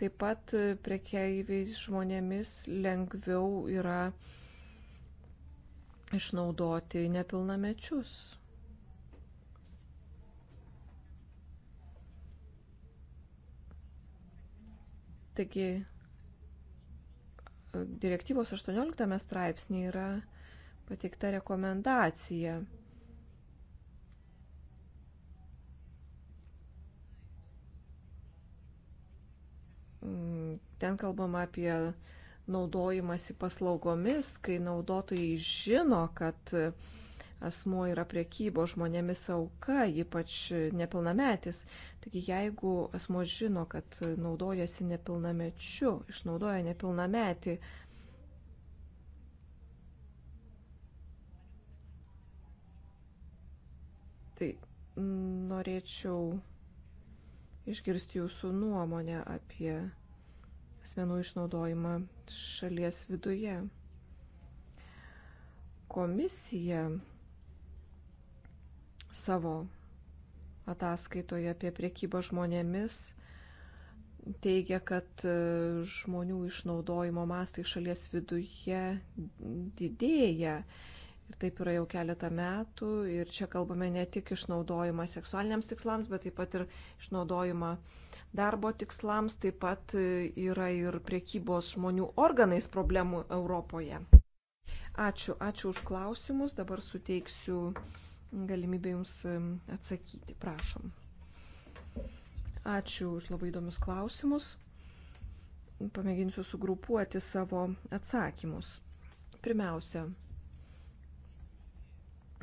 Taip pat e, prekeiviais žmonėmis lengviau yra išnaudoti nepilnamečius. Taigi e, direktyvos 18 straipsnė yra pateikta rekomendacija Ten kalbama apie naudojimąsi paslaugomis, kai naudotojai žino, kad asmuo yra priekybo žmonėmis auka, ypač nepilnametis. Taigi jeigu asmuo žino, kad naudojasi nepilnamečiu, išnaudoja nepilnametį, tai norėčiau išgirsti jūsų nuomonę apie asmenų išnaudojimą šalies viduje. Komisija savo ataskaitoje apie priekybą žmonėmis teigia, kad e, žmonių išnaudojimo mastai šalies viduje didėja Ir taip yra jau keletą metų. Ir čia kalbame ne tik išnaudojimą seksualiniams tikslams, bet taip pat ir išnaudojimą darbo tikslams. Taip pat yra ir priekybos žmonių organais problemų Europoje. Ačiū, ačiū už klausimus. Dabar suteiksiu galimybę Jums atsakyti. Prašom. Ačiū už labai įdomius klausimus. Pamėginsiu sugrupuoti savo atsakymus. Pirmiausia,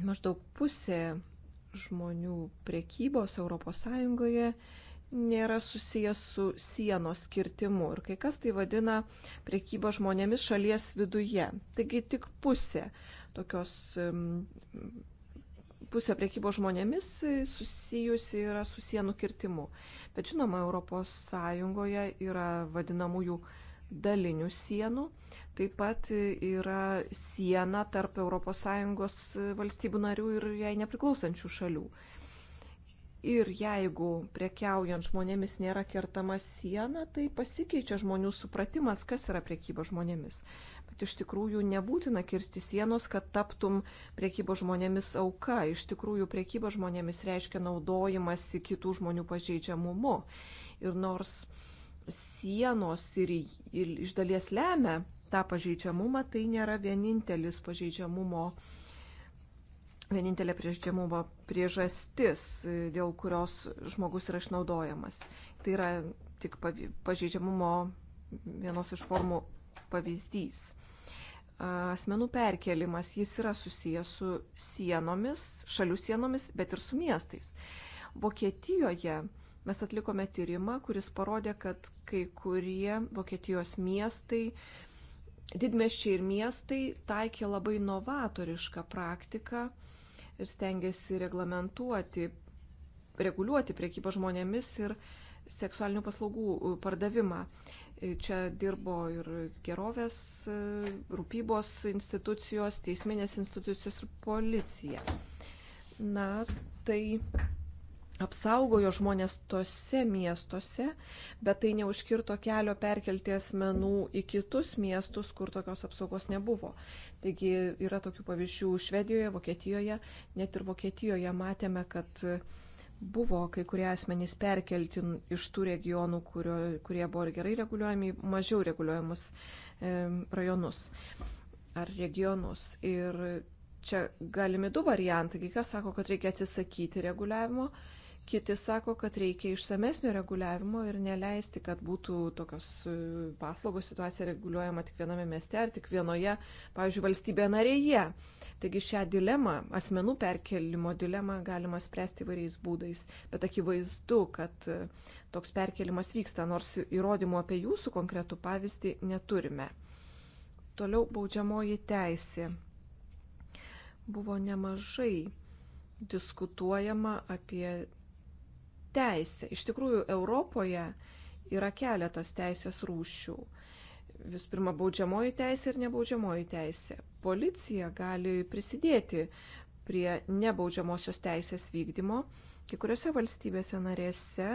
maždaug pusė žmonių prekybos ES nėra susijęs su sienos skirtimu ir kai kas tai vadina prekyba žmonėmis šalies viduje. Taigi tik pusė tokios pusė prekybos žmonėmis susijusi yra su sienų kirtimu. Bet žinoma, ES yra vadinamųjų dalinių sienų, taip pat yra siena tarp ES valstybių narių ir jai nepriklausančių šalių. Ir jeigu prekiaujant žmonėmis nėra kertama siena, tai pasikeičia žmonių supratimas, kas yra priekyba žmonėmis. Bet iš tikrųjų nebūtina kirsti sienos, kad taptum priekybo žmonėmis auka. Iš tikrųjų priekyba žmonėmis reiškia naudojimasi kitų žmonių pažeidžiamumu. Ir nors uh, sienos ir, ir iš dalies lemia tą pažeidžiamumą, tai nėra vienintelis pažeidžiamumo, vienintelė prieždžiamumo priežastis, dėl kurios žmogus yra išnaudojamas. Tai yra tik pažeidžiamumo vienos iš formų pavyzdys. Asmenų perkelimas, jis yra susijęs su sienomis, šalių sienomis, bet ir su miestais. Vokietijoje Mes atlikome tyrimą, kuris parodė, kad kai kurie Vokietijos miestai, didmeščiai ir miestai taikė labai novatorišką praktiką ir stengiasi reglamentuoti, reguliuoti priekybą žmonėmis ir seksualinių paslaugų e, pardavimą. E, čia dirbo ir gerovės, e, rūpybos institucijos, teisminės institucijos ir policija. Na, tai apsaugojo žmonės tose miestuose, bet tai neužkirto kelio perkelti asmenų į kitus miestus, kur tokios apsaugos nebuvo. Taigi yra tokių pavyzdžių Švedijoje, Vokietijoje, net ir Vokietijoje matėme, kad buvo kai kurie asmenys perkelti iš tų regionų, kurio, kurie buvo gerai reguliuojami, mažiau reguliuojamus e, rajonus ar regionus. Ir čia galimi du variantai. Kai kas sako, kad reikia atsisakyti reguliavimo, e, Kiti sako, kad reikia išsamesnio reguliavimo ir neleisti, kad būtų tokios e, paslaugos situacija reguliuojama tik viename mieste ar tik vienoje, pavyzdžiui, valstybėje narėje. Taigi šią dilemą, asmenų perkelimo dilemą galima spręsti įvairiais būdais, bet akivaizdu, kad e, toks perkelimas vyksta, nors įrodymų apie jūsų konkretų pavyzdį neturime. Toliau baudžiamoji teisė. Buvo nemažai diskutuojama apie teisę. Iš tikrųjų, Europoje yra keletas teisės rūšių. Vis pirma, baudžiamoji teisė ir nebaudžiamoji teisė. Policija gali prisidėti prie nebaudžiamosios teisės vykdymo. Kai kuriuose valstybėse narėse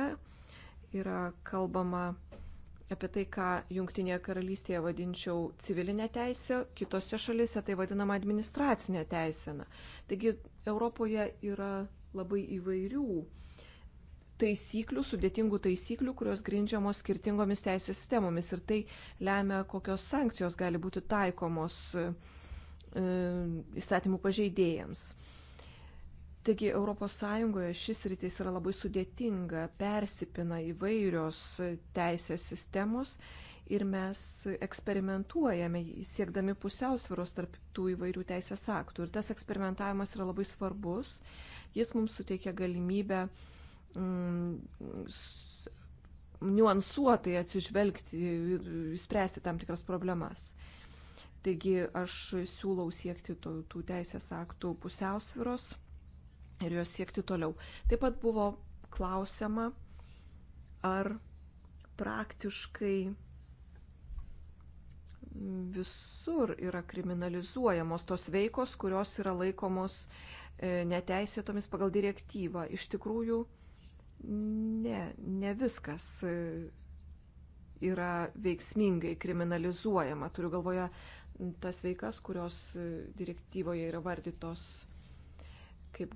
yra kalbama apie tai, ką Junktinėje karalystėje vadinčiau civilinę teisę, kitose šalise tai vadinama administracinė teisena. Taigi Europoje yra labai įvairių taisyklių, sudėtingų taisyklių, kurios grindžiamos skirtingomis teisės sistemomis ir tai lemia, kokios sankcijos gali būti taikomos e, įstatymų pažeidėjams. Taigi ES šis rytis yra labai sudėtinga, persipina įvairios teisės sistemos ir mes eksperimentuojame siekdami pusiausviros tarp tų įvairių teisės aktų. Ir tas eksperimentavimas yra labai svarbus. Jis mums suteikia galimybę uh, Mm, niuansuotai atsižvelgti ir spręsti tam tikras problemas. Taigi aš siūlau siekti to, tų teisės aktų pusiausviros ir jos siekti toliau. Taip pat buvo klausima, ar praktiškai visur yra kriminalizuojamos tos veikos, kurios yra laikomos e, neteisėtomis pagal direktyvą. Iš tikrųjų, Ne, ne viskas e, yra veiksmingai kriminalizuojama. Turiu galvoje tas veikas, kurios e, direktyvoje yra vardytos kaip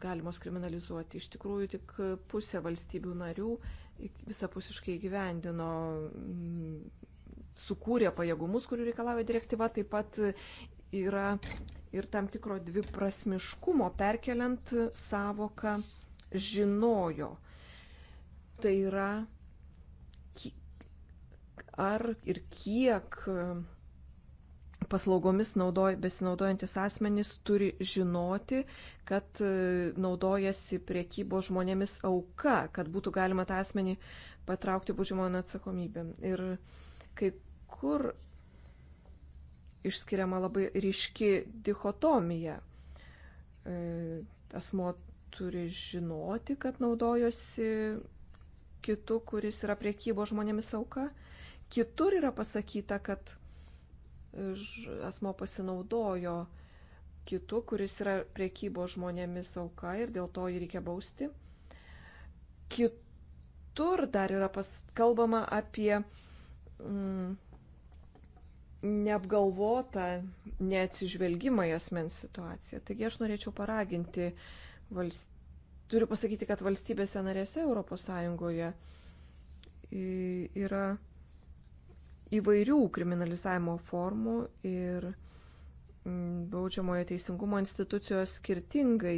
galimos kriminalizuoti. Iš tikrųjų, tik pusė valstybių narių visapusiškai gyvendino, sukūrė pajėgumus, kurių reikalavo direktyva, taip pat e, yra ir tam tikro dviprasmiškumo perkeliant savoką žinojo. Tai yra, ar ir kiek paslaugomis naudoj, besinaudojantis asmenys turi žinoti, kad e, naudojasi priekybo žmonėmis auka, kad būtų galima tą asmenį patraukti būžimon atsakomybėm. Ir kai kur išskiriama labai ryški dichotomija. E, Asmo turi žinoti, kad naudojosi kitu, kuris yra priekybo žmonėmis auka. Kitur yra pasakyta, kad e, asmo pasinaudojo kitu, kuris yra priekybo žmonėmis auka ir dėl to jį reikia bausti. Kitur dar yra pas, kalbama apie mm, neapgalvotą neatsižvelgimą į asmens situaciją. Taigi aš norėčiau paraginti uh, valst... turiu pasakyti, kad valstybėse narėse ES yra įvairių kriminalizavimo formų ir baudžiamojo teisingumo institucijos skirtingai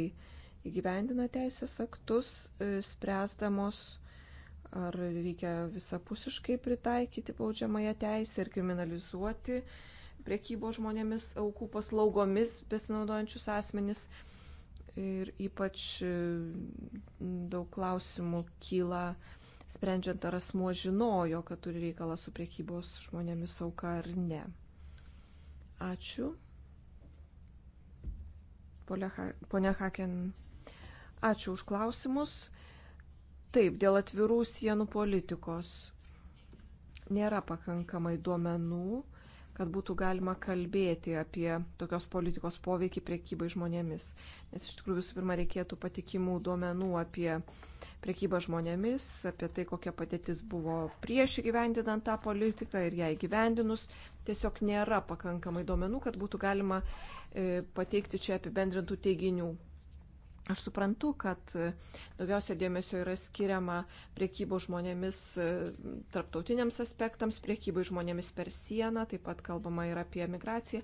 įgyvendina teisės aktus, e, spręsdamos ar reikia visapusiškai pritaikyti baudžiamąją teisę ir kriminalizuoti priekybo žmonėmis aukų paslaugomis besinaudojančius asmenis ir ypač e, daug klausimų kyla sprendžiant, ar asmuo žinojo, kad turi reikalą su priekybos žmonėmis auka ar ne. Ačiū. Pone Haken, ačiū už klausimus. Taip, dėl atvirų sienų politikos nėra pakankamai duomenų kad būtų galima kalbėti apie tokios politikos poveikį priekybai žmonėmis. Nes iš tikrųjų visų pirma reikėtų patikimų duomenų apie priekybą žmonėmis, apie tai, kokia patėtis buvo prieš įgyvendinant tą politiką ir ją įgyvendinus. Tiesiog nėra pakankamai duomenų, kad būtų galima e, pateikti čia apibendrintų teiginių. Aš suprantu, kad e, daugiausia dėmesio yra skiriama priekybo žmonėmis e, tarptautiniams aspektams, priekybai žmonėmis per sieną, taip pat kalbama ir apie migraciją.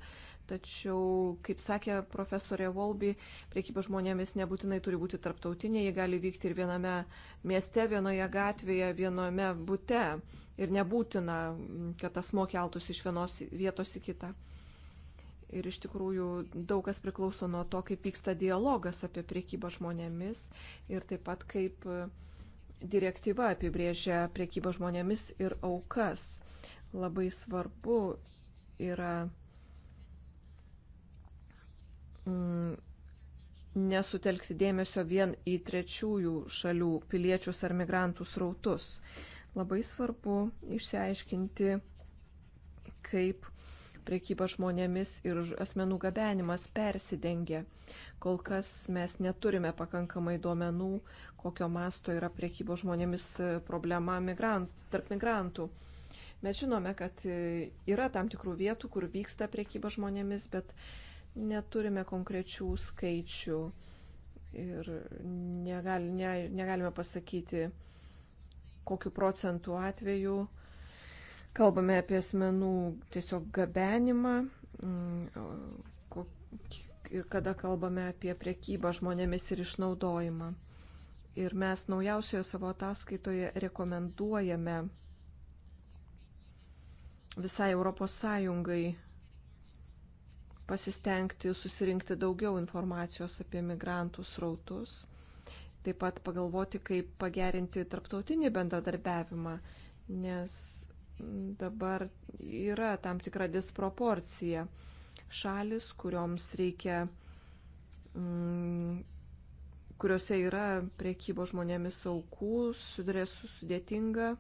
Tačiau, kaip sakė profesorė Volby, priekyba žmonėmis nebūtinai turi būti tarptautinė, jie gali vykti ir viename mieste, vienoje gatvėje, viename bute. Ir nebūtina, kad asmo keltųsi iš vienos vietos į kitą. Ir iš tikrųjų daug kas priklauso nuo to, kaip vyksta dialogas apie priekybą žmonėmis ir taip pat kaip e, direktyva apibrėžia priekybą žmonėmis ir aukas. Labai svarbu yra mm, nesutelkti dėmesio vien į trečiųjų šalių piliečius ar migrantų srautus. Labai svarbu išsiaiškinti, kaip priekyba žmonėmis ir asmenų gabenimas persidengia. Kol kas mes neturime pakankamai duomenų, kokio masto yra priekybo žmonėmis e, problema migrant, tarp migrantų. Mes žinome, kad e, yra tam tikrų vietų, kur vyksta priekyba žmonėmis, bet neturime konkrečių skaičių ir negal, ne, negalime pasakyti, kokiu procentu atveju uh, Kalbame apie asmenų tiesiog gabenimą mm, ir kada kalbame apie prekybą žmonėmis ir išnaudojimą. Ir mes naujausioje savo ataskaitoje rekomenduojame visai Europos Sąjungai pasistengti susirinkti daugiau informacijos apie migrantų srautus, taip pat pagalvoti, kaip pagerinti tarptautinį bendradarbiavimą, nes dabar yra tam tikra disproporcija. Šalis, kurioms reikia, mm, kuriuose yra priekybo žmonėmis aukų, sudarė su sudėtinga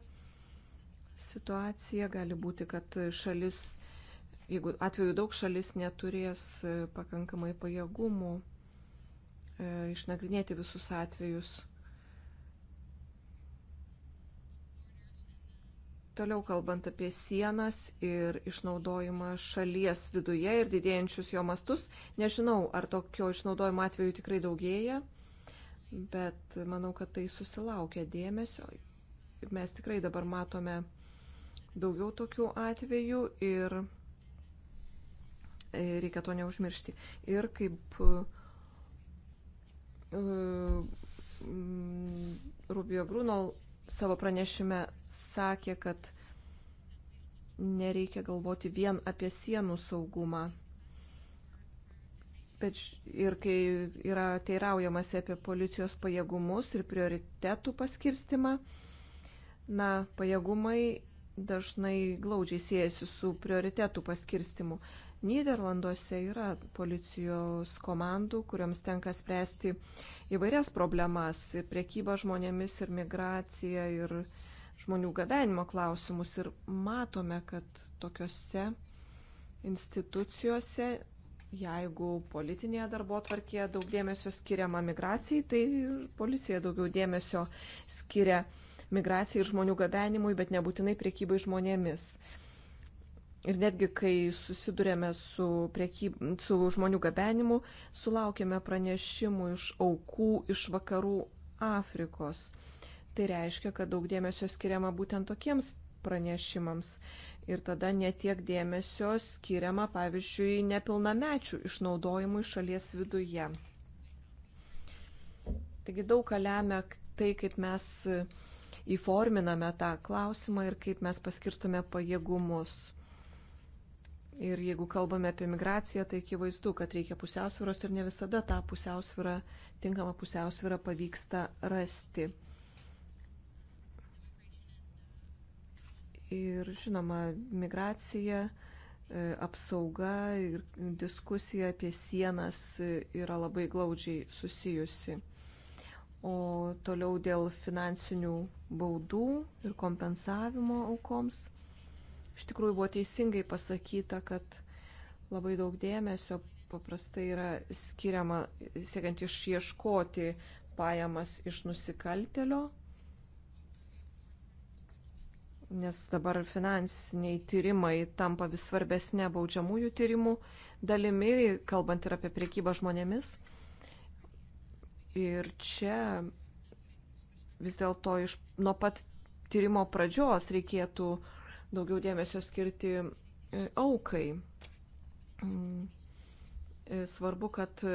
situacija. Gali būti, kad šalis, jeigu atveju daug šalis neturės pakankamai pajėgumų e, išnagrinėti visus atvejus. Toliau kalbant apie sienas ir išnaudojimą šalies viduje ir didėjančius jo mastus, nežinau, ar tokio išnaudojimo atveju tikrai daugėja, bet manau, kad tai susilaukia dėmesio. Mes tikrai dabar matome daugiau tokių atvejų ir e, reikia to neužmiršti. Ir kaip e, Rubio Grunol savo pranešime sakė, kad nereikia galvoti vien apie sienų saugumą. Bet ir kai yra teiraujamasi apie policijos pajėgumus ir prioritetų paskirstimą, na, pajėgumai dažnai glaudžiai siejasi su prioritetų paskirstimu. Niderlanduose yra policijos komandų, kuriams tenka spręsti įvairias problemas - priekybą žmonėmis ir migraciją ir žmonių gabenimo klausimus. Ir matome, kad tokiuose institucijose, jeigu politinėje darbo atvarkėje daug dėmesio skiriama migracijai, tai policija daugiau dėmesio skiria migracijai ir žmonių gabenimui, bet nebūtinai priekybai žmonėmis. Ir netgi kai susidurėme su, priekyb, su žmonių gabenimu, sulaukėme pranešimų iš aukų iš vakarų Afrikos. Tai reiškia, kad daug dėmesio skiriama būtent tokiems pranešimams. Ir tada netiek dėmesio skiriama, pavyzdžiui, nepilnamečių išnaudojimui šalies viduje. Taigi daug ką lemia tai, kaip mes įforminame tą klausimą ir kaip mes paskirstume pajėgumus. Ir jeigu kalbame apie migraciją, tai akivaizdu, kad reikia pusiausviros ir ne visada tą pusiausvirą, tinkamą pusiausvirą pavyksta rasti. Ir žinoma, migracija, e, apsauga ir diskusija apie sienas e, yra labai glaudžiai susijusi. O toliau dėl finansinių baudų ir kompensavimo aukoms Iš tikrųjų buvo teisingai pasakyta, kad labai daug dėmesio paprastai yra skiriama siekiant išieškoti pajamas iš nusikaltelio, nes dabar finansiniai tyrimai tampa vis svarbesnė baudžiamųjų tyrimų dalimi, kalbant ir apie priekybą žmonėmis. Ir čia vis dėlto iš nuo pat tyrimo pradžios reikėtų uh, daugiau dėmesio skirti e, aukai. Mm. E, svarbu, kad e,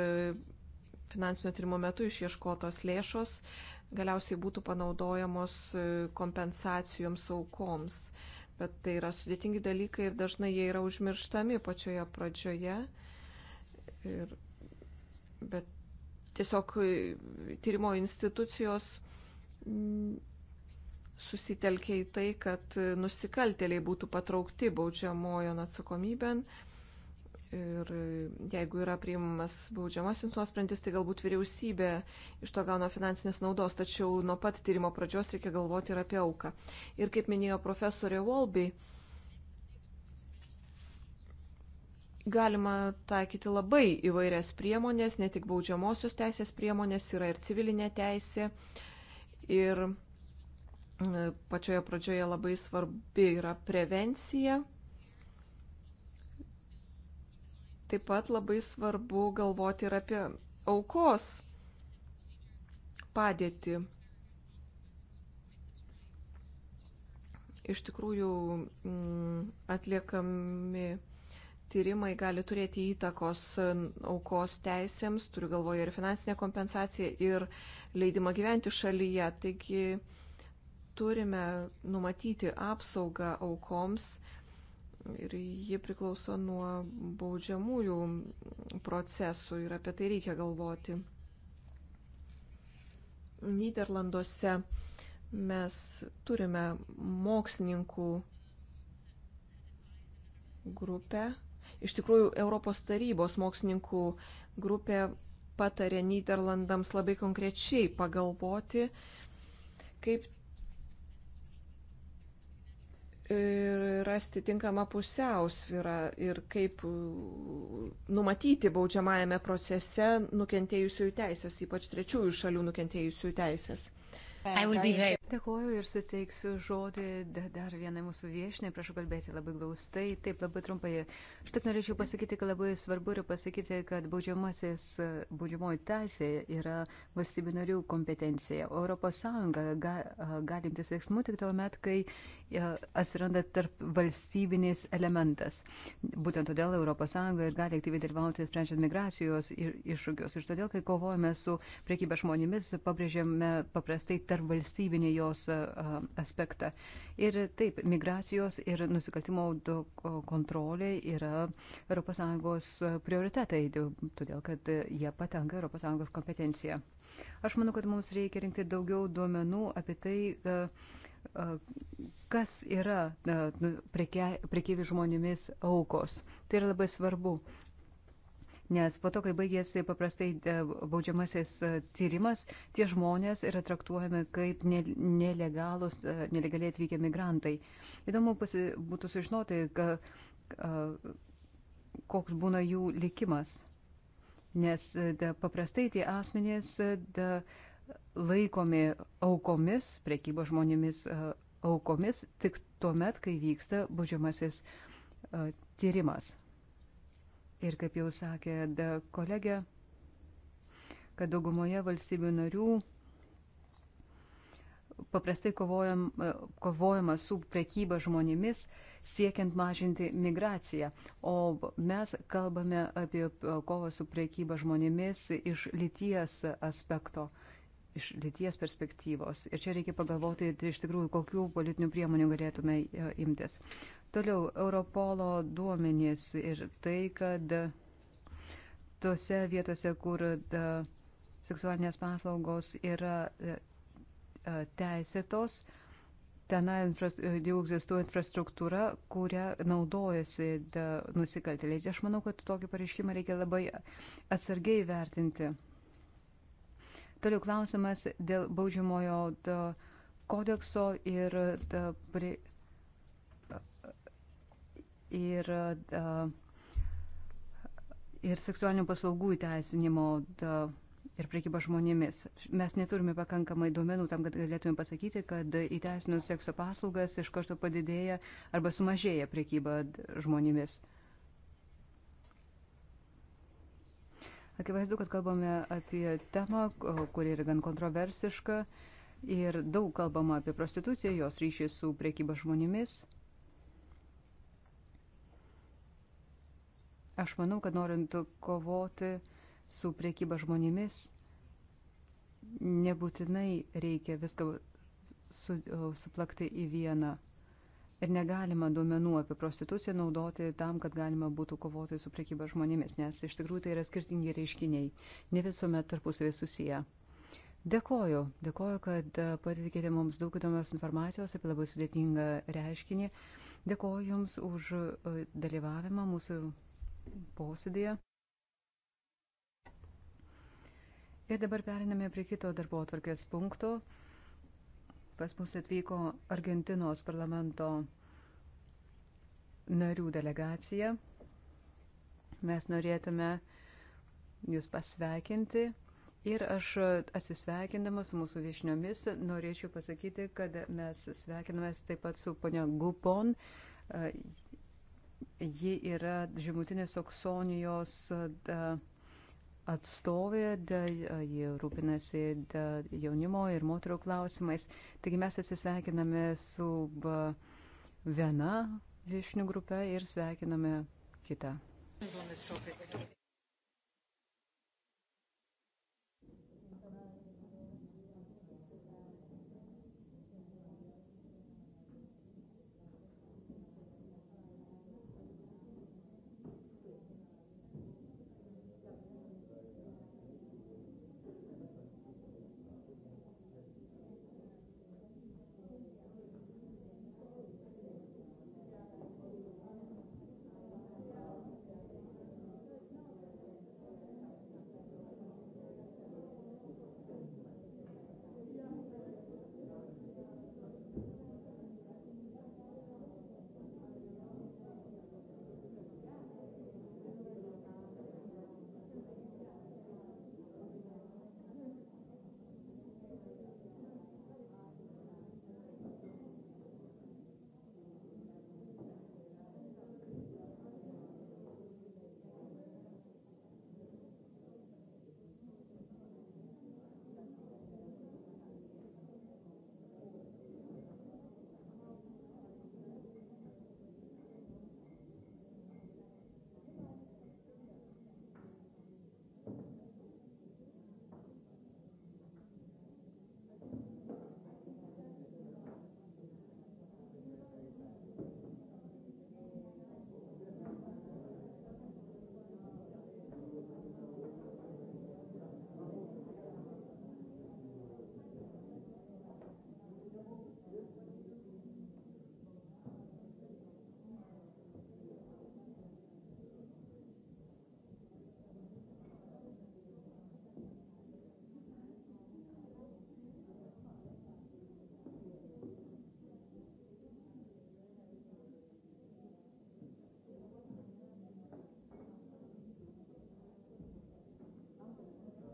finansinio tyrimo metu išieškotos lėšos galiausiai būtų panaudojamos kompensacijoms aukoms. Bet tai yra sudėtingi dalykai ir dažnai jie yra užmirštami pačioje pradžioje. Ir, bet tiesiog tyrimo institucijos mm, susitelkė į tai, kad nusikaltėliai būtų patraukti baudžiamojon atsakomybėn. Ir jeigu yra priimamas baudžiamasis nuosprendis, tai galbūt vyriausybė iš to gauna finansinės naudos, tačiau nuo pat tyrimo pradžios reikia galvoti ir apie auką. Ir kaip minėjo profesorė Volby, galima taikyti labai įvairias priemonės, ne tik baudžiamosios teisės priemonės, yra ir civilinė teisė. Ir Mm, pačioje pradžioje labai svarbi yra prevencija. Taip pat labai svarbu galvoti ir apie aukos padėtį. Iš tikrųjų, mm, atliekami tyrimai gali turėti įtakos aukos teisėms, turiu galvoje ir finansinę kompensaciją, ir leidimą gyventi šalyje. Taigi, turime numatyti apsaugą aukoms ir ji priklauso nuo baudžiamųjų procesų ir apie tai reikia galvoti. Niderlanduose mes turime mokslininkų grupę. Iš tikrųjų, Europos tarybos mokslininkų grupė patarė Niderlandams labai konkrečiai pagalvoti, kaip rasti tinkamą pusiausvyrą ir kaip uh, numatyti baudžiamajame procese nukentėjusiųjų teisės, ypač trečiųjų šalių nukentėjusiųjų teisės. Very... Dėkuoju ir suteiksiu žodį dar vienai mūsų viešinai, prašau kalbėti labai glaustai, taip labai trumpai. Aš tik norėčiau pasakyti, kad labai svarbu yra pasakyti, kad baudžiamasis, baudžiamoji teisė yra valstybių narių kompetencija. Europos Sąjunga ga, galimtis veiksmų tik tuo met, kai e, atsiranda tarp valstybinis elementas. Būtent todėl Europos Sąjunga ir gali aktyviai dalyvauti sprendžiant migracijos ir iššūkius. Ir todėl, kai kovojame su priekyba žmonėmis, pabrėžėme paprastai tarp valstybinį jos aspektą. Ir taip, migracijos ir nusikaltimo kontrolė yra ES prioritetai, todėl kad jie patenka ES kompetenciją. Aš manau, kad mums reikia rinkti daugiau duomenų apie tai, kas yra nu, prekyvi žmonėmis aukos. Tai yra labai svarbu nes po to, kai baigėsi paprastai e, baudžiamasis e, tyrimas, tie žmonės yra traktuojami kaip nelegalus, e, nelegaliai atvykę migrantai. Įdomu pasi, būtų sužinoti, ka, koks būna jų likimas, nes da, paprastai tie asmenys da, laikomi aukomis, prekybo žmonėmis aukomis tik tuo met, kai vyksta baudžiamasis tyrimas. Ir kaip jau sakė kolegė, kad daugumoje valstybių narių paprastai kovojam, e, kovojama su prekyba žmonėmis, siekiant mažinti migraciją. O mes kalbame apie e, kovą su prekyba žmonėmis iš lyties aspekto, iš lyties perspektyvos. Ir čia reikia pagalvoti, tai iš tikrųjų, kokių politinių priemonių galėtume e, imtis. Toliau Europolo duomenys ir tai, kad tose vietose, kur da, e, seksualinės paslaugos yra e, e, teisėtos, tenai infras, jau egzistuoja infrastruktūra, kurią naudojasi da, nusikaltėliai. Aš manau, kad tokį pareiškimą reikia labai atsargiai vertinti. Toliau klausimas dėl baudžiamojo da, kodekso ir da, pri, ir, ir seksualinių paslaugų įteisinimo ir prekyba žmonėmis. Mes neturime pakankamai duomenų tam, kad galėtume pasakyti, kad įteisinus sekso paslaugas iš karto padidėja arba sumažėja prekyba žmonėmis. Akivaizdu, kad kalbame apie temą, kuri yra gan kontroversiška ir daug kalbama apie prostituciją, jos ryšį su priekyba žmonėmis. Aš manau, kad norint kovoti su priekyba žmonėmis, nebūtinai reikia viską su, suplakti į vieną. Ir negalima duomenų apie prostituciją naudoti tam, kad galima būtų kovoti su priekyba žmonėmis, nes iš tikrųjų tai yra skirtingi reiškiniai, ne visuomet tarpusavė susiję. Dėkoju, dėkoju, kad e, patikėte mums daug įdomios informacijos apie labai sudėtingą reiškinį. Dėkoju Jums už e, dalyvavimą mūsų posėdėje. Ir dabar periname prie kito darbo atvarkės punkto. Pas mus atvyko Argentinos parlamento narių delegacija. Mes norėtume Jūs pasveikinti Ir aš atsisveikindama su mūsų viešniomis norėčiau pasakyti, kad mes sveikinamės taip pat su ponia Gupon. Ji yra žemutinės Saksonijos atstovė, ji rūpinasi jaunimo ir moterų klausimais. Taigi mes atsisveikiname su viena viešnių grupe ir sveikiname kitą.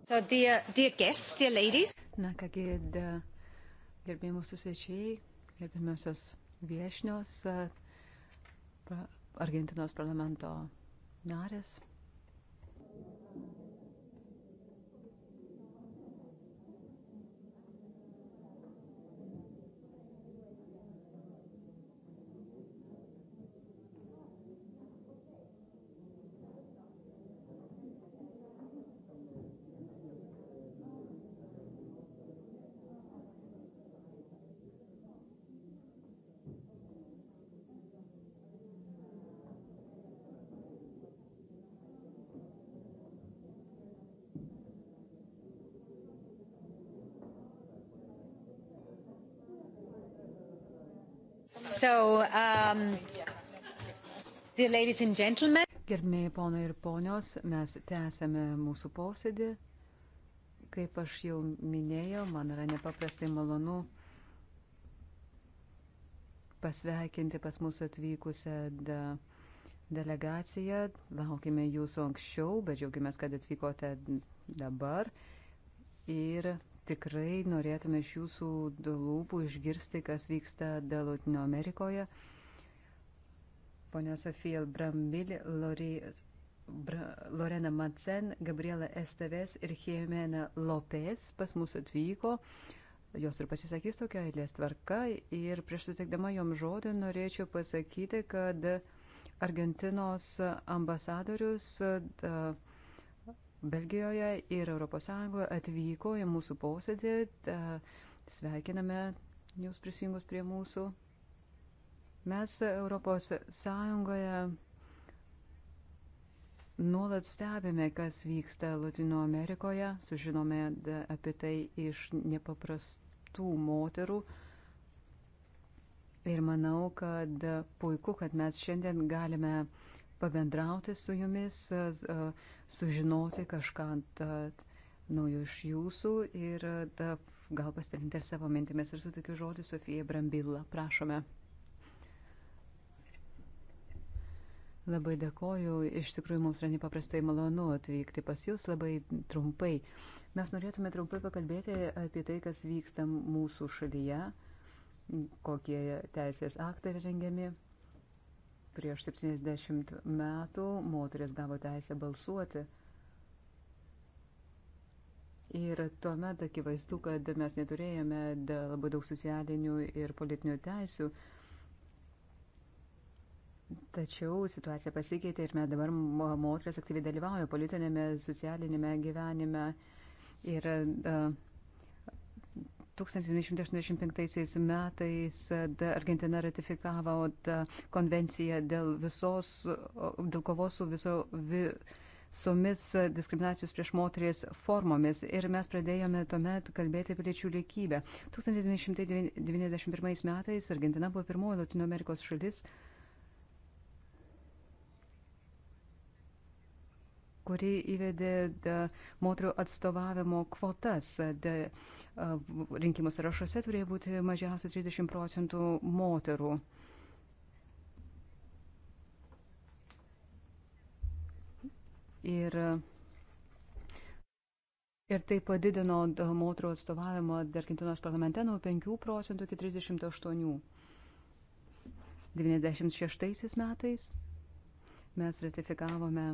So dear, dear guests, dear ladies. Na kągi, gerbėjai mūsų svečiai, gerbėmiosios viešnios, Argentinos parlamento narės. So, um, Gerbėjai ponai ir ponios, mes tęsėme mūsų posėdį. Kaip aš jau minėjau, man yra nepaprastai malonu pasveikinti pas mūsų atvykusią de delegaciją. Laukime jūsų anksčiau, bet džiaugiamės, kad atvykote dabar. Ir Tikrai norėtume iš jūsų lūpų išgirsti, kas vyksta Dalutino Amerikoje. Pone Sofija Brambilė, Lorena Macen, Gabriela Esteves ir Jimena Lopez pas mus atvyko. Jos ir pasisakys tokia eilės tvarka. Ir prieš sutikdama jom žodį norėčiau pasakyti, kad Argentinos ambasadorius. Uh, Belgijoje ir ES atvyko į mūsų posėdį. Sveikiname jūs prisijungus prie mūsų. Mes ES nuolat stebime, kas vyksta Latino Amerikoje, sužinome apie tai iš nepaprastų moterų. Ir manau, kad puiku, kad mes šiandien galime uh, pabendrauti su jumis, sužinoti kažką naujo iš jūsų ir da, gal pasidalinti ir savo mintimis. Ir sutikiu žodį Sofija Brambilla. Prašome. Labai dėkoju. Iš tikrųjų, mums yra nepaprastai malonu atvykti pas Jūs labai trumpai. Mes norėtume trumpai pakalbėti apie tai, kas vyksta mūsų šalyje, kokie teisės aktai rengiami. Prieš 70 metų moteris gavo teisę balsuoti. Ir tuomet akivaizdu, kad mes neturėjome labai daug socialinių ir politinių teisių. Tačiau situacija pasikeitė ir mes dabar moteris aktyviai dalyvauja politinėme, socialinėme gyvenime. Ir uh, 1985 metais Argentina ratifikavo konvenciją dėl, visos, dėl kovos su viso, visomis diskriminacijos prieš moteris formomis ir mes pradėjome tuomet kalbėti apie lyčių lygybę. 1991 metais Argentina buvo pirmoji Latino Amerikos šalis kuri įvedė da, moterų atstovavimo kvotas. Da, rinkimų sąrašuose turėjo būti mažiausiai 30 procentų moterų. Ir, ir tai padidino moterų atstovavimą Argentinos parlamente nuo 5 procentų iki 38. 96 metais mes ratifikavome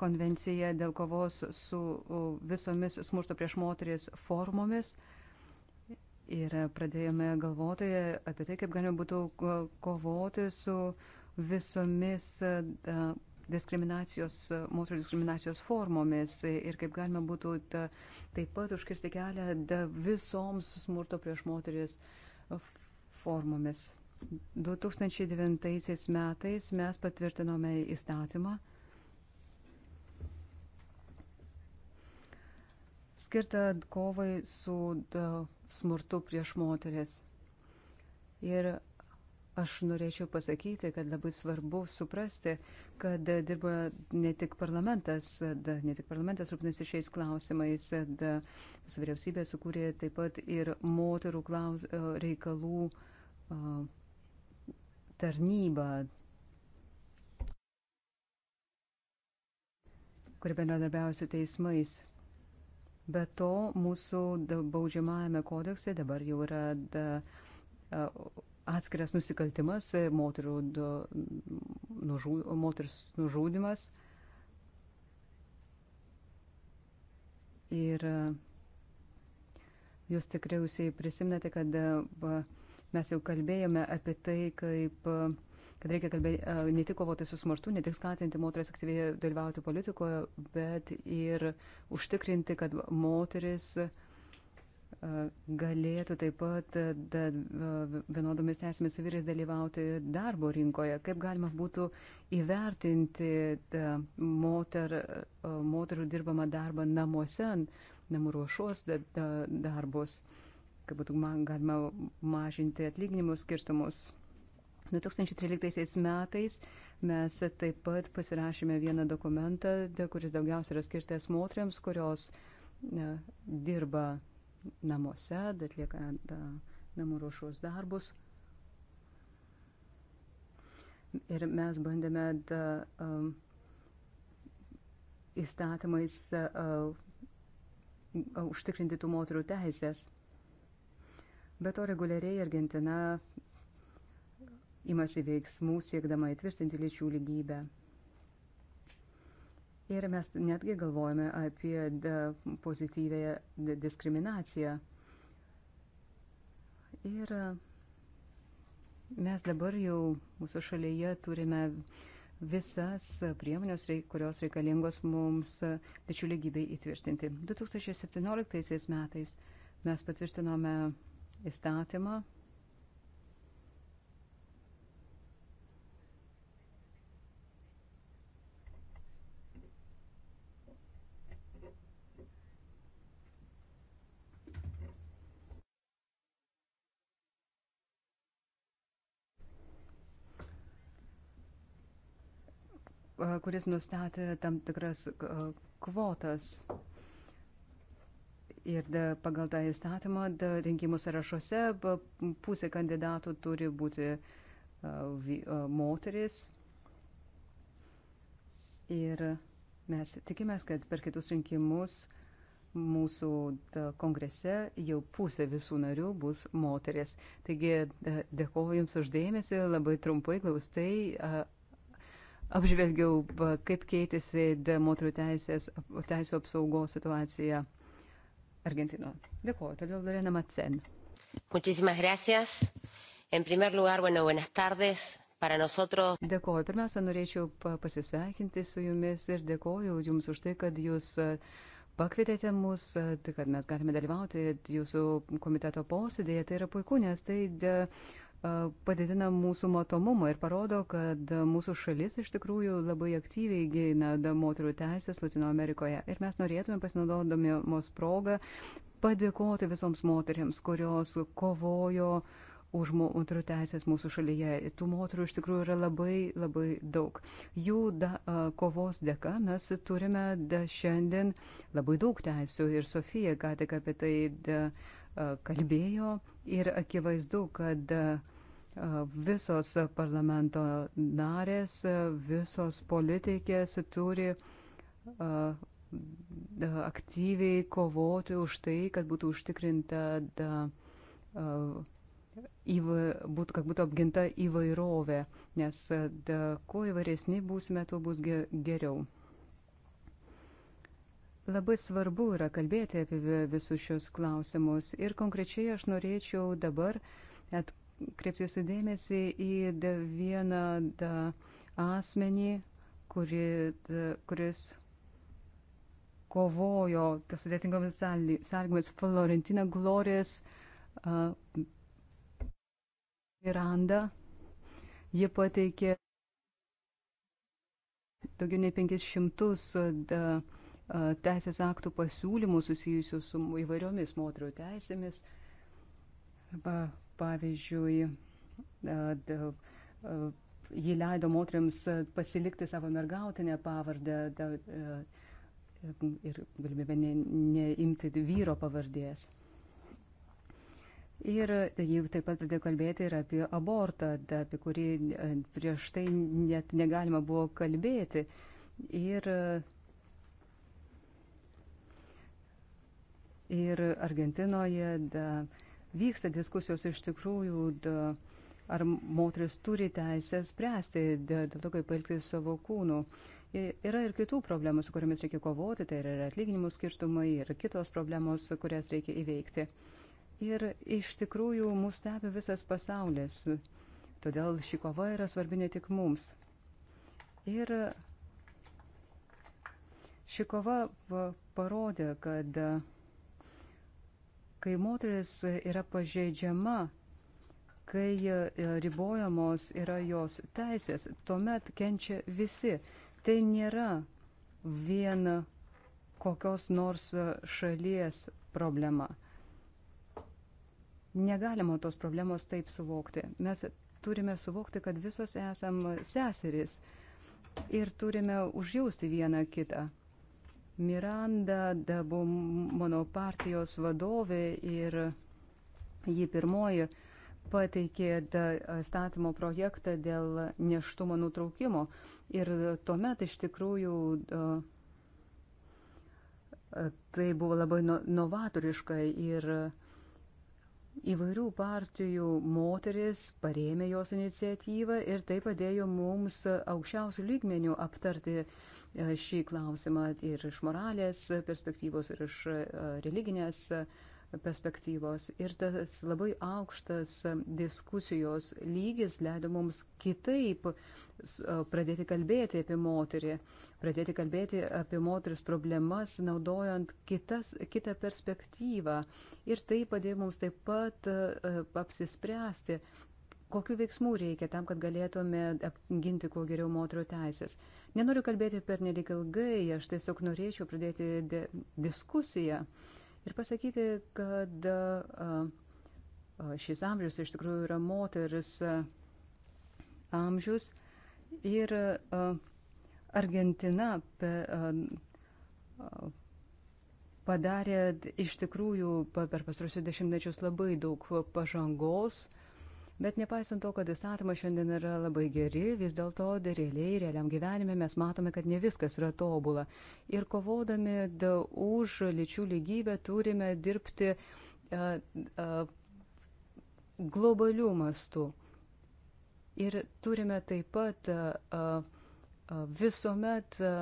konvencija dėl kovos su visomis smurto prieš moteris formomis. Ir pradėjome galvoti apie tai, kaip galima būtų kovoti su visomis e, diskriminacijos, e, moterų diskriminacijos formomis ir kaip galima būtų ta, taip pat užkirsti kelią visoms smurto prieš moteris e, formomis. 2009 metais mes patvirtinome įstatymą skirta kovai su smurtu prieš moteris. Ir aš norėčiau pasakyti, kad labai svarbu suprasti, kad dirba ne tik parlamentas, da, ne tik parlamentas rūpinasi šiais klausimais, mūsų vyriausybė sukūrė taip pat ir moterų klaus, e, reikalų tarnybą, kuri bendradarbiausių teismais. Be to, mūsų baudžiamajame kodekse dabar jau yra da, atskiras nusikaltimas moterų, da, nužu, moters nužudimas. Ir jūs tikriausiai prisimnate, kad da, mes jau kalbėjome apie tai, kaip a, kad reikia kalbėti e, ne tik kovoti su smurtu, ne tik skatinti moteris aktyviai dalyvauti politikoje, bet ir užtikrinti, kad moteris e, galėtų taip pat da, e, vienodomis teisėmis su vyrais dalyvauti darbo rinkoje. Kaip galima būtų įvertinti da, moter, moterų dirbamą darbą namuose, namų ruošos da, da, darbus, kaip būtų man, galima mažinti atlyginimų skirtumus. 2013 metais mes taip pat pasirašėme vieną dokumentą, kuris daugiausia yra skirtas moteriams, kurios ne, dirba namuose, atlieka e, namų ruošos darbus. Ir mes bandėme da, um, įstatymais uh, užtikrinti tų moterų teisės. Be to reguliariai Argentina imasi veiksmų siekdama įtvirtinti lyčių lygybę. Ir mes netgi galvojame apie pozityvę diskriminaciją. Ir e, mes dabar jau mūsų šalyje turime visas priemonės, kurios reikalingos mums e, lyčių lygybei įtvirtinti. 2017 metais mes patvirtinome įstatymą, kuris nustatė tam tikras kvotas. Ir da, pagal tą įstatymą da, rinkimų sąrašuose pusė kandidatų turi būti uh, vy, uh, moteris. Ir mes tikimės, kad per kitus rinkimus mūsų da, kongrese jau pusė visų narių bus moteris. Taigi da, dėkoju Jums uždėmesi, labai trumpai, glaustai apžvelgiau, kaip keitėsi moterų teisės, teisų apsaugos situacija Argentinoje. Dėkuoju. Toliau Lorena Matsen. Muchísimas gracias. En primer lugar, bueno, buenas tardes. Para nosotros. Dėkuoju. Pirmiausia, norėčiau pasisveikinti su jumis ir dėkuoju jums už tai, kad jūs pakvietėte mus, kad mes galime dalyvauti jūsų komiteto posėdėje. Tai yra puiku, nes tai. De, dė E, padidina mūsų matomumą ir parodo, kad mūsų šalis iš tikrųjų labai aktyviai gina moterų teisės Latino Amerikoje. Ir mes norėtume pasinaudodami mūsų progą padėkoti visoms moteriams, kurios kovojo už moterų teisės mūsų šalyje. Tų moterų iš tikrųjų yra labai labai daug. Jų da, e, kovos dėka mes turime da, šiandien labai daug teisų ir Sofija ką tik apie tai da, e, kalbėjo ir akivaizdu, kad da, Visos parlamento narės, visos politikės turi aktyviai kovoti už tai, kad būtų užtikrinta, da, įva, būtų, kad būtų apginta įvairovė, nes da, kuo įvairesni būsime, tuo bus ge, geriau. Labai svarbu yra kalbėti apie visus šios klausimus ir konkrečiai aš norėčiau dabar at, kreipti sudėmėsi į vieną asmenį, kuri, kuris kovojo tas sudėtingomis sąlygomis Florentina Glorės uh, Miranda. Ji pateikė daugiau nei 500 da, uh, teisės aktų pasiūlymų susijusių su įvairiomis moterio teisėmis. Arba Pavyzdžiui, ji leido moteriams pasilikti savo mergautinę pavardę ir galimybę neimti ne vyro pavardės. Ir jau taip pat pradėjo kalbėti ir apie abortą, apie kurį prieš tai net negalima buvo kalbėti. Ir, ir Argentinoje da, uh, vyksta diskusijos iš tikrųjų, da, ar moteris turi teisę spręsti dėl to, kaip elgtis savo kūnu. Yra ir kitų problemų, su kuriamis reikia kovoti, tai yra atlyginimų skirtumai ir kitos problemos, kurias reikia įveikti. Ir iš tikrųjų mūsų stebi visas pasaulis, todėl ši kova yra svarbi ne tik mums. Ir ši kova parodė, kad kai moteris yra pažeidžiama, kai e, ribojamos yra jos teisės, tuomet kenčia visi. Tai nėra vien kokios nors šalies problema. Negalima tos problemos taip suvokti. Mes turime suvokti, kad visos esam seserys ir turime užjausti vieną kitą. Miranda da, buvo mano partijos vadovė ir ji pirmoji pateikė statymo projektą dėl neštumo nutraukimo. Ir tuomet iš tikrųjų tai buvo labai novatoriška ir uh, įvairių partijų moteris parėmė jos iniciatyvą ir tai padėjo mums aukščiausių lygmenių aptarti e, šį klausimą ir iš moralės perspektyvos, ir iš e, religinės perspektyvos perspektyvos. Ir tas labai aukštas diskusijos lygis leido mums kitaip pradėti kalbėti apie moterį, pradėti kalbėti apie moteris problemas, naudojant kitas, kitą perspektyvą. Ir tai padėjo mums taip pat e, apsispręsti, kokiu veiksmu reikia tam, kad galėtume apginti kuo geriau moterų teisės. Nenoriu kalbėti per nelik ilgai, aš tiesiog norėčiau pradėti diskusiją. Uh, ir pasakyti, kad šis amžius iš tikrųjų yra moteris amžius ir Argentina padarė iš tikrųjų per pastarusius dešimtmečius labai daug pažangos. Bet nepaisant to, kad įstatymai šiandien yra labai geri, vis dėlto realiai, realiam gyvenime mes matome, kad ne viskas yra tobula. Ir kovodami už lyčių lygybę turime dirbti a, a, globalių mastų. Ir turime taip pat a, a, visuomet a,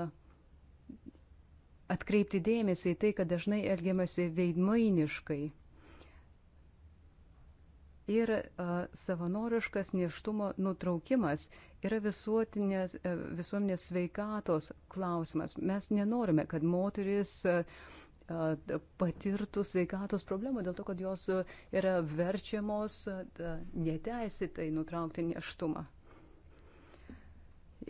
atkreipti dėmesį į tai, kad dažnai elgiamasi veidmainiškai ir savanoriškas neštumo nutraukimas yra visuotinės, e, visuomenės sveikatos klausimas. Mes nenorime, kad moteris patirtų sveikatos problemų dėl to, kad jos yra verčiamos neteisėtai nutraukti neštumą.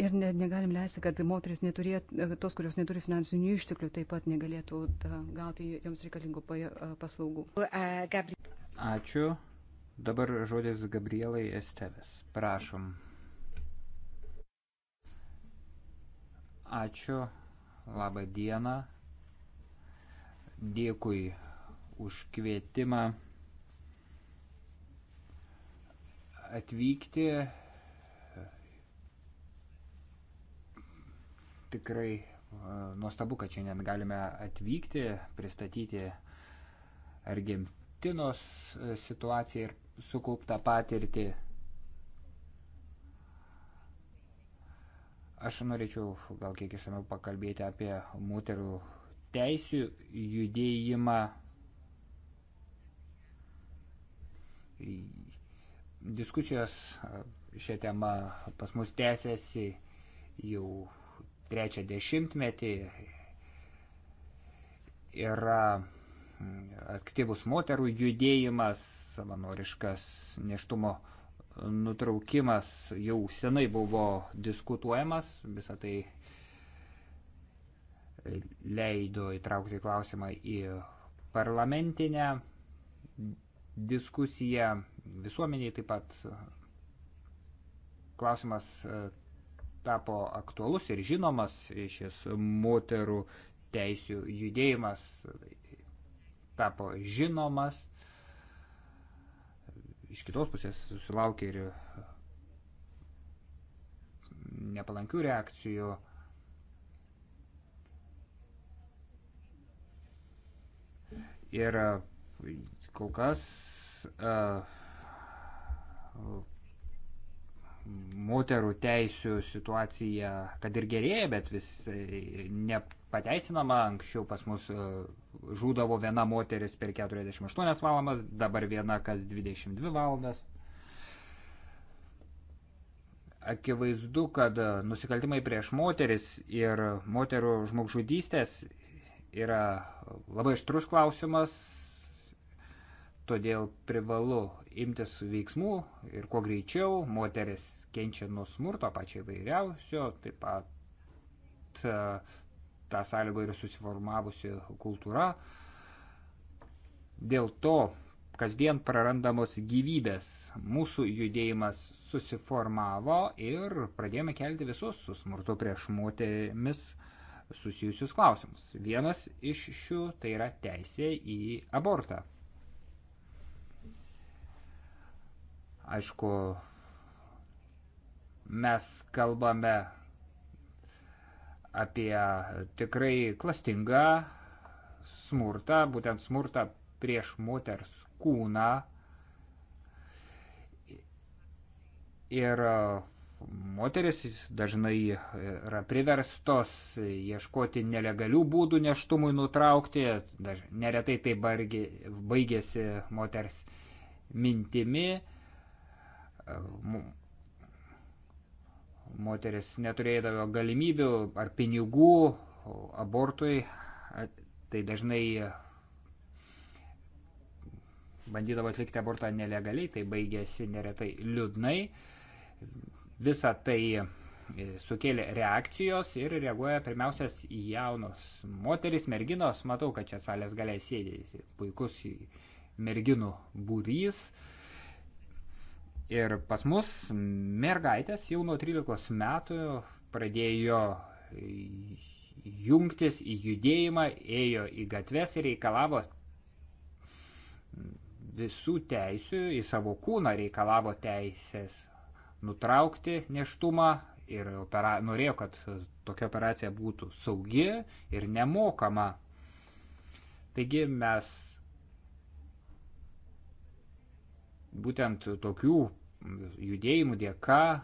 Ir ne, negalim leisti, kad moteris neturėtų, e, tos, kurios neturi finansinių išteklių, taip pat negalėtų da, gauti joms reikalingų paslaugų. Ačiū. Dabar žodis Gabrielai Esteves. Prašom. Ačiū. Labą dieną. Dėkui už kvietimą atvykti. Tikrai e, nuostabu, kad šiandien galime atvykti, pristatyti Argentiną. Palestinos e, situaciją ir sukauptą patirtį. Aš norėčiau gal kiek išsamiau pakalbėti apie moterų teisių judėjimą. Diskusijos e, šią temą pas mus tęsiasi jau trečią dešimtmetį. Yra aktyvus moterų judėjimas, savanoriškas neštumo nutraukimas jau senai buvo diskutuojamas, visą tai leido įtraukti klausimą į parlamentinę diskusiją, visuomeniai taip pat klausimas e, tapo aktualus ir žinomas šis moterų teisių judėjimas tapo žinomas. Iš kitos pusės susilaukė ir nepalankių reakcijų. Ir e, kol kas uh, moterų teisių situacija, kad ir gerėja, bet vis e, ne, pateisinama, anksčiau pas mus e, žūdavo viena moteris per 48 valandas, dabar viena kas 22 valandas. Akivaizdu, kad e, nusikaltimai prieš moteris ir moterų žmogžudystės yra labai aštrus klausimas, todėl privalu imtis veiksmų ir kuo greičiau moteris kenčia nuo smurto pačio įvairiausio, taip pat e, tą sąlygą yra susiformavusi kultūra. Dėl to kasdien prarandamos gyvybės mūsų judėjimas susiformavo ir pradėjome kelti visus su smurtu prieš moterimis susijusius klausimus. Vienas iš šių tai yra teisė į abortą. Aišku, mes kalbame apie tikrai klastingą smurtą, būtent smurtą prieš moters kūną. Ir moteris dažnai yra priverstos ieškoti nelegalių būdų neštumui nutraukti, Daž, neretai tai bargi, baigėsi moters mintimi moteris neturėdavo galimybių ar pinigų abortui, tai dažnai bandydavo atlikti abortą nelegaliai, tai baigėsi neretai liūdnai. Visa tai e, sukėlė reakcijos ir reaguoja pirmiausias jaunos moteris, merginos, matau, kad čia salės galiai sėdėsi puikus merginų būrys. Ir pas mus mergaitės jau nuo 13 metų pradėjo jungtis į judėjimą, ėjo į gatves ir reikalavo visų teisių į savo kūną, reikalavo teisės nutraukti neštumą ir opera, norėjo, kad tokia operacija būtų saugi ir nemokama. Taigi mes būtent tokių judėjimų dėka e,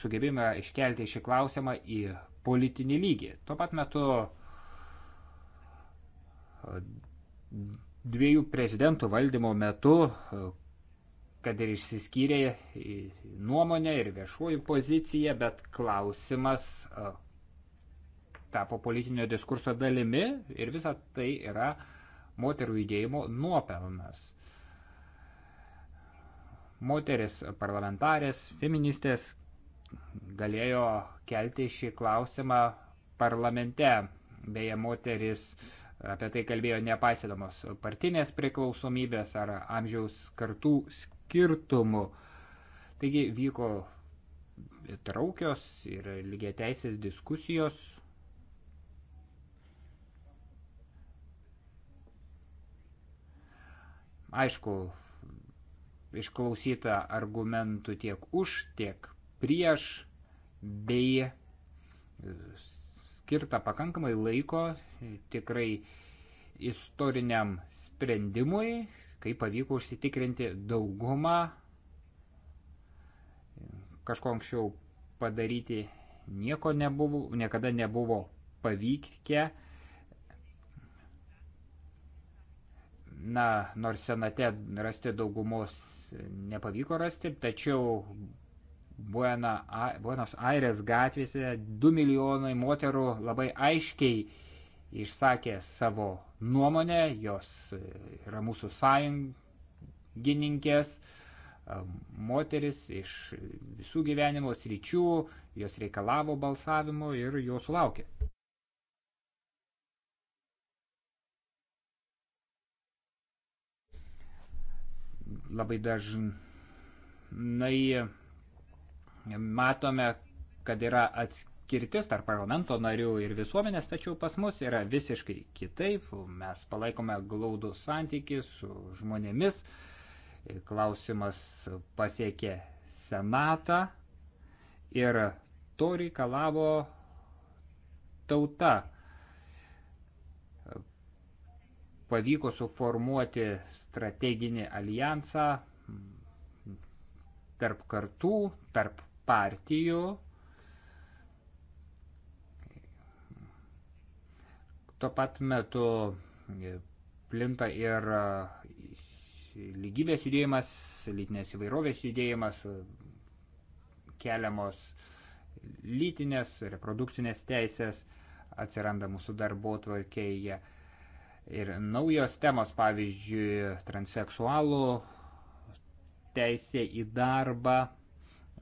sugebėjome iškelti šį klausimą į politinį lygį. Tuo pat metu e, dviejų prezidentų valdymo metu, e, kad ir išsiskyrė nuomonė ir viešoji pozicija, bet klausimas tapo politinio diskurso dalimi ir visa tai yra moterų judėjimo nuopelnas moteris parlamentarės, feministės galėjo kelti šį klausimą parlamente. Beje, moteris apie tai kalbėjo nepaisydamos partinės priklausomybės ar amžiaus kartų skirtumų. Taigi vyko traukios ir lygiai teisės diskusijos. Aišku, išklausyta argumentų tiek už, tiek prieš, bei e, skirta pakankamai laiko tikrai istoriniam sprendimui, kai pavyko užsitikrinti daugumą kažko anksčiau padaryti nieko nebuvo, niekada nebuvo pavykę. Na, nors senate rasti daugumos nepavyko rasti, tačiau Buena, Buenos Aires gatvėse 2 milijonai moterų labai aiškiai išsakė savo nuomonę, jos yra mūsų sąjungininkės, moteris iš visų gyvenimo sričių, jos reikalavo balsavimo ir jo sulaukė. Labai dažnai matome, kad yra atskirtis tarp parlamento narių ir visuomenės, tačiau pas mus yra visiškai kitaip. Mes palaikome glaudų santykį su žmonėmis. Klausimas pasiekė senatą ir to reikalavo tauta. pavyko suformuoti strateginį alijansą tarp kartų, tarp partijų. Tuo pat metu plinta ir lygybės judėjimas, lytinės įvairovės judėjimas, keliamos lytinės, reprodukcinės teisės atsiranda mūsų darbo tvarkėje ir naujos temos, pavyzdžiui, transseksualų teisė į darbą.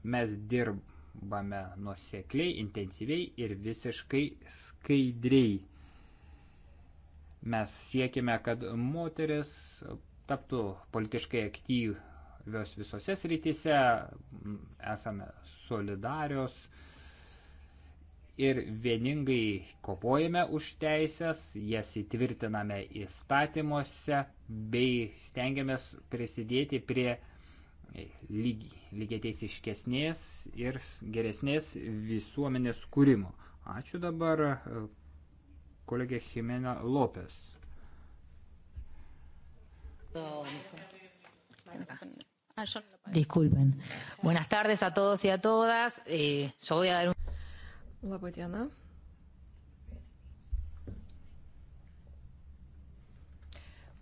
Mes dirbame nuosekliai, intensyviai ir visiškai skaidriai. Mes siekime, kad moteris taptų politiškai aktyvios visose srityse, esame solidarios, ir vieningai kovojame už teisės, jas įtvirtiname įstatymuose bei stengiamės prisidėti prie lygi, lygiai teisiškesnės ir geresnės visuomenės kūrimo. Ačiū dabar kolegė Jimena Lopes. Disculpen. Buenas tardes a todos y a todas. Eh, yo voy a dar un... Labadiena.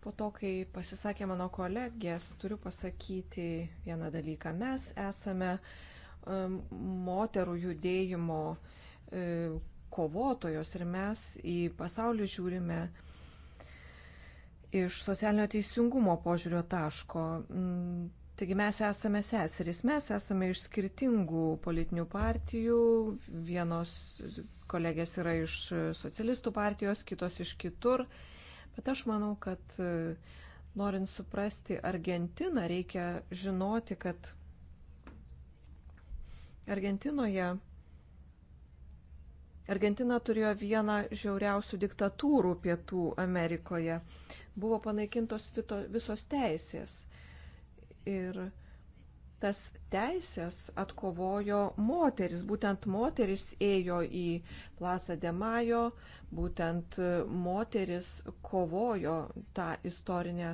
Po to, kai pasisakė mano kolegės, turiu pasakyti vieną dalyką. Mes esame moterų judėjimo e, kovotojos ir mes į pasaulį žiūrime iš socialinio teisingumo požiūrio taško. Mm, Taigi mes esame seserys, mes esame iš skirtingų politinių partijų, vienos kolegės yra iš socialistų partijos, kitos iš kitur, bet aš manau, kad e, norint suprasti Argentiną, reikia žinoti, kad Argentinoje Argentina turėjo vieną žiauriausių diktatūrų Pietų Amerikoje. Buvo panaikintos visos teisės Ir tas teisės atkovojo moteris, būtent moteris ėjo į Plasą de Majo, būtent moteris kovojo tą istorinę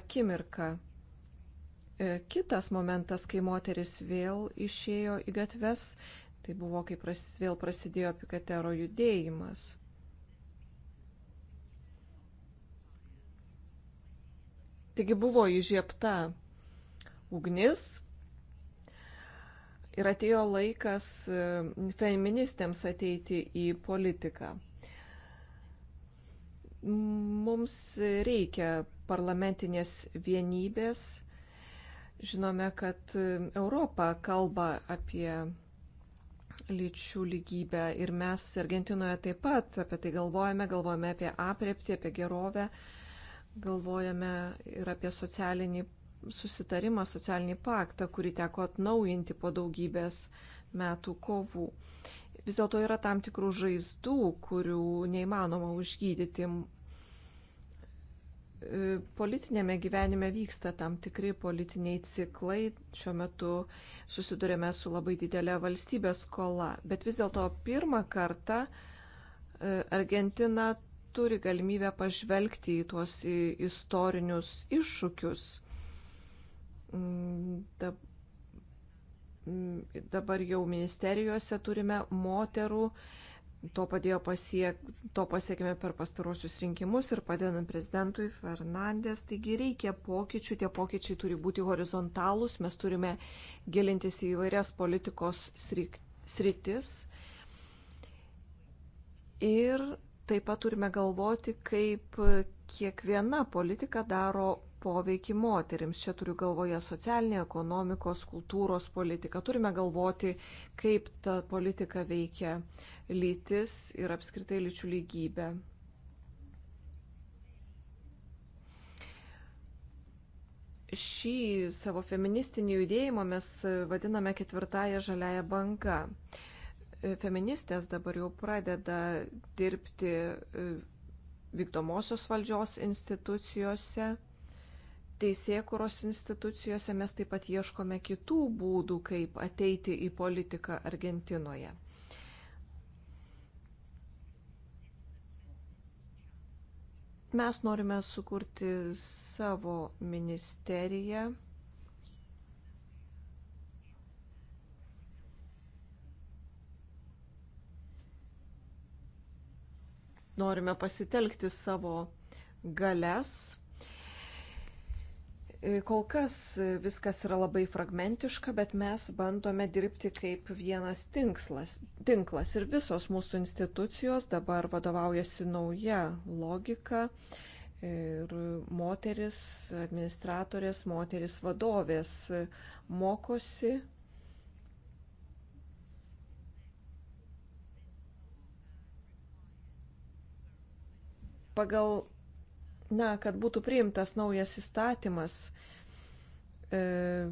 akimirką. E, kitas momentas, kai moteris vėl išėjo į gatves, tai buvo, kai pras, vėl prasidėjo pikatero judėjimas. Taigi buvo įžiepta ugnis. Ir atėjo laikas e, feministėms ateiti į politiką. Mums reikia parlamentinės vienybės. Žinome, kad e, Europa kalba apie lyčių lygybę ir mes Argentinoje taip pat apie tai galvojame, galvojame apie apriepti, apie gerovę, galvojame ir apie socialinį susitarimą, socialinį paktą, kurį teko atnaujinti po daugybės metų kovų. Vis dėlto yra tam tikrų žaizdų, kurių neįmanoma užgydyti. Politinėme gyvenime vyksta tam tikri politiniai ciklai. Šiuo metu susidurėme su labai didelė valstybės skola. Bet vis dėlto pirmą kartą e, Argentina turi galimybę pažvelgti į tuos istorinius iššūkius Mm, mm, dabar jau ministerijose turime moterų, to, pasiek, to pasiekime per pastarosius rinkimus ir padedant prezidentui Fernandės. Taigi reikia pokyčių, tie pokyčiai turi būti horizontalūs, mes turime gilintis į įvairias politikos sritis. Ir taip pat turime galvoti, kaip kiekviena politika daro poveikį moterims. Čia turiu galvoje socialinį, ekonomikos, kultūros politiką. Turime galvoti, kaip ta politika veikia lytis ir apskritai lyčių lygybę. Šį savo feministinį judėjimą mes vadiname ketvirtąją žaliąją bangą. Feministės dabar jau pradeda dirbti e, vykdomosios valdžios institucijose teisėkuros institucijose mes taip pat ieškome kitų būdų, kaip ateiti į politiką Argentinoje. Mes norime sukurti savo ministeriją. Norime pasitelkti savo galės E, kol kas viskas yra labai fragmentiška, bet mes bandome dirbti kaip vienas tinkslas, tinklas ir visos mūsų institucijos dabar vadovaujasi nauja logika ir moteris, administratorės, moteris vadovės mokosi. Pagal na, kad būtų priimtas naujas įstatymas, e,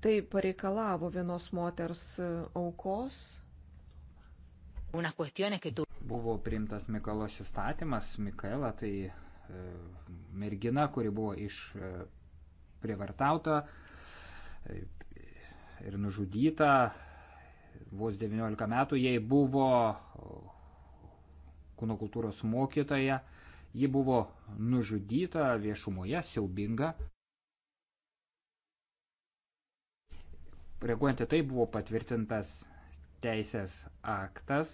tai pareikalavo vienos moters e, aukos. Buvo priimtas Mikalos įstatymas, Mikaela tai e, mergina, kuri buvo iš e, privartauta e, ir nužudyta, vos 19 metų jai buvo kūno kultūros mokytoja. E, Ji buvo nužudyta viešumoje, siaubinga. Reaguojant į tai buvo patvirtintas teisės aktas,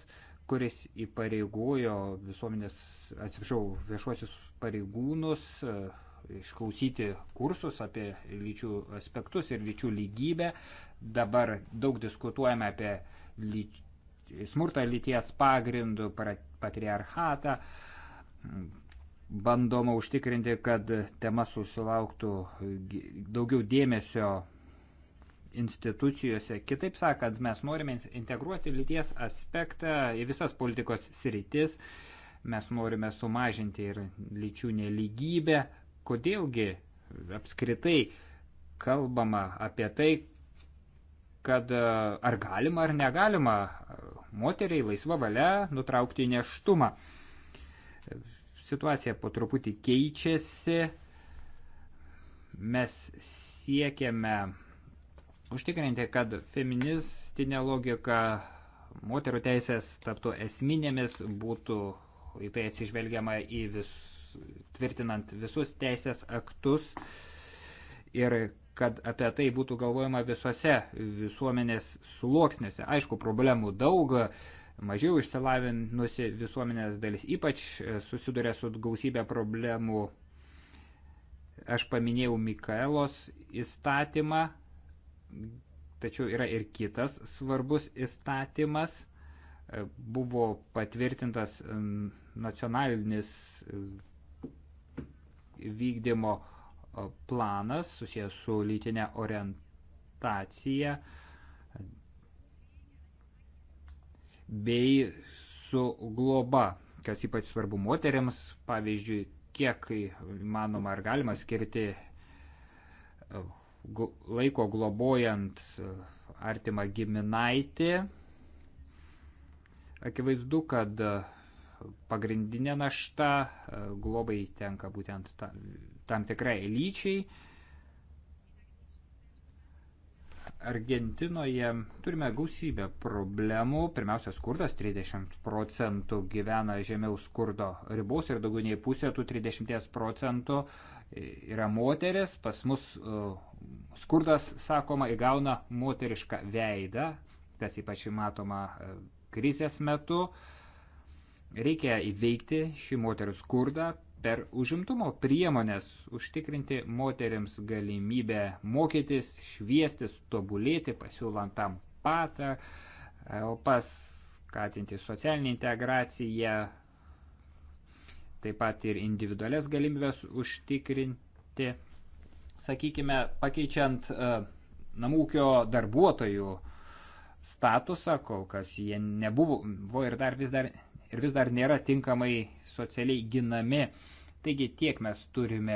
kuris įpareigojo visuomenės, atsiprašau, viešuosius pareigūnus e, išklausyti kursus apie lyčių aspektus ir lyčių lygybę. Dabar daug diskutuojame apie lyč... smurtą lyties pagrindų, patriarchatą, bandoma užtikrinti, kad tema susilauktų daugiau dėmesio institucijose. Kitaip sakant, mes norime integruoti lyties aspektą į visas politikos sritis, mes norime sumažinti ir lyčių neligybę. Kodėlgi apskritai kalbama apie tai, kad e, ar galima ar negalima e, moteriai laisva valia nutraukti neštumą situacija po truputį keičiasi. Mes siekiame užtikrinti, kad feministinė logika moterų teisės taptų esminėmis, būtų į tai atsižvelgiama į vis, tvirtinant visus teisės aktus ir kad apie tai būtų galvojama visose visuomenės sluoksniuose. Aišku, problemų daug, mažiau išsilavinusi visuomenės dalis ypač e, susiduria su gausybė problemų. Aš paminėjau Mikaelos įstatymą, tačiau yra ir kitas svarbus įstatymas. E, buvo patvirtintas e, nacionalinis vykdymo planas susijęs su lytinė orientacija. bei su globa, kas ypač svarbu moteriams, pavyzdžiui, kiek įmanoma ar galima skirti e, laiko globojant e, artimą giminaitį. Akivaizdu, kad e, pagrindinė našta globai tenka būtent tam tikrai lyčiai. Argentinoje turime gausybę problemų. Pirmiausia, skurdas 30 procentų gyvena žemiau skurdo ribos ir daugiau nei pusė tų 30 procentų yra moteris. Pas mus uh, skurdas, sakoma, įgauna moterišką veidą, kas ypač matoma uh, krizės metu. Reikia įveikti šį moterų skurdą, per užimtumo priemonės užtikrinti moteriams galimybę mokytis, šviestis, tobulėti, pasiūlant tam patą, paskatinti socialinį integraciją, taip pat ir individualias galimybės užtikrinti, sakykime, pakeičiant e, namūkio darbuotojų statusą, kol kas jie nebuvo ir dar vis dar ir vis dar nėra tinkamai socialiai ginami. Taigi tiek mes turime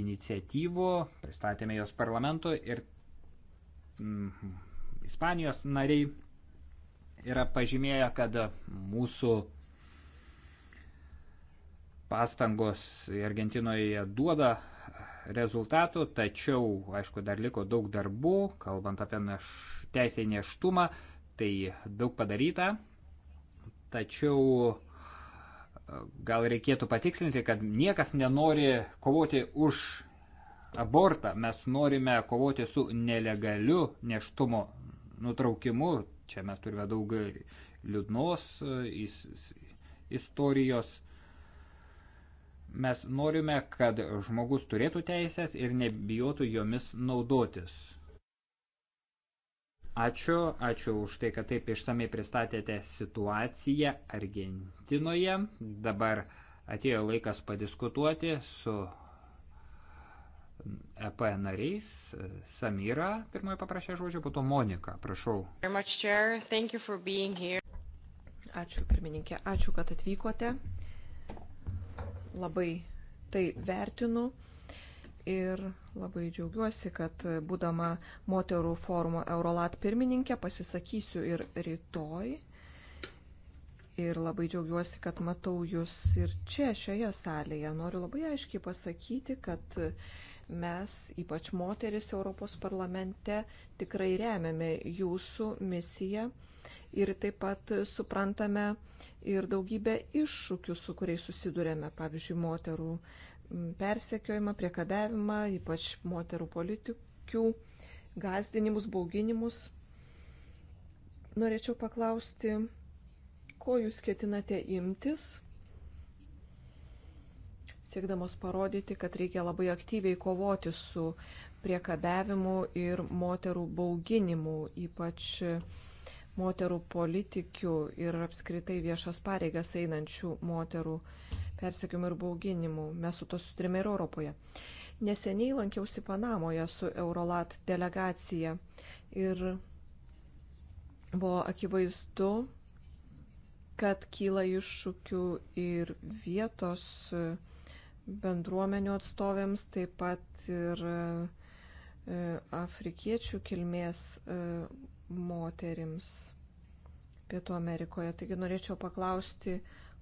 iniciatyvų, pristatėme jos parlamento ir mm, Ispanijos nariai yra pažymėję, kad mūsų pastangos Argentinoje duoda rezultatų, tačiau, aišku, dar liko daug darbų, kalbant apie naš, teisę neštumą, tai daug padaryta, tačiau e, gal reikėtų patikslinti, kad niekas nenori kovoti už abortą. Mes norime kovoti su nelegaliu neštumo nutraukimu. Čia mes turime daug liūdnos e, istorijos. Mes norime, kad žmogus turėtų teisės ir nebijotų jomis naudotis. Ačiū, ačiū už tai, kad taip išsamei pristatėte situaciją Argentinoje. Dabar atėjo laikas padiskutuoti su EP nariais. Samira pirmoji paprašė žodžio, po to Monika, prašau. Ačiū pirmininkė, ačiū, kad atvykote. Labai tai vertinu ir labai džiaugiuosi, kad būdama moterų forumo Eurolat pirmininkė pasisakysiu ir rytoj. Ir labai džiaugiuosi, kad matau jūs ir čia, šioje salėje. Noriu labai aiškiai pasakyti, kad mes, ypač moteris Europos parlamente, tikrai remiame jūsų misiją ir taip pat suprantame ir daugybę iššūkių, su kuriais susidurėme, pavyzdžiui, moterų persekiojimą, priekabiavimą, ypač moterų politikių, gazdinimus, bauginimus. Norėčiau paklausti, ko jūs ketinate imtis, siekdamos parodyti, kad reikia labai aktyviai kovoti su priekabiavimu ir moterų bauginimu, ypač moterų politikių ir apskritai viešas pareigas einančių moterų persekiojimų ir bauginimų. Mes su to sutrime ir Europoje. Neseniai lankiausi Panamoje su Eurolat delegacija ir buvo akivaizdu, kad kyla iššūkių ir vietos bendruomenių atstovėms, taip pat ir e, afrikiečių kilmės e, moterims Pietų Amerikoje. Taigi norėčiau paklausti,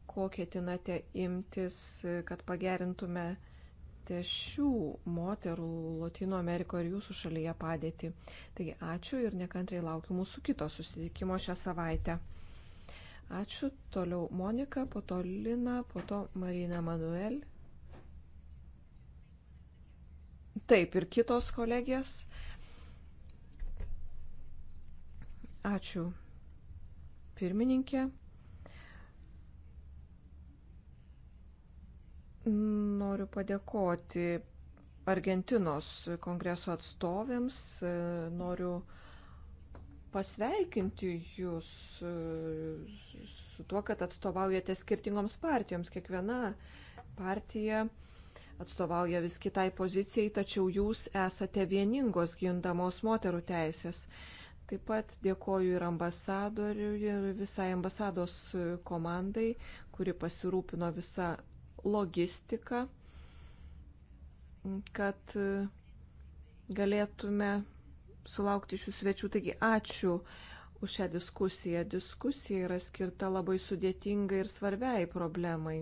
ko ketinate imtis, kad pagerintume šių moterų Latino Amerikoje ir jūsų šalyje padėtį. Taigi ačiū ir nekantriai laukiu mūsų kito susitikimo šią savaitę. Ačiū. Toliau Monika, po to Lina, po to Marina Manuel. Taip, ir kitos kolegės. Ačiū. Pirmininkė. Noriu padėkoti Argentinos kongreso atstovėms. Noriu pasveikinti jūs e, su tuo, kad atstovaujate skirtingoms partijoms. Kiekviena partija atstovauja vis kitai pozicijai, tačiau jūs esate vieningos gindamos moterų teisės. Taip pat dėkoju ir ambasadoriui, ir visai ambasados komandai, kuri pasirūpino visą logistiką, kad galėtume sulaukti šių svečių. Taigi ačiū už šią diskusiją. Diskusija yra skirta labai sudėtingai ir svarbiai problemai.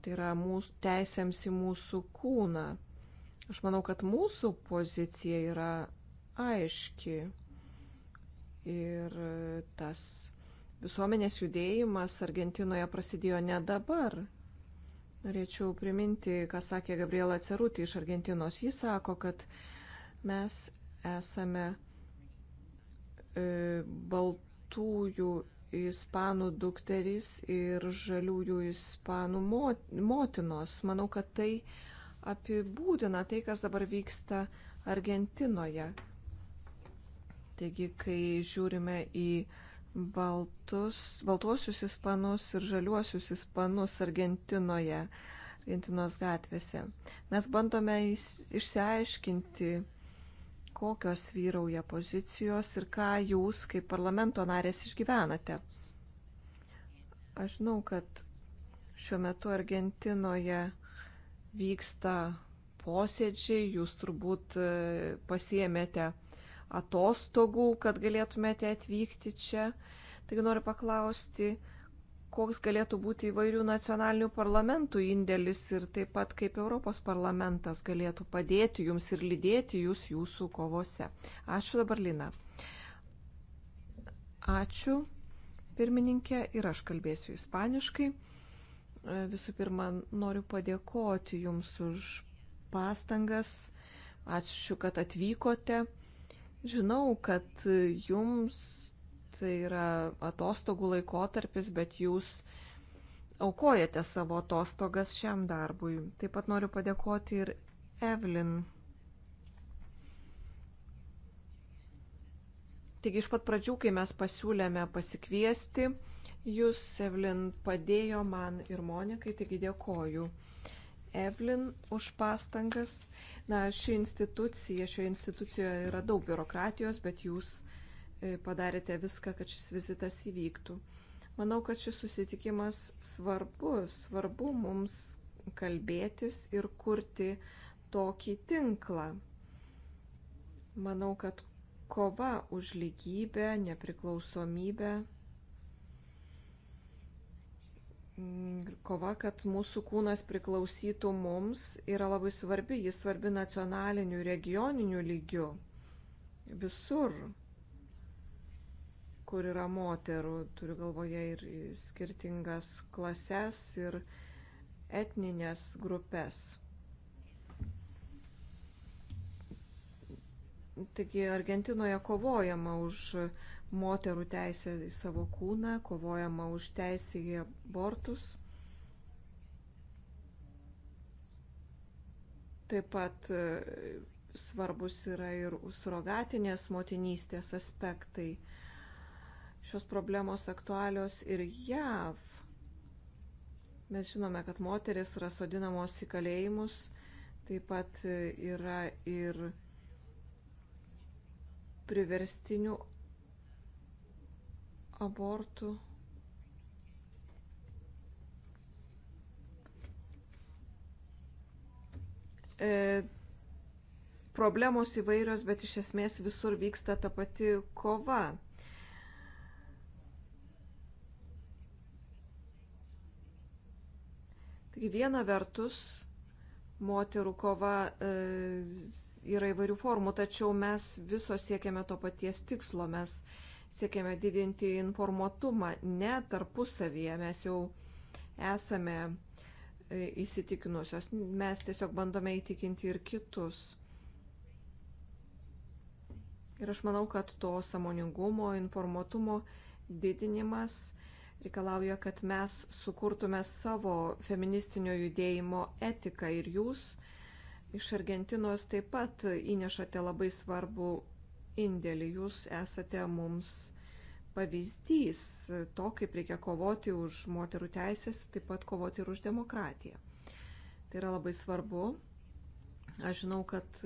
Tai yra mūsų, teisėms į mūsų kūną. Aš manau, kad mūsų pozicija yra aiški ir tas Visuomenės judėjimas Argentinoje prasidėjo ne dabar. Norėčiau priminti, ką sakė Gabriela Cerutė iš Argentinos. Jis sako, kad mes esame e, baltųjų ispanų dukteris ir žaliųjų ispanų motinos. Manau, kad tai apibūdina tai, kas dabar vyksta Argentinoje. Taigi, kai žiūrime į baltus, baltuosius ispanus ir žaliuosius ispanus Argentinoje, Argentinos gatvėse. Mes bandome išsiaiškinti, kokios vyrauja pozicijos ir ką jūs kaip parlamento narės išgyvenate. Aš žinau, kad šiuo metu Argentinoje vyksta posėdžiai, jūs turbūt e, pasiemėte atostogų, kad galėtumėte atvykti čia. Taigi noriu paklausti, koks galėtų būti įvairių nacionalinių parlamentų indėlis ir taip pat kaip Europos parlamentas galėtų padėti jums ir lydėti jūs jūsų kovose. Ačiū dabar, Lina. Ačiū, pirmininkė, ir aš kalbėsiu ispaniškai. Visų pirma, noriu padėkoti jums už pastangas. Ačiū, kad atvykote. Žinau, kad jums tai yra atostogų laikotarpis, bet jūs aukojate savo atostogas šiam darbui. Taip pat noriu padėkoti ir Evelyn. Taigi iš pat pradžių, kai mes pasiūlėme pasikviesti, jūs, Evelyn, padėjo man ir Monikai, taigi dėkoju. Evelyn už pastangas. Na, ši institucija, šioje institucijoje yra daug biurokratijos, bet jūs e, padarėte viską, kad šis vizitas įvyktų. Manau, kad šis susitikimas svarbus, svarbu mums kalbėtis ir kurti tokį tinklą. Manau, kad kova už lygybę, nepriklausomybę Mm, kova, kad mūsų kūnas priklausytų mums, yra labai svarbi. Jis svarbi nacionaliniu, regioniniu lygiu. Visur, kur yra moterų, turiu galvoje ir skirtingas klases, ir etninės grupės. Taigi Argentinoje kovojama už moterų teisę į savo kūną, kovojama už teisę į abortus. Taip pat e, svarbus yra ir surogatinės motinystės aspektai. Šios problemos aktualios ir JAV. Mes žinome, kad moteris yra sodinamos į kalėjimus, taip pat e, yra ir priverstinių abortų. E, problemos įvairios, bet iš esmės visur vyksta ta pati kova. Taigi viena vertus moterų kova e, yra įvairių formų, tačiau mes visos siekiame to paties tikslo. Mes e, siekiame didinti informuotumą, ne tarpusavyje mes jau esame e, įsitikinusios, mes tiesiog bandome įtikinti ir kitus. Ir aš manau, kad to samoningumo, informuotumo didinimas reikalauja, kad mes sukurtume savo feministinio judėjimo etiką ir jūs iš Argentinos taip pat įnešate labai svarbu indėlį. Jūs esate mums pavyzdys to, kaip reikia kovoti už moterų teisės, taip pat kovoti ir už demokratiją. Tai yra labai svarbu. Aš žinau, kad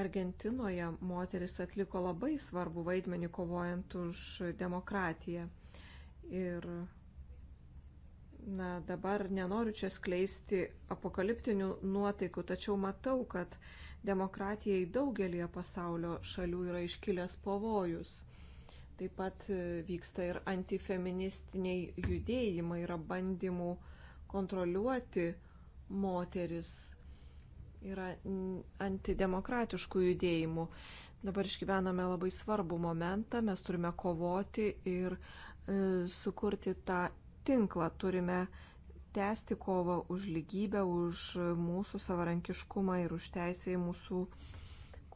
Argentinoje moteris atliko labai svarbu vaidmenį kovojant už demokratiją. Ir na, dabar nenoriu čia skleisti apokaliptinių nuotaikų, tačiau matau, kad uh, demokratijai daugelie pasaulio šalių yra iškilęs pavojus. Taip pat e, vyksta ir antifeministiniai judėjimai, yra bandymų kontroliuoti moteris, yra antidemokratiškų judėjimų. Dabar išgyvename labai svarbų momentą, mes turime kovoti ir e, sukurti tą tinklą, turime e, tęsti kovą už lygybę, už mūsų savarankiškumą ir už teisę į mūsų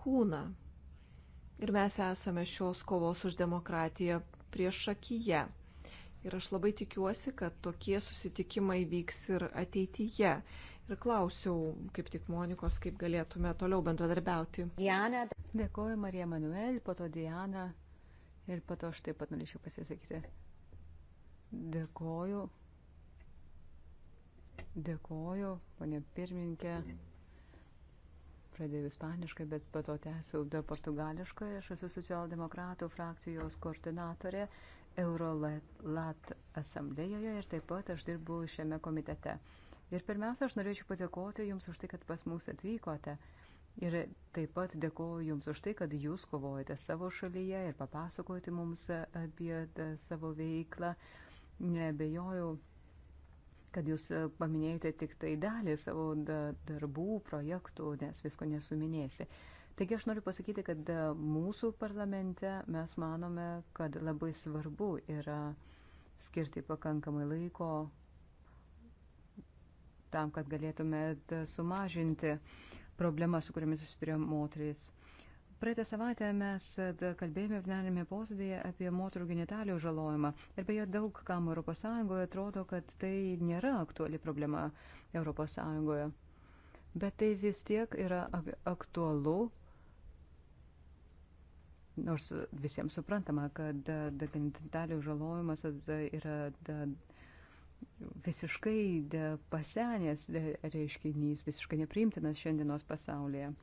kūną. Ir mes esame šios kovos už demokratiją prieš šakyje. Ir aš labai tikiuosi, kad tokie susitikimai vyks ir ateityje. Ir klausiau, kaip tik Monikos, kaip galėtume toliau bendradarbiauti. Diana. Dėkoju Marija Manuel, po to Diana. Ir po to aš taip pat norėčiau pasisakyti. Dėkoju Dėkoju, ponė pirmininkė. Pradėjau ispaniškai, bet pato tęsiau da portugališkai. Aš esu socialdemokratų frakcijos koordinatorė Eurolat asamblėjoje ir taip pat aš dirbu šiame komitete. Ir pirmiausia, aš norėčiau padėkoti Jums už tai, kad pas mus atvykote. Ir taip pat dėkoju Jums už tai, kad Jūs kovojate savo šalyje ir papasakojate mums apie savo veiklą. Nebejoju, kad jūs e, paminėjote tik tai dalį savo darbų, projektų, nes visko nesuminėsi. Taigi aš noriu pasakyti, kad e, mūsų parlamente mes manome, kad labai svarbu yra skirti pakankamai laiko tam, kad galėtume sumažinti problemas, su kuriamis susiturė moteris. Praeitą savaitę mes kalbėjome plenarinėme posėdėje apie moterų genitalių žalojimą. Ir beje, daug kam ES atrodo, kad tai nėra aktuali problema ES. Bet tai vis tiek yra aktualu, nors visiems suprantama, kad genitalių žalojimas yra da, visiškai pasenęs reiškinys, visiškai nepriimtinas šiandienos pasaulyje.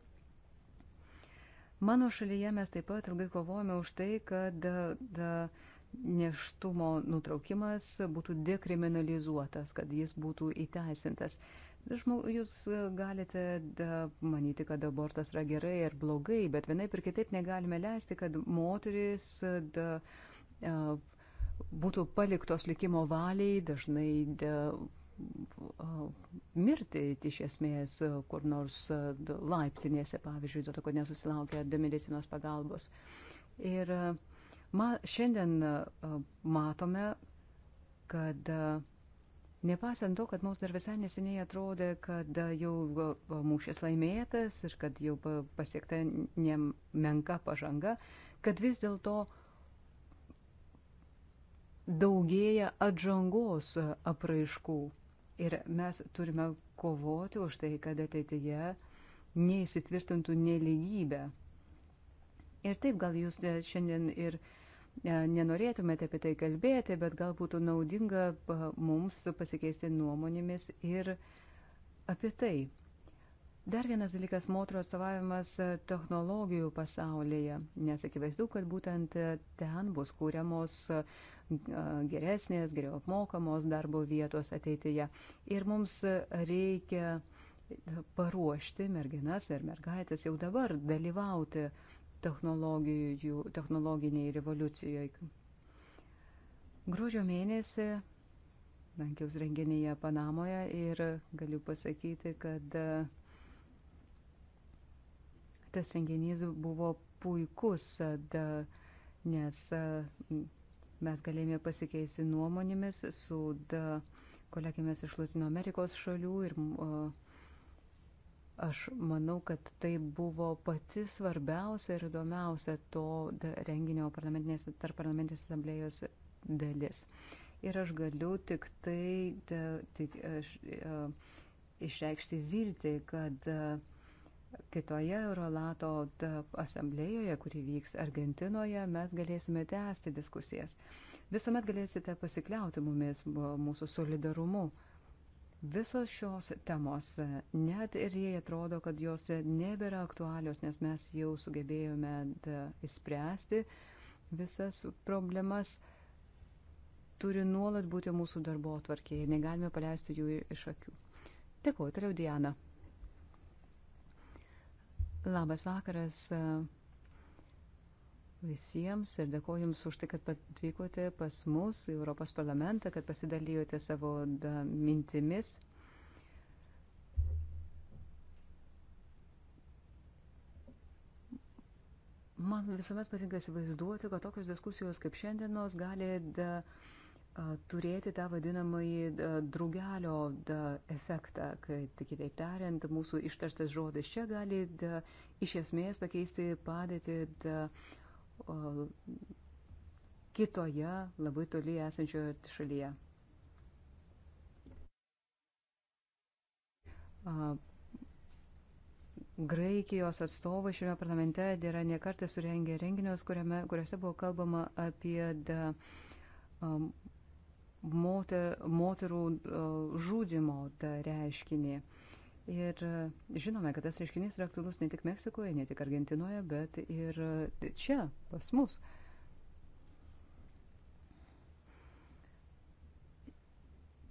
Mano šalyje mes taip pat ilgai kovojame už tai, kad da, neštumo nutraukimas būtų dekriminalizuotas, kad jis būtų įteisintas. Jūs galite da, manyti, kad abortas yra gerai ir blogai, bet vienaip ir kitaip negalime leisti, kad moteris da, a, būtų paliktos likimo valiai, dažnai da, mirti iš esmės kur nors laiptinėse, pavyzdžiui, dėl to, kad nesusilaukia medicinos pagalbos. Ir ma, šiandien matome, kad Nepasant to, kad mums dar visai neseniai atrodė, kad jau mūšis laimėtas ir kad jau pasiekta nemenka pažanga, kad vis dėlto daugėja atžangos apraiškų. Ir mes turime kovoti už tai, kad ateityje neįsitvirtintų neligybę. Ir taip gal jūs e, šiandien ir e, nenorėtumėte apie tai kalbėti, bet gal būtų naudinga mums pasikeisti nuomonėmis ir apie tai. Dar vienas dalykas - moterų atstovavimas e, technologijų pasaulyje, nes akivaizdu, kad būtent ten bus kūriamos geresnės, geriau apmokamos darbo vietos ateityje. Ir mums reikia paruošti merginas ir mergaitės jau dabar dalyvauti technologiniai revoliucijoje. Gruodžio mėnesį lankiaus renginyje Panamoje ir galiu pasakyti, kad tas renginys buvo puikus, nes Mes galėjome pasikeisti nuomonėmis su kolegėmis iš Latino Amerikos šalių ir aš manau, kad tai buvo pati svarbiausia ir įdomiausia to renginio parlamentinės, tarp parlamentinės asamblėjos dalis. Ir aš galiu tik tai da, tik, aš, a, išreikšti viltį, kad a, kitoje Eurolato asamblėjoje, kuri vyks Argentinoje, mes galėsime tęsti diskusijas. Visuomet galėsite pasikliauti mumis, mūsų solidarumu. Visos šios temos, net ir jie atrodo, kad jos nebėra aktualios, nes mes jau sugebėjome įspręsti visas problemas, turi nuolat būti mūsų darbo atvarkėje, negalime paleisti jų iš akių. Dėkuoju, toliau Diana. Labas vakaras e, visiems ir dėkoju Jums už tai, kad atvykote pas mus į Europos parlamentą, kad pasidalijote savo e, mintimis. Man visuomet patinka įsivaizduoti, kad tokios diskusijos kaip šiandienos gali da, e, uh, turėti tą vadinamąjį draugelio efektą, kad tai kitaip tariant, mūsų ištartas žodis čia gali da, iš esmės pakeisti padėtį da, o, kitoje labai toli esančioje šalyje. A, Graikijos atstovai šiame parlamente yra nekartą surengę renginius, kuriame, kuriuose buvo kalbama apie da, um, moter, moterų e, žudimo reiškinį. Ir e, žinome, kad tas reiškinys yra aktualus ne tik Meksikoje, ne tik Argentinoje, bet ir e, čia, pas mus.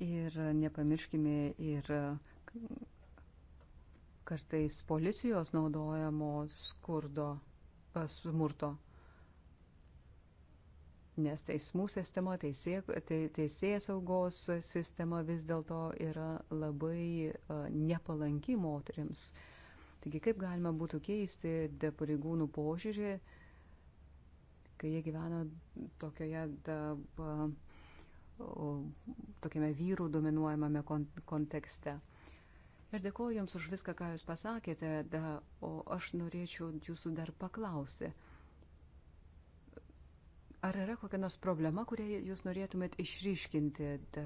Ir nepamirškime ir kartais policijos naudojamo skurdo smurto nes teismų sistema, teisė, te, teisėjas saugos sistema vis dėlto yra labai nepalanki moteriams. Taigi kaip galima būtų keisti pareigūnų požiūrį, kai jie gyvena tokioje da, ba, o, tokiame vyrų dominuojamame kontekste. Ir dėkoju Jums už viską, ką Jūs pasakėte, da, o aš norėčiau Jūsų dar paklausyti. Ar yra kokia nors problema, kurią jūs norėtumėt išryškinti da,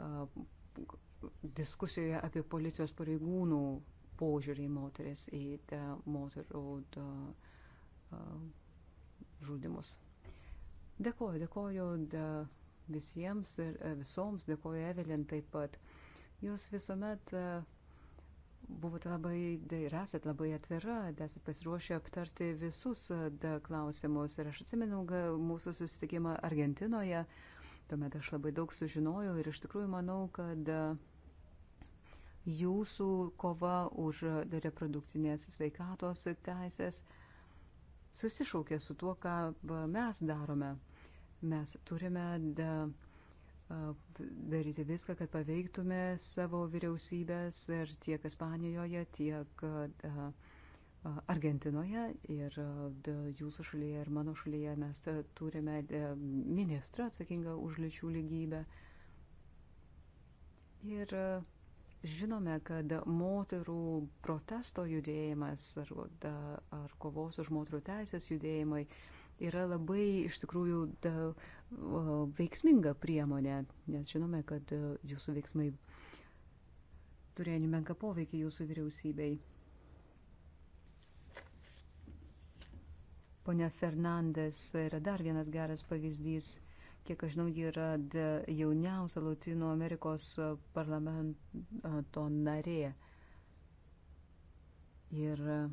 a, diskusijoje apie policijos pareigūnų požiūrį į moteris, į da, moterų da, a, žudimus? Dėkoju, dėkoju da, visiems ir e, visoms, dėkoju Evelin taip pat. Jūs visuomet. A, e, buvote labai ir esate labai atvira, esate pasiruošę aptarti visus e, da, klausimus. Ir aš atsimenu mūsų susitikimą Argentinoje, tuomet aš labai daug sužinojau ir iš tikrųjų manau, kad e, jūsų kova už e, reprodukcinės sveikatos teisės susišaukia su tuo, ką mes darome. Mes turime da, daryti viską, kad paveiktume savo vyriausybės ir tiek Ispanijoje, tiek Argentinoje ir jūsų šalyje ir mano šalyje mes turime ministrą atsakingą už lyčių lygybę. Ir žinome, kad moterų protesto judėjimas ar, ar kovos už moterų teisės judėjimai uh, yra labai iš tikrųjų da, o, veiksminga priemonė, nes žinome, kad e, jūsų veiksmai turėjo nemenka poveikį jūsų vyriausybei. Pone Fernandes yra dar vienas geras pavyzdys. Kiek aš žinau, ji yra jauniausia Latino Amerikos parlamento narė. Ir uh,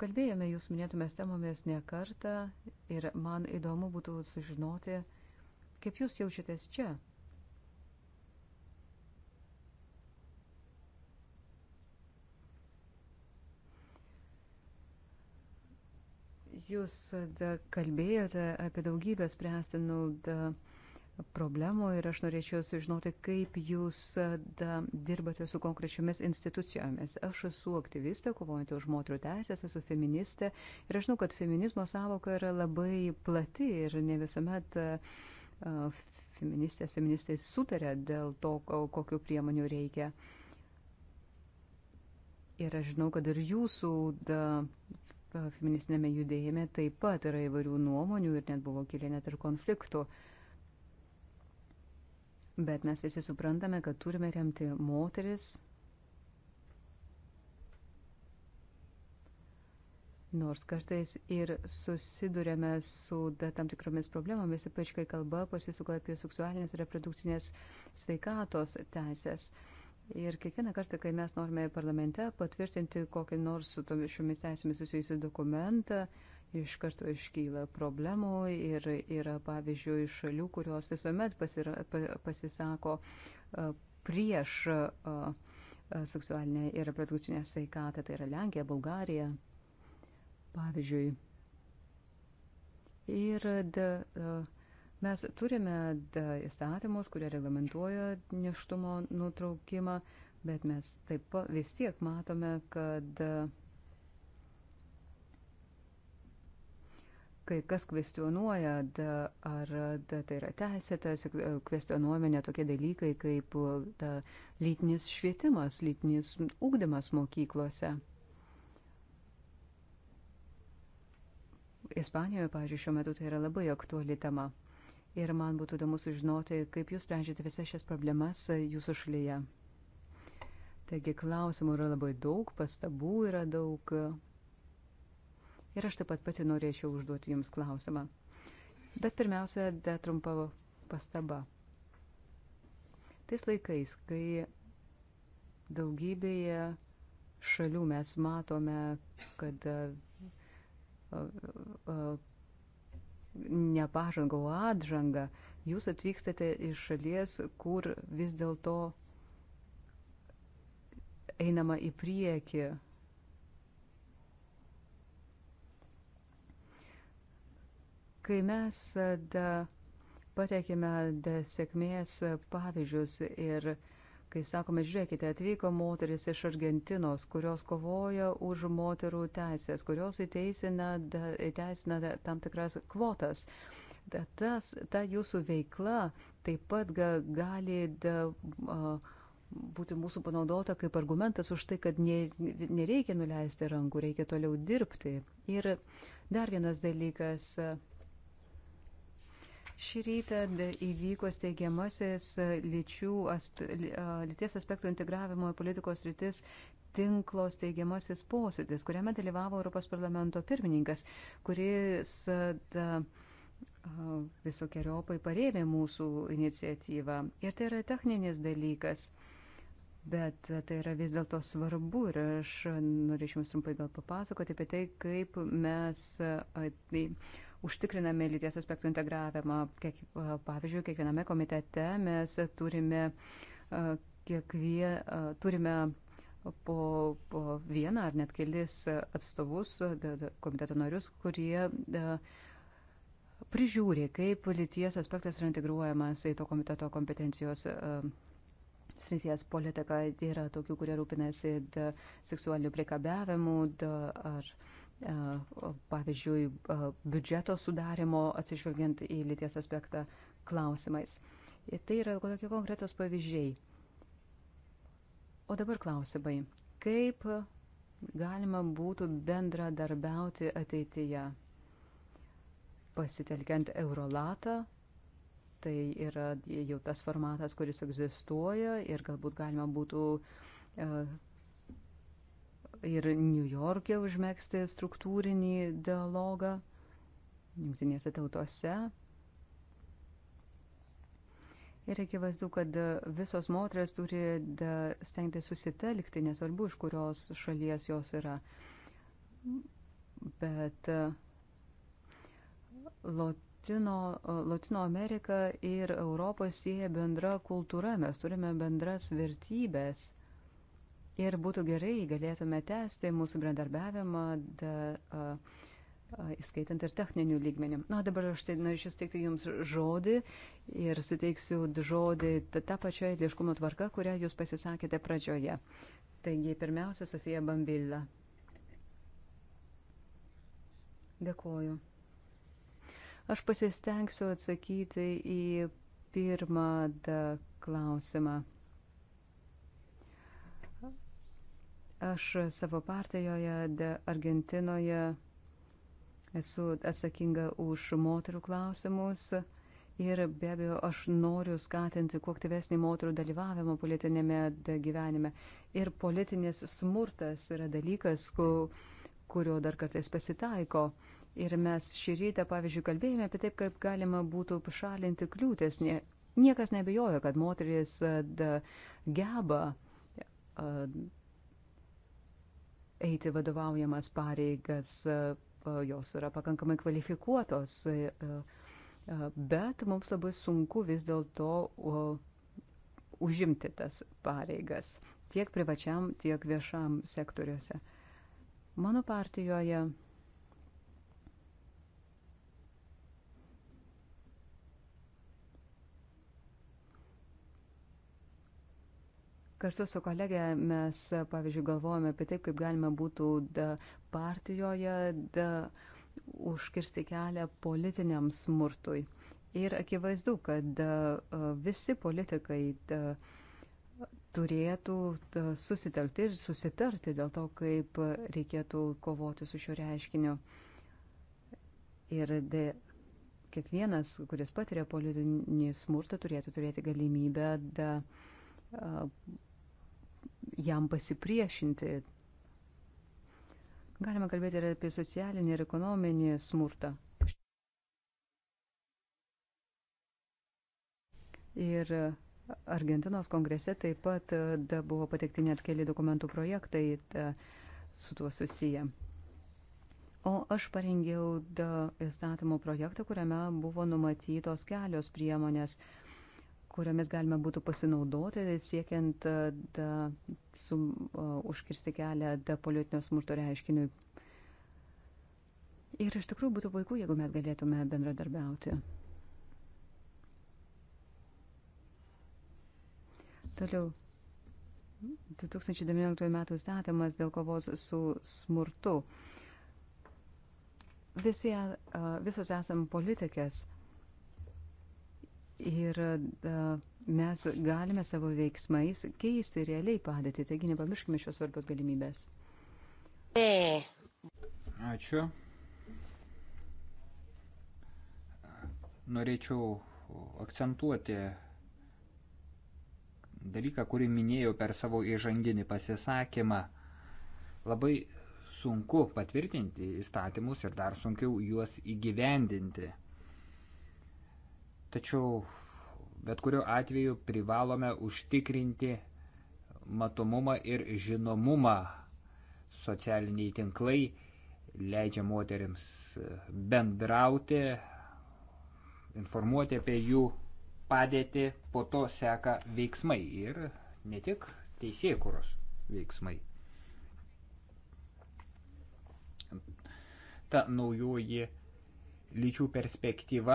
Kalbėjome jūs minėtumės temomis ne kartą ir man įdomu būtų sužinoti, kaip jūs jaučiatės čia. Jūs kalbėjote apie daugybę spręstinų. Da, problemų ir aš norėčiau sužinoti, kaip jūs da, dirbate su konkrečiomis institucijomis. Aš esu aktyvistė, kovojanti už moterų teisės, esu feministė ir aš žinau, kad feminizmo savoka yra labai plati ir ne visuomet uh, feministės, feministai sutarė dėl to, kokiu priemonių reikia. Ir aš žinau, kad ir jūsų da, feministinėme judėjime taip pat yra įvairių nuomonių ir net buvo kilę net ir konfliktų. Uh, Bet mes visi suprantame, kad turime remti moteris. Nors kartais ir susidurėme su da, tam tikromis problemomis, ypač kai kalba pasisuko apie seksualinės ir reprodukcinės sveikatos teisės. Ir kiekvieną kartą, kai mes norime parlamente patvirtinti kokį nors su šiomis teisėmis susijusių dokumentą, uh, iš karto iškyla problemų ir yra, pavyzdžiui, šalių, kurios visuomet pasira, pasisako e, prieš e, e, seksualinę ir reprodukcinę sveikatą, tai yra Lenkija, Bulgarija, pavyzdžiui. Ir da, mes turime da, įstatymus, kurie reglamentuoja neštumo nutraukimą, bet mes taip pat vis tiek matome, kad da, kai kas kvestionuoja, da, ar da, tai yra teisėtas, kvestionuojame netokie dalykai kaip da, lytinis švietimas, lytinis ūkdymas mokyklose. Ispanijoje, pažiūrėjau, šiuo metu tai yra labai aktuali tema. Ir man būtų įdomu sužinoti, kaip jūs sprendžiate visas šias problemas jūsų šalyje. Taigi klausimų yra labai daug, pastabų yra daug, ir aš taip pat pati norėčiau užduoti Jums klausimą. Bet pirmiausia, da trumpa pastaba. Tais laikais, kai daugybėje šalių mes matome, kad nepažanga, o atžanga, jūs atvykstate iš šalies, kur vis dėlto einama į priekį Kai mes da, pateikėme da, sėkmės pavyzdžius ir kai sakome, žiūrėkite, atvyko moteris iš Argentinos, kurios kovoja už moterų teisės, kurios įteisina, da, įteisina da, tam tikras kvotas. Da, tas, ta jūsų veikla taip pat ga, gali da, a, būti mūsų panaudota kaip argumentas už tai, kad ne, nereikia nuleisti rankų, reikia toliau dirbti. Ir dar vienas dalykas. A, Šį rytą įvyko steigiamasis e, lyčių, e, lyties aspektų integravimo į politikos rytis tinklo steigiamasis posėdis, kuriame dalyvavo Europos parlamento pirmininkas, kuris e, visokiojopai parėmė mūsų iniciatyvą. Ir tai yra techninis dalykas, bet tai yra vis dėlto svarbu ir aš norėčiau jums trumpai gal papasakoti apie tai, kaip mes. Tai, užtikriname lyties aspektų integravimą. Kiek, pavyzdžiui, kiekviename komitete mes turime, kiekvie, turime po, po vieną ar net kelis atstovus, komiteto narius, kurie da, prižiūri, kaip lyties aspektas yra integruojamas į to komiteto kompetencijos srities politiką. Yra tokių, kurie rūpinasi seksualiniu priekabiavimu ar. Da, pavyzdžiui, biudžeto sudarimo atsižvelgiant į lyties aspektą klausimais. Ir tai yra tokie konkretos pavyzdžiai. O dabar klausimai. Kaip galima būtų bendradarbiauti ateityje? Pasitelkiant Eurolatą, tai yra jau tas formatas, kuris egzistuoja ir galbūt galima būtų uh, ir New York'e užmėgsti struktūrinį dialogą jungtinėse tautose. Ir akivaizdu, kad visos moteris turi stengti susitelkti, nesvarbu, iš kurios šalies jos yra. Bet uh, Lotino, uh, Lotino Amerika ir Europą sieja bendra kultūra, mes turime bendras vertybės. Ir būtų gerai, galėtume tęsti mūsų bendarbiavimą, įskaitant ir techninių lygmenių. Na, dabar aš tai norėčiau steikti Jums žodį ir suteiksiu žodį tą pačią eiliškumo tvarką, kurią Jūs pasisakėte pradžioje. Taigi, pirmiausia, Sofija Bambilla. Dėkoju. Aš pasistengsiu atsakyti į pirmą klausimą. Aš savo partijoje Argentinoje esu atsakinga už moterų klausimus. Ir be abejo, aš noriu skatinti kuo aktyvesnį moterų dalyvavimą politinėme gyvenime. Ir politinis smurtas yra dalykas, ku, kurio dar kartais pasitaiko. Ir mes šį rytą, pavyzdžiui, kalbėjome apie taip, kaip galima būtų pašalinti kliūtis. Nie, niekas nebejojo, kad moteris da, geba a, eiti vadovaujamas pareigas, e, e, jos yra pakankamai kvalifikuotos, e, bet mums labai sunku vis dėlto užimti tas pareigas tiek privačiam, tiek viešam sektoriuose. Mano partijoje Kartu su kolegė mes, pavyzdžiui, galvojame apie taip, kaip galima būtų da, partijoje da, užkirsti kelią politiniam smurtui. Ir akivaizdu, kad da, visi politikai da, turėtų da, susitelkti ir susitarti dėl to, kaip reikėtų kovoti su šiuo reiškiniu. Ir da, kiekvienas, kuris patiria politinį smurtą, turėtų turėti galimybę da, a, jam pasipriešinti. Galima kalbėti ir apie socialinį ir ekonominį smurtą. Ir Argentinos kongrese taip pat e, da, buvo patekti net keli dokumentų projektai da, e, su tuo susiję. O aš parengiau įstatymo projektą, kuriame buvo numatytos kelios priemonės, uh, kuriomis galima būtų pasinaudoti, siekiant e, da, sum, uh, e, užkirsti kelią da, politinio smurto reiškiniui. Ir iš tikrųjų būtų puiku, jeigu mes galėtume bendradarbiauti. Toliau. 2019 m. įstatymas dėl kovos su smurtu. Visi, e, visos esam politikės, Ir e, mes galime savo veiksmais keisti realiai padėtį, taigi nepamirškime šios svarbios galimybės. E. Ačiū. Norėčiau akcentuoti dalyką, kurį minėjau per savo įžanginį pasisakymą. Labai sunku patvirtinti įstatymus ir dar sunkiau juos įgyvendinti. Tačiau bet kuriuo atveju privalome užtikrinti matomumą ir žinomumą. Socialiniai tinklai leidžia moteriams bendrauti, informuoti apie jų padėtį, po to seka veiksmai ir ne tik teisėkuros veiksmai. Ta naujoji lyčių perspektyva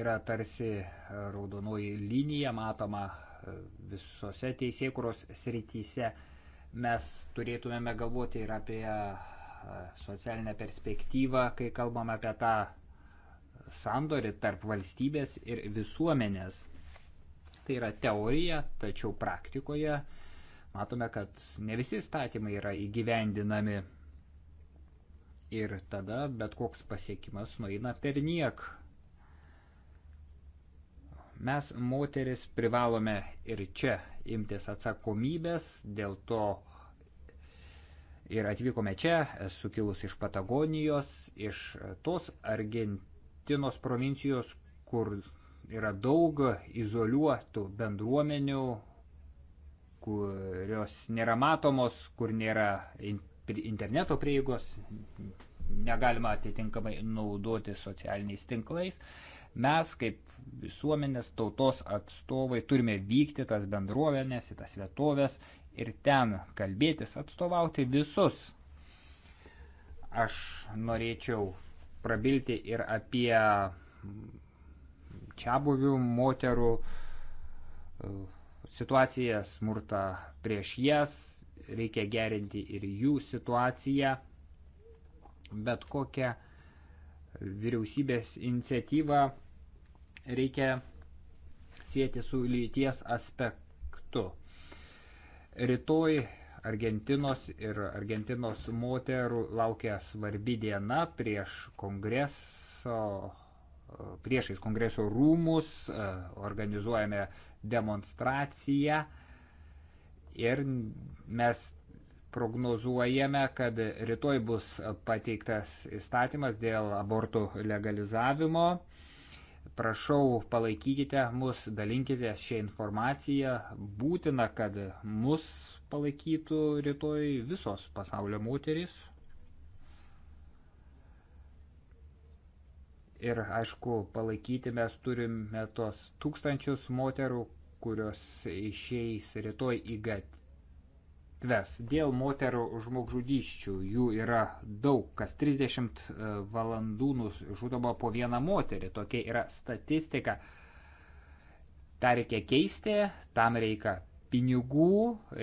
yra tarsi e, raudonoji linija matoma e, visose teisėkuros srityse. Mes turėtumėme galvoti ir apie e, socialinę perspektyvą, kai kalbame apie tą sandorį tarp valstybės ir visuomenės. Tai yra teorija, tačiau praktikoje matome, kad ne visi statymai yra įgyvendinami ir tada bet koks pasiekimas nueina per niek. Mes, moteris, privalome ir čia imtis atsakomybės, dėl to ir atvykome čia, esu kilus iš Patagonijos, iš tos Argentinos provincijos, kur yra daug izoliuotų bendruomenių, kurios nėra matomos, kur nėra in interneto prieigos, negalima atitinkamai naudoti socialiniais tinklais. Mes kaip visuomenės tautos atstovai turime vykti tas bendruomenės, į tas vietovės ir ten kalbėtis, atstovauti visus. Aš norėčiau prabilti ir apie čia buvių moterų e, situaciją, smurtą prieš jas, reikia gerinti ir jų situaciją, bet kokią vyriausybės iniciatyvą reikia sieti su lyties aspektu. Rytoj Argentinos ir Argentinos moterų laukia svarbi diena prieš kongreso, priešais kongreso rūmus, organizuojame demonstraciją ir mes prognozuojame, kad rytoj bus pateiktas įstatymas dėl abortų legalizavimo. Prašau, palaikykite mus, dalinkite šią informaciją. Būtina, kad mus palaikytų rytoj visos pasaulio moterys. Ir aišku, palaikyti mes turime tos tūkstančius moterų, kurios išeis rytoj į gatves. Dėl moterų žmogžudyščių jų yra daug, kas 30 e, valandų žudoma po vieną moterį. Tokia yra statistika. Ta reikia keisti, tam reikia pinigų,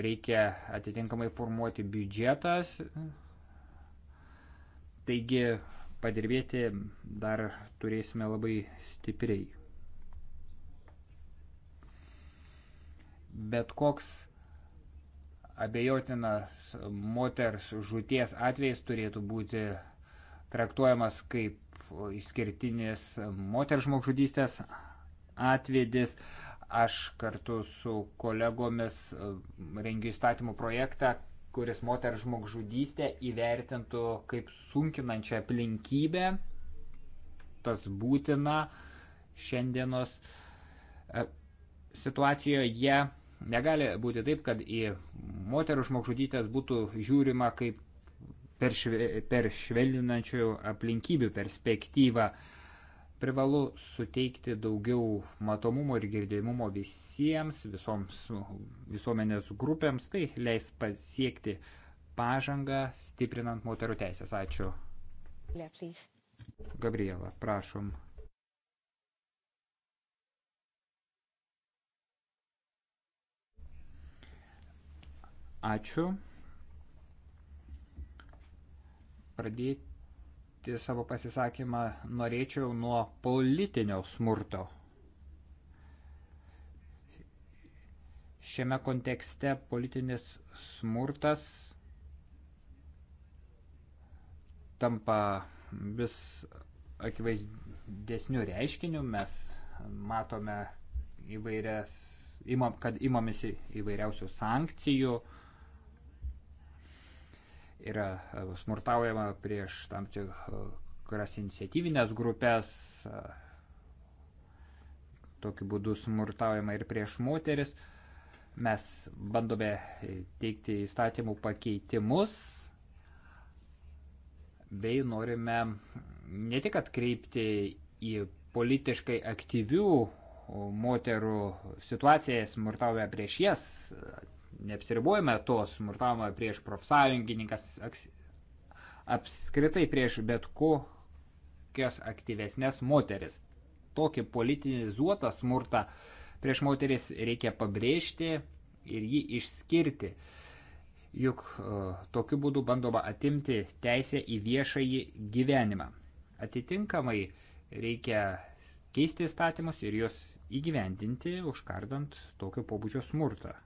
reikia atitinkamai formuoti biudžetas. Taigi padirbėti dar turėsime labai stipriai. bet koks abejotinas moters žūties atvejs turėtų būti traktuojamas kaip išskirtinis moters žmogžudystės atvedis. Aš kartu su kolegomis e, rengiu įstatymų projektą, kuris moters žmogžudystę įvertintų kaip sunkinančią aplinkybę. Tas būtina šiandienos e, situacijoje Negali būti taip, kad į moterų žmogžudytės būtų žiūrima kaip per, šve, per švelninančių aplinkybių perspektyvą. Privalu suteikti daugiau matomumo ir girdimumo visiems, visoms visuomenės grupėms, tai leis pasiekti pažangą, stiprinant moterų teisės. Ačiū. Gabriela, prašom. Ačiū. Pradėti savo pasisakymą norėčiau nuo politinio smurto. Šiame kontekste politinis smurtas tampa vis akivaizdesnių reiškinių. Mes matome įvairias, imam, kad imamisi įvairiausių sankcijų, uh, yra e, smurtaujama prieš tam tikras e, iniciatyvinės grupės, e, tokiu būdu smurtaujama ir prieš moteris. Mes bandome teikti įstatymų pakeitimus bei norime ne tik atkreipti į politiškai aktyvių moterų situaciją smurtauja prieš jas, neapsiribuojame to smurtavimą prieš profsąjungininkas, apskritai prieš bet kokias aktyvesnės moteris. Tokį politinizuotą smurtą prieš moteris reikia pabrėžti ir jį išskirti. Juk e, tokiu būdu bandoma atimti teisę į viešąjį gyvenimą. Atitinkamai reikia keisti įstatymus ir juos įgyvendinti, užkardant tokio pobūdžio smurtą.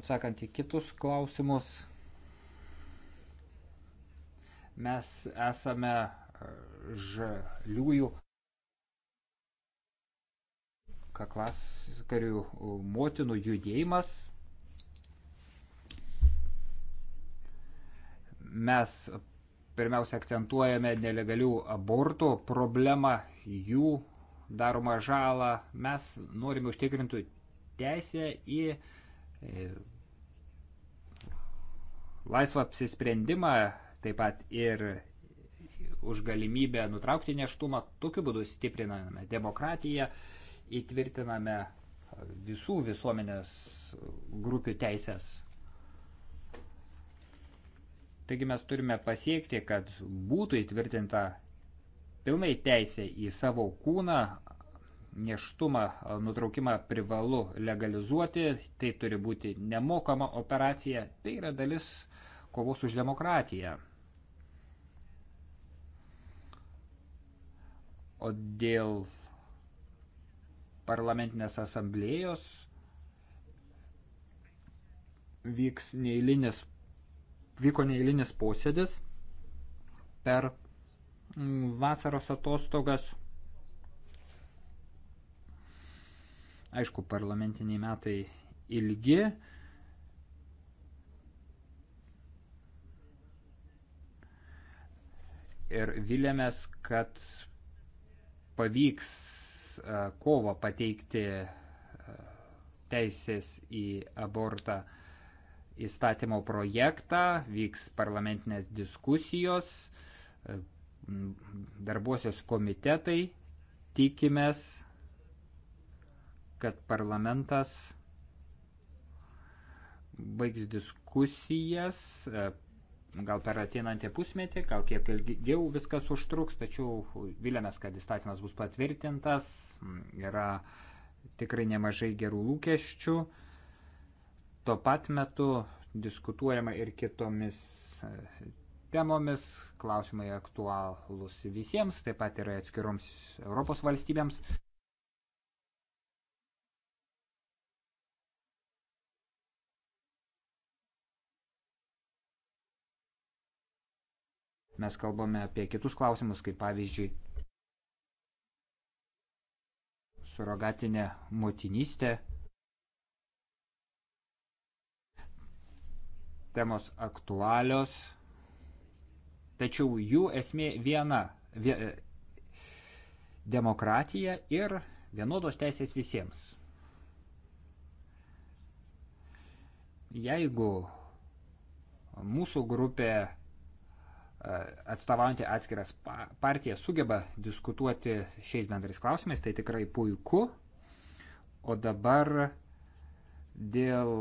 Atsakant į kitus klausimus, mes esame e, žaliųjų kaklas karių motinų judėjimas. Mes pirmiausia akcentuojame nelegalių abortų problemą, jų daromą žalą. Mes norime užtikrinti teisę į uh, laisvą apsisprendimą, taip pat ir už galimybę nutraukti neštumą. Tokiu būdu stipriname demokratiją, įtvirtiname visų visuomenės grupių teisės. Taigi mes turime pasiekti, kad būtų įtvirtinta pilnai teisė į savo kūną, neštumą nutraukimą privalu legalizuoti, tai turi būti nemokama operacija, tai yra dalis kovos už demokratiją. O dėl parlamentinės asamblėjos vyks neįlinis, vyko neįlinis posėdis per vasaros atostogas Aišku, parlamentiniai metai ilgi. Ir vilėmės, kad pavyks e, kovo pateikti e, teisės į abortą įstatymo projektą, vyks parlamentinės diskusijos, e, darbuosios komitetai, tikimės, kad parlamentas baigs diskusijas, e, gal per ateinantį pusmetį, gal kiek ilgiau viskas užtruks, tačiau vilėmės, kad įstatymas bus patvirtintas, yra tikrai nemažai gerų lūkesčių. Tuo pat metu diskutuojama ir kitomis e, temomis, klausimai aktualūs visiems, taip pat ir atskiroms Europos valstybėms. mes kalbame apie kitus klausimus, kaip pavyzdžiui surogatinę motinystę. Temos aktualios, tačiau jų esmė viena vie, - demokratija ir vienodos teisės visiems. Jeigu mūsų grupė E, atstovaujantį atskiras partijas sugeba diskutuoti šiais bendrais klausimais, tai tikrai puiku. O dabar dėl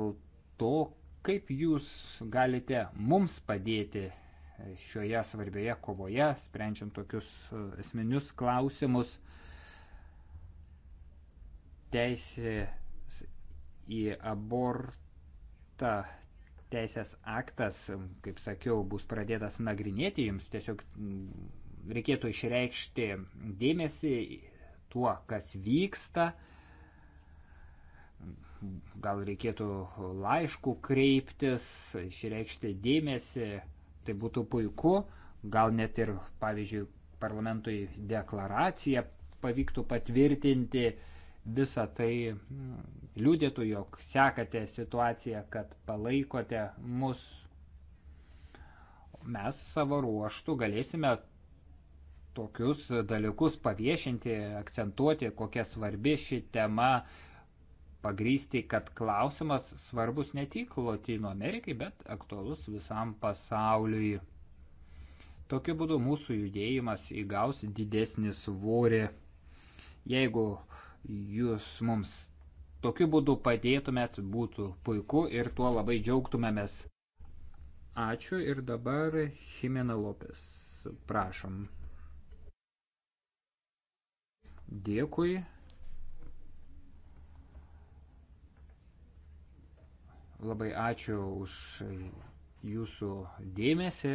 to, kaip jūs galite mums padėti šioje svarbioje kovoje, sprendžiant tokius e, esminius klausimus, teisė į abortą teisės aktas, kaip sakiau, bus pradėtas nagrinėti, jums tiesiog mm, reikėtų išreikšti dėmesį tuo, kas vyksta. Gal reikėtų laiškų kreiptis, išreikšti dėmesį, tai būtų puiku. Gal net ir, pavyzdžiui, parlamentui deklaraciją pavyktų patvirtinti, visą tai mm, liūdėtų, jog sekate situaciją, kad palaikote mus. Mes savo ruoštų galėsime tokius dalykus paviešinti, akcentuoti, kokia svarbi ši tema, pagrysti, kad klausimas svarbus ne tik Latino Amerikai, bet aktualus visam pasauliui. Tokiu būdu mūsų judėjimas įgaus didesnį svorį. Jeigu jūs mums tokiu būdu padėtumėt, būtų puiku ir tuo labai džiaugtumėmės. Ačiū ir dabar Chimena Lopes. Prašom. Dėkui. Labai ačiū už jūsų dėmesį.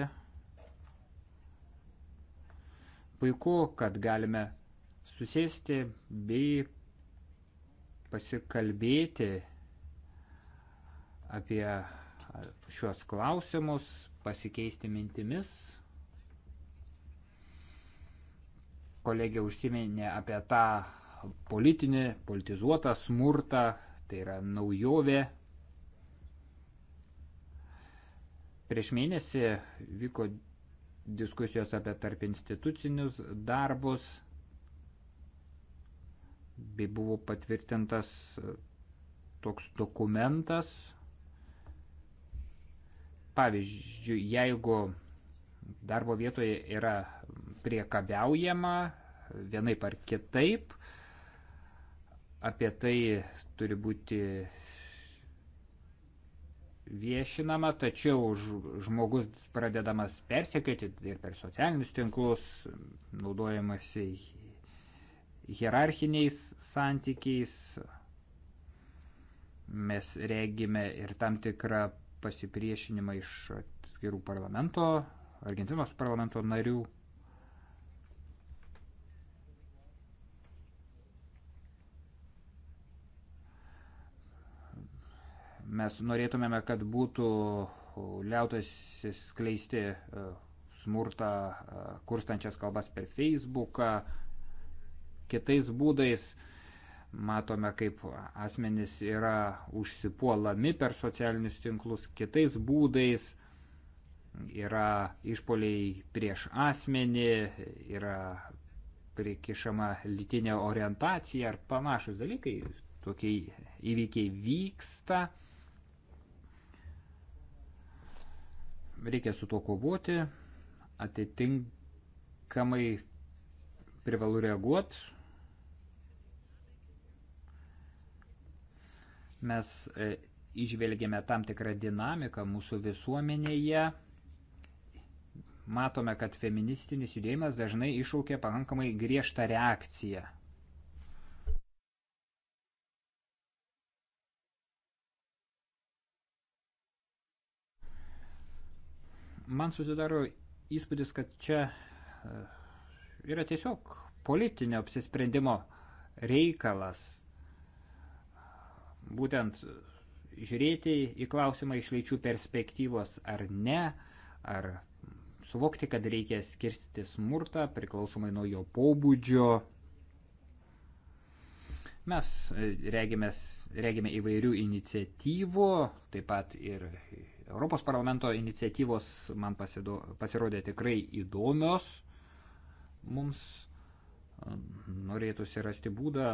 Puiku, kad galime susėsti bei pasikalbėti apie šiuos klausimus, pasikeisti mintimis. Kolegė užsiminė apie tą politinį, politizuotą smurtą, tai yra naujovė. Prieš mėnesį vyko diskusijos apie tarp institucinius darbus – bei buvo patvirtintas e, toks dokumentas. Pavyzdžiui, jeigu darbo vietoje yra priekabiaujama vienaip ar kitaip, apie tai turi būti viešinama, tačiau žmogus pradedamas persekioti ir per socialinius tinklus, naudojamasi hierarchiniais santykiais. Mes regime ir tam tikrą pasipriešinimą iš atskirų parlamento, Argentinos parlamento narių. Mes norėtumėme, kad būtų liautasi skleisti e, smurtą e, kurstančias kalbas per Facebooką, kitais būdais. Matome, kaip asmenys yra užsipuolami per socialinius tinklus kitais būdais. Yra išpoliai prieš asmenį, yra prikišama lytinė orientacija ar panašus dalykai. Tokie įvykiai vyksta. Reikia su tuo kovoti. Atitinkamai privalu reaguoti Mes išvelgėme e, tam tikrą dinamiką mūsų visuomenėje. Matome, kad feministinis judėjimas dažnai iššaukia pakankamai griežtą reakciją. Man susidaro įspūdis, kad čia e, yra tiesiog politinio apsisprendimo reikalas būtent žiūrėti į klausimą iš lyčių perspektyvos ar ne, ar suvokti, kad reikia skirstyti smurtą priklausomai nuo jo pobūdžio. Mes e, regimės, regime įvairių iniciatyvų, taip pat ir Europos parlamento iniciatyvos man pasido, pasirodė tikrai įdomios. Mums e, norėtųsi rasti būdą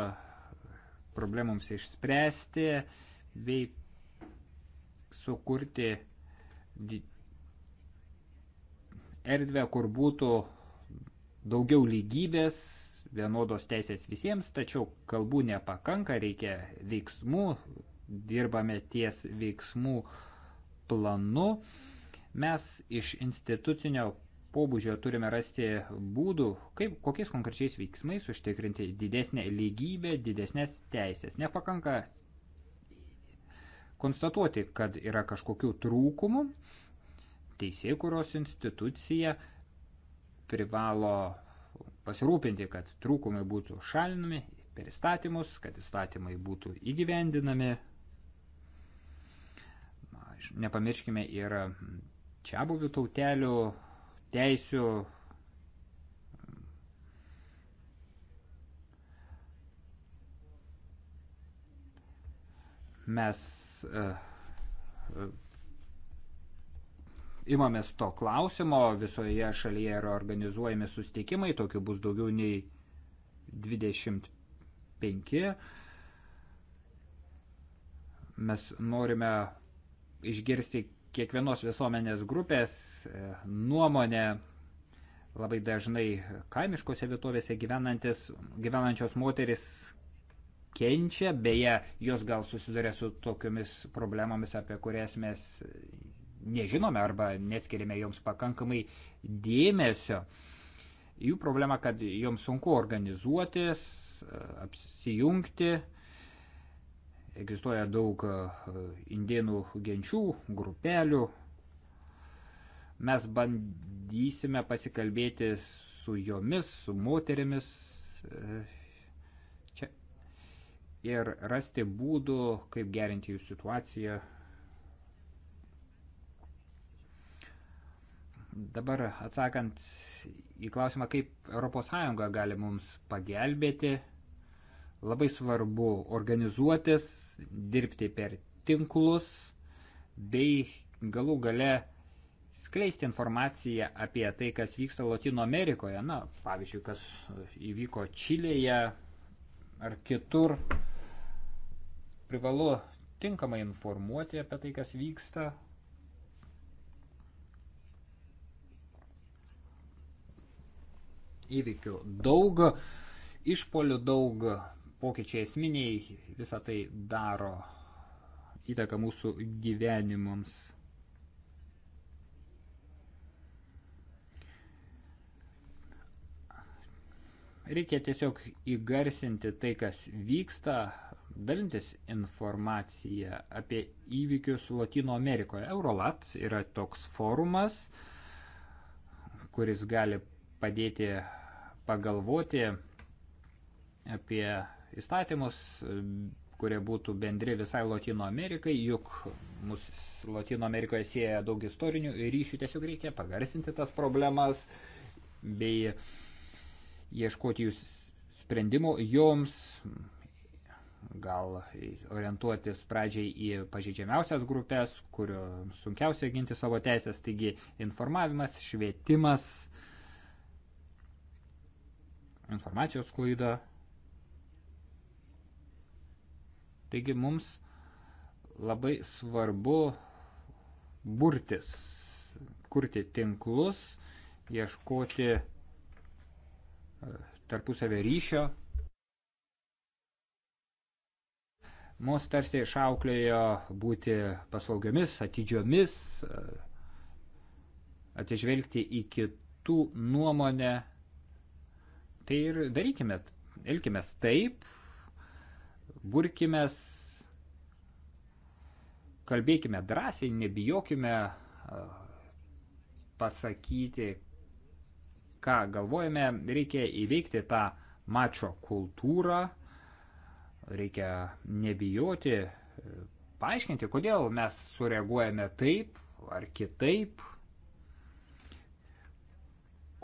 problemams išspręsti bei sukurti erdvę, kur būtų daugiau lygybės, vienodos teisės visiems, tačiau kalbų nepakanka, reikia veiksmų, dirbame ties veiksmų planu. Mes iš institucinio pobūdžio turime rasti būdų, kaip, kokiais konkrečiais veiksmais užtikrinti didesnę lygybę, didesnės teisės. Nepakanka konstatuoti, kad yra kažkokių trūkumų, teisėjų, kurios institucija privalo pasirūpinti, kad trūkumai būtų šalinami per įstatymus, kad įstatymai būtų įgyvendinami. Nepamirškime ir čia buvių tautelių teisių. Mes e, e, imamės to klausimo, visoje šalyje yra organizuojami sustikimai, tokių bus daugiau nei 25. Mes norime išgirsti kiekvienos visuomenės grupės e, nuomonė labai dažnai kaimiškose vietovėse gyvenančios moteris kenčia, beje, jos gal susiduria su tokiomis problemomis, apie kurias mes nežinome arba neskiriame joms pakankamai dėmesio. Jų problema, kad joms sunku organizuotis, e, apsijungti, Egzistuoja daug e, indėnų genčių, grupelių. Mes bandysime pasikalbėti su jomis, su moterimis e, čia ir rasti būdų, kaip gerinti jų situaciją. Dabar atsakant į klausimą, kaip ES gali mums pagelbėti, labai svarbu organizuotis, dirbti per tinklus bei galų gale skleisti informaciją apie tai, kas vyksta Latino Amerikoje, na, pavyzdžiui, kas įvyko Čilėje ar kitur. Privalu tinkamai informuoti apie tai, kas vyksta. Įvykių daug, išpolių daug, pokyčiai esminiai visą tai daro įtaką mūsų gyvenimams. Reikia tiesiog įgarsinti tai, kas vyksta, dalintis informaciją apie įvykius Latino Amerikoje. Eurolat yra toks forumas, kuris gali padėti pagalvoti apie įstatymus, kurie būtų bendri visai Latino Amerikai, juk mus Latino Amerikoje sieja daug istorinių ryšių, tiesiog reikia pagarsinti tas problemas bei ieškoti jūs sprendimų joms, gal orientuotis pradžiai į pažeidžiamiausias grupės, kurio sunkiausia ginti savo teisės, taigi informavimas, švietimas, informacijos klaida Taigi mums labai svarbu burtis, kurti tinklus, ieškoti e, tarpusavę ryšio. Mūsų tarsi išauklėjo būti paslaugiomis, atidžiomis, e, atsižvelgti į kitų nuomonę. Tai ir darykime, elkime taip, burkimės, kalbėkime drąsiai, nebijokime pasakyti, ką galvojame, reikia įveikti tą mačio kultūrą, reikia nebijoti, e, paaiškinti, kodėl mes sureaguojame taip ar kitaip,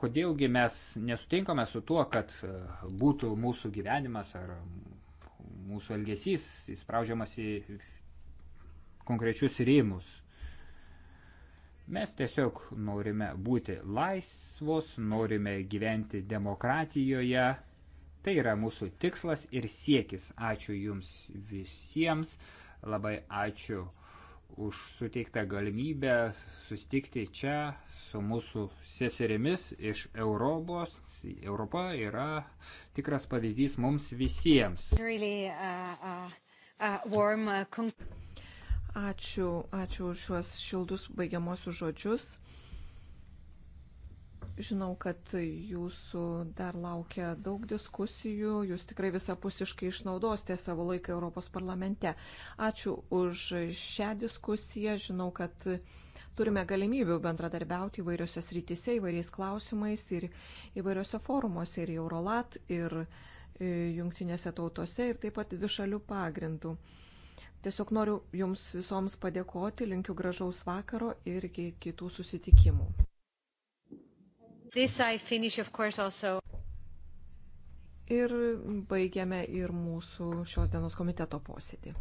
kodėlgi mes nesutinkame su tuo, kad e, būtų mūsų gyvenimas ar mūsų elgesys įspraudžiamas į konkrečius rėmus. Mes tiesiog norime būti laisvos, norime gyventi demokratijoje. Tai yra mūsų tikslas ir siekis. Ačiū Jums visiems. Labai ačiū už suteiktą galimybę susitikti čia su mūsų seserimis iš Europos. Europa yra tikras pavyzdys mums visiems. Really, uh, uh, uh warm, uh, ačiū, ačiū už šiuos šildus baigiamosius žodžius. Žinau, kad jūsų dar laukia daug diskusijų, jūs tikrai visapusiškai išnaudosite savo laiką Europos parlamente. Ačiū už šią diskusiją, žinau, kad turime galimybių bendradarbiauti įvairiose srityse, įvairiais klausimais ir įvairiose forumuose ir Eurolat, ir e, jungtinėse tautose, ir taip pat višalių pagrindų. Tiesiog noriu Jums visoms padėkoti, linkiu gražaus vakaro ir iki kitų susitikimų this I finish, of course, also. Ir baigiame ir mūsų šios dienos komiteto posėdį.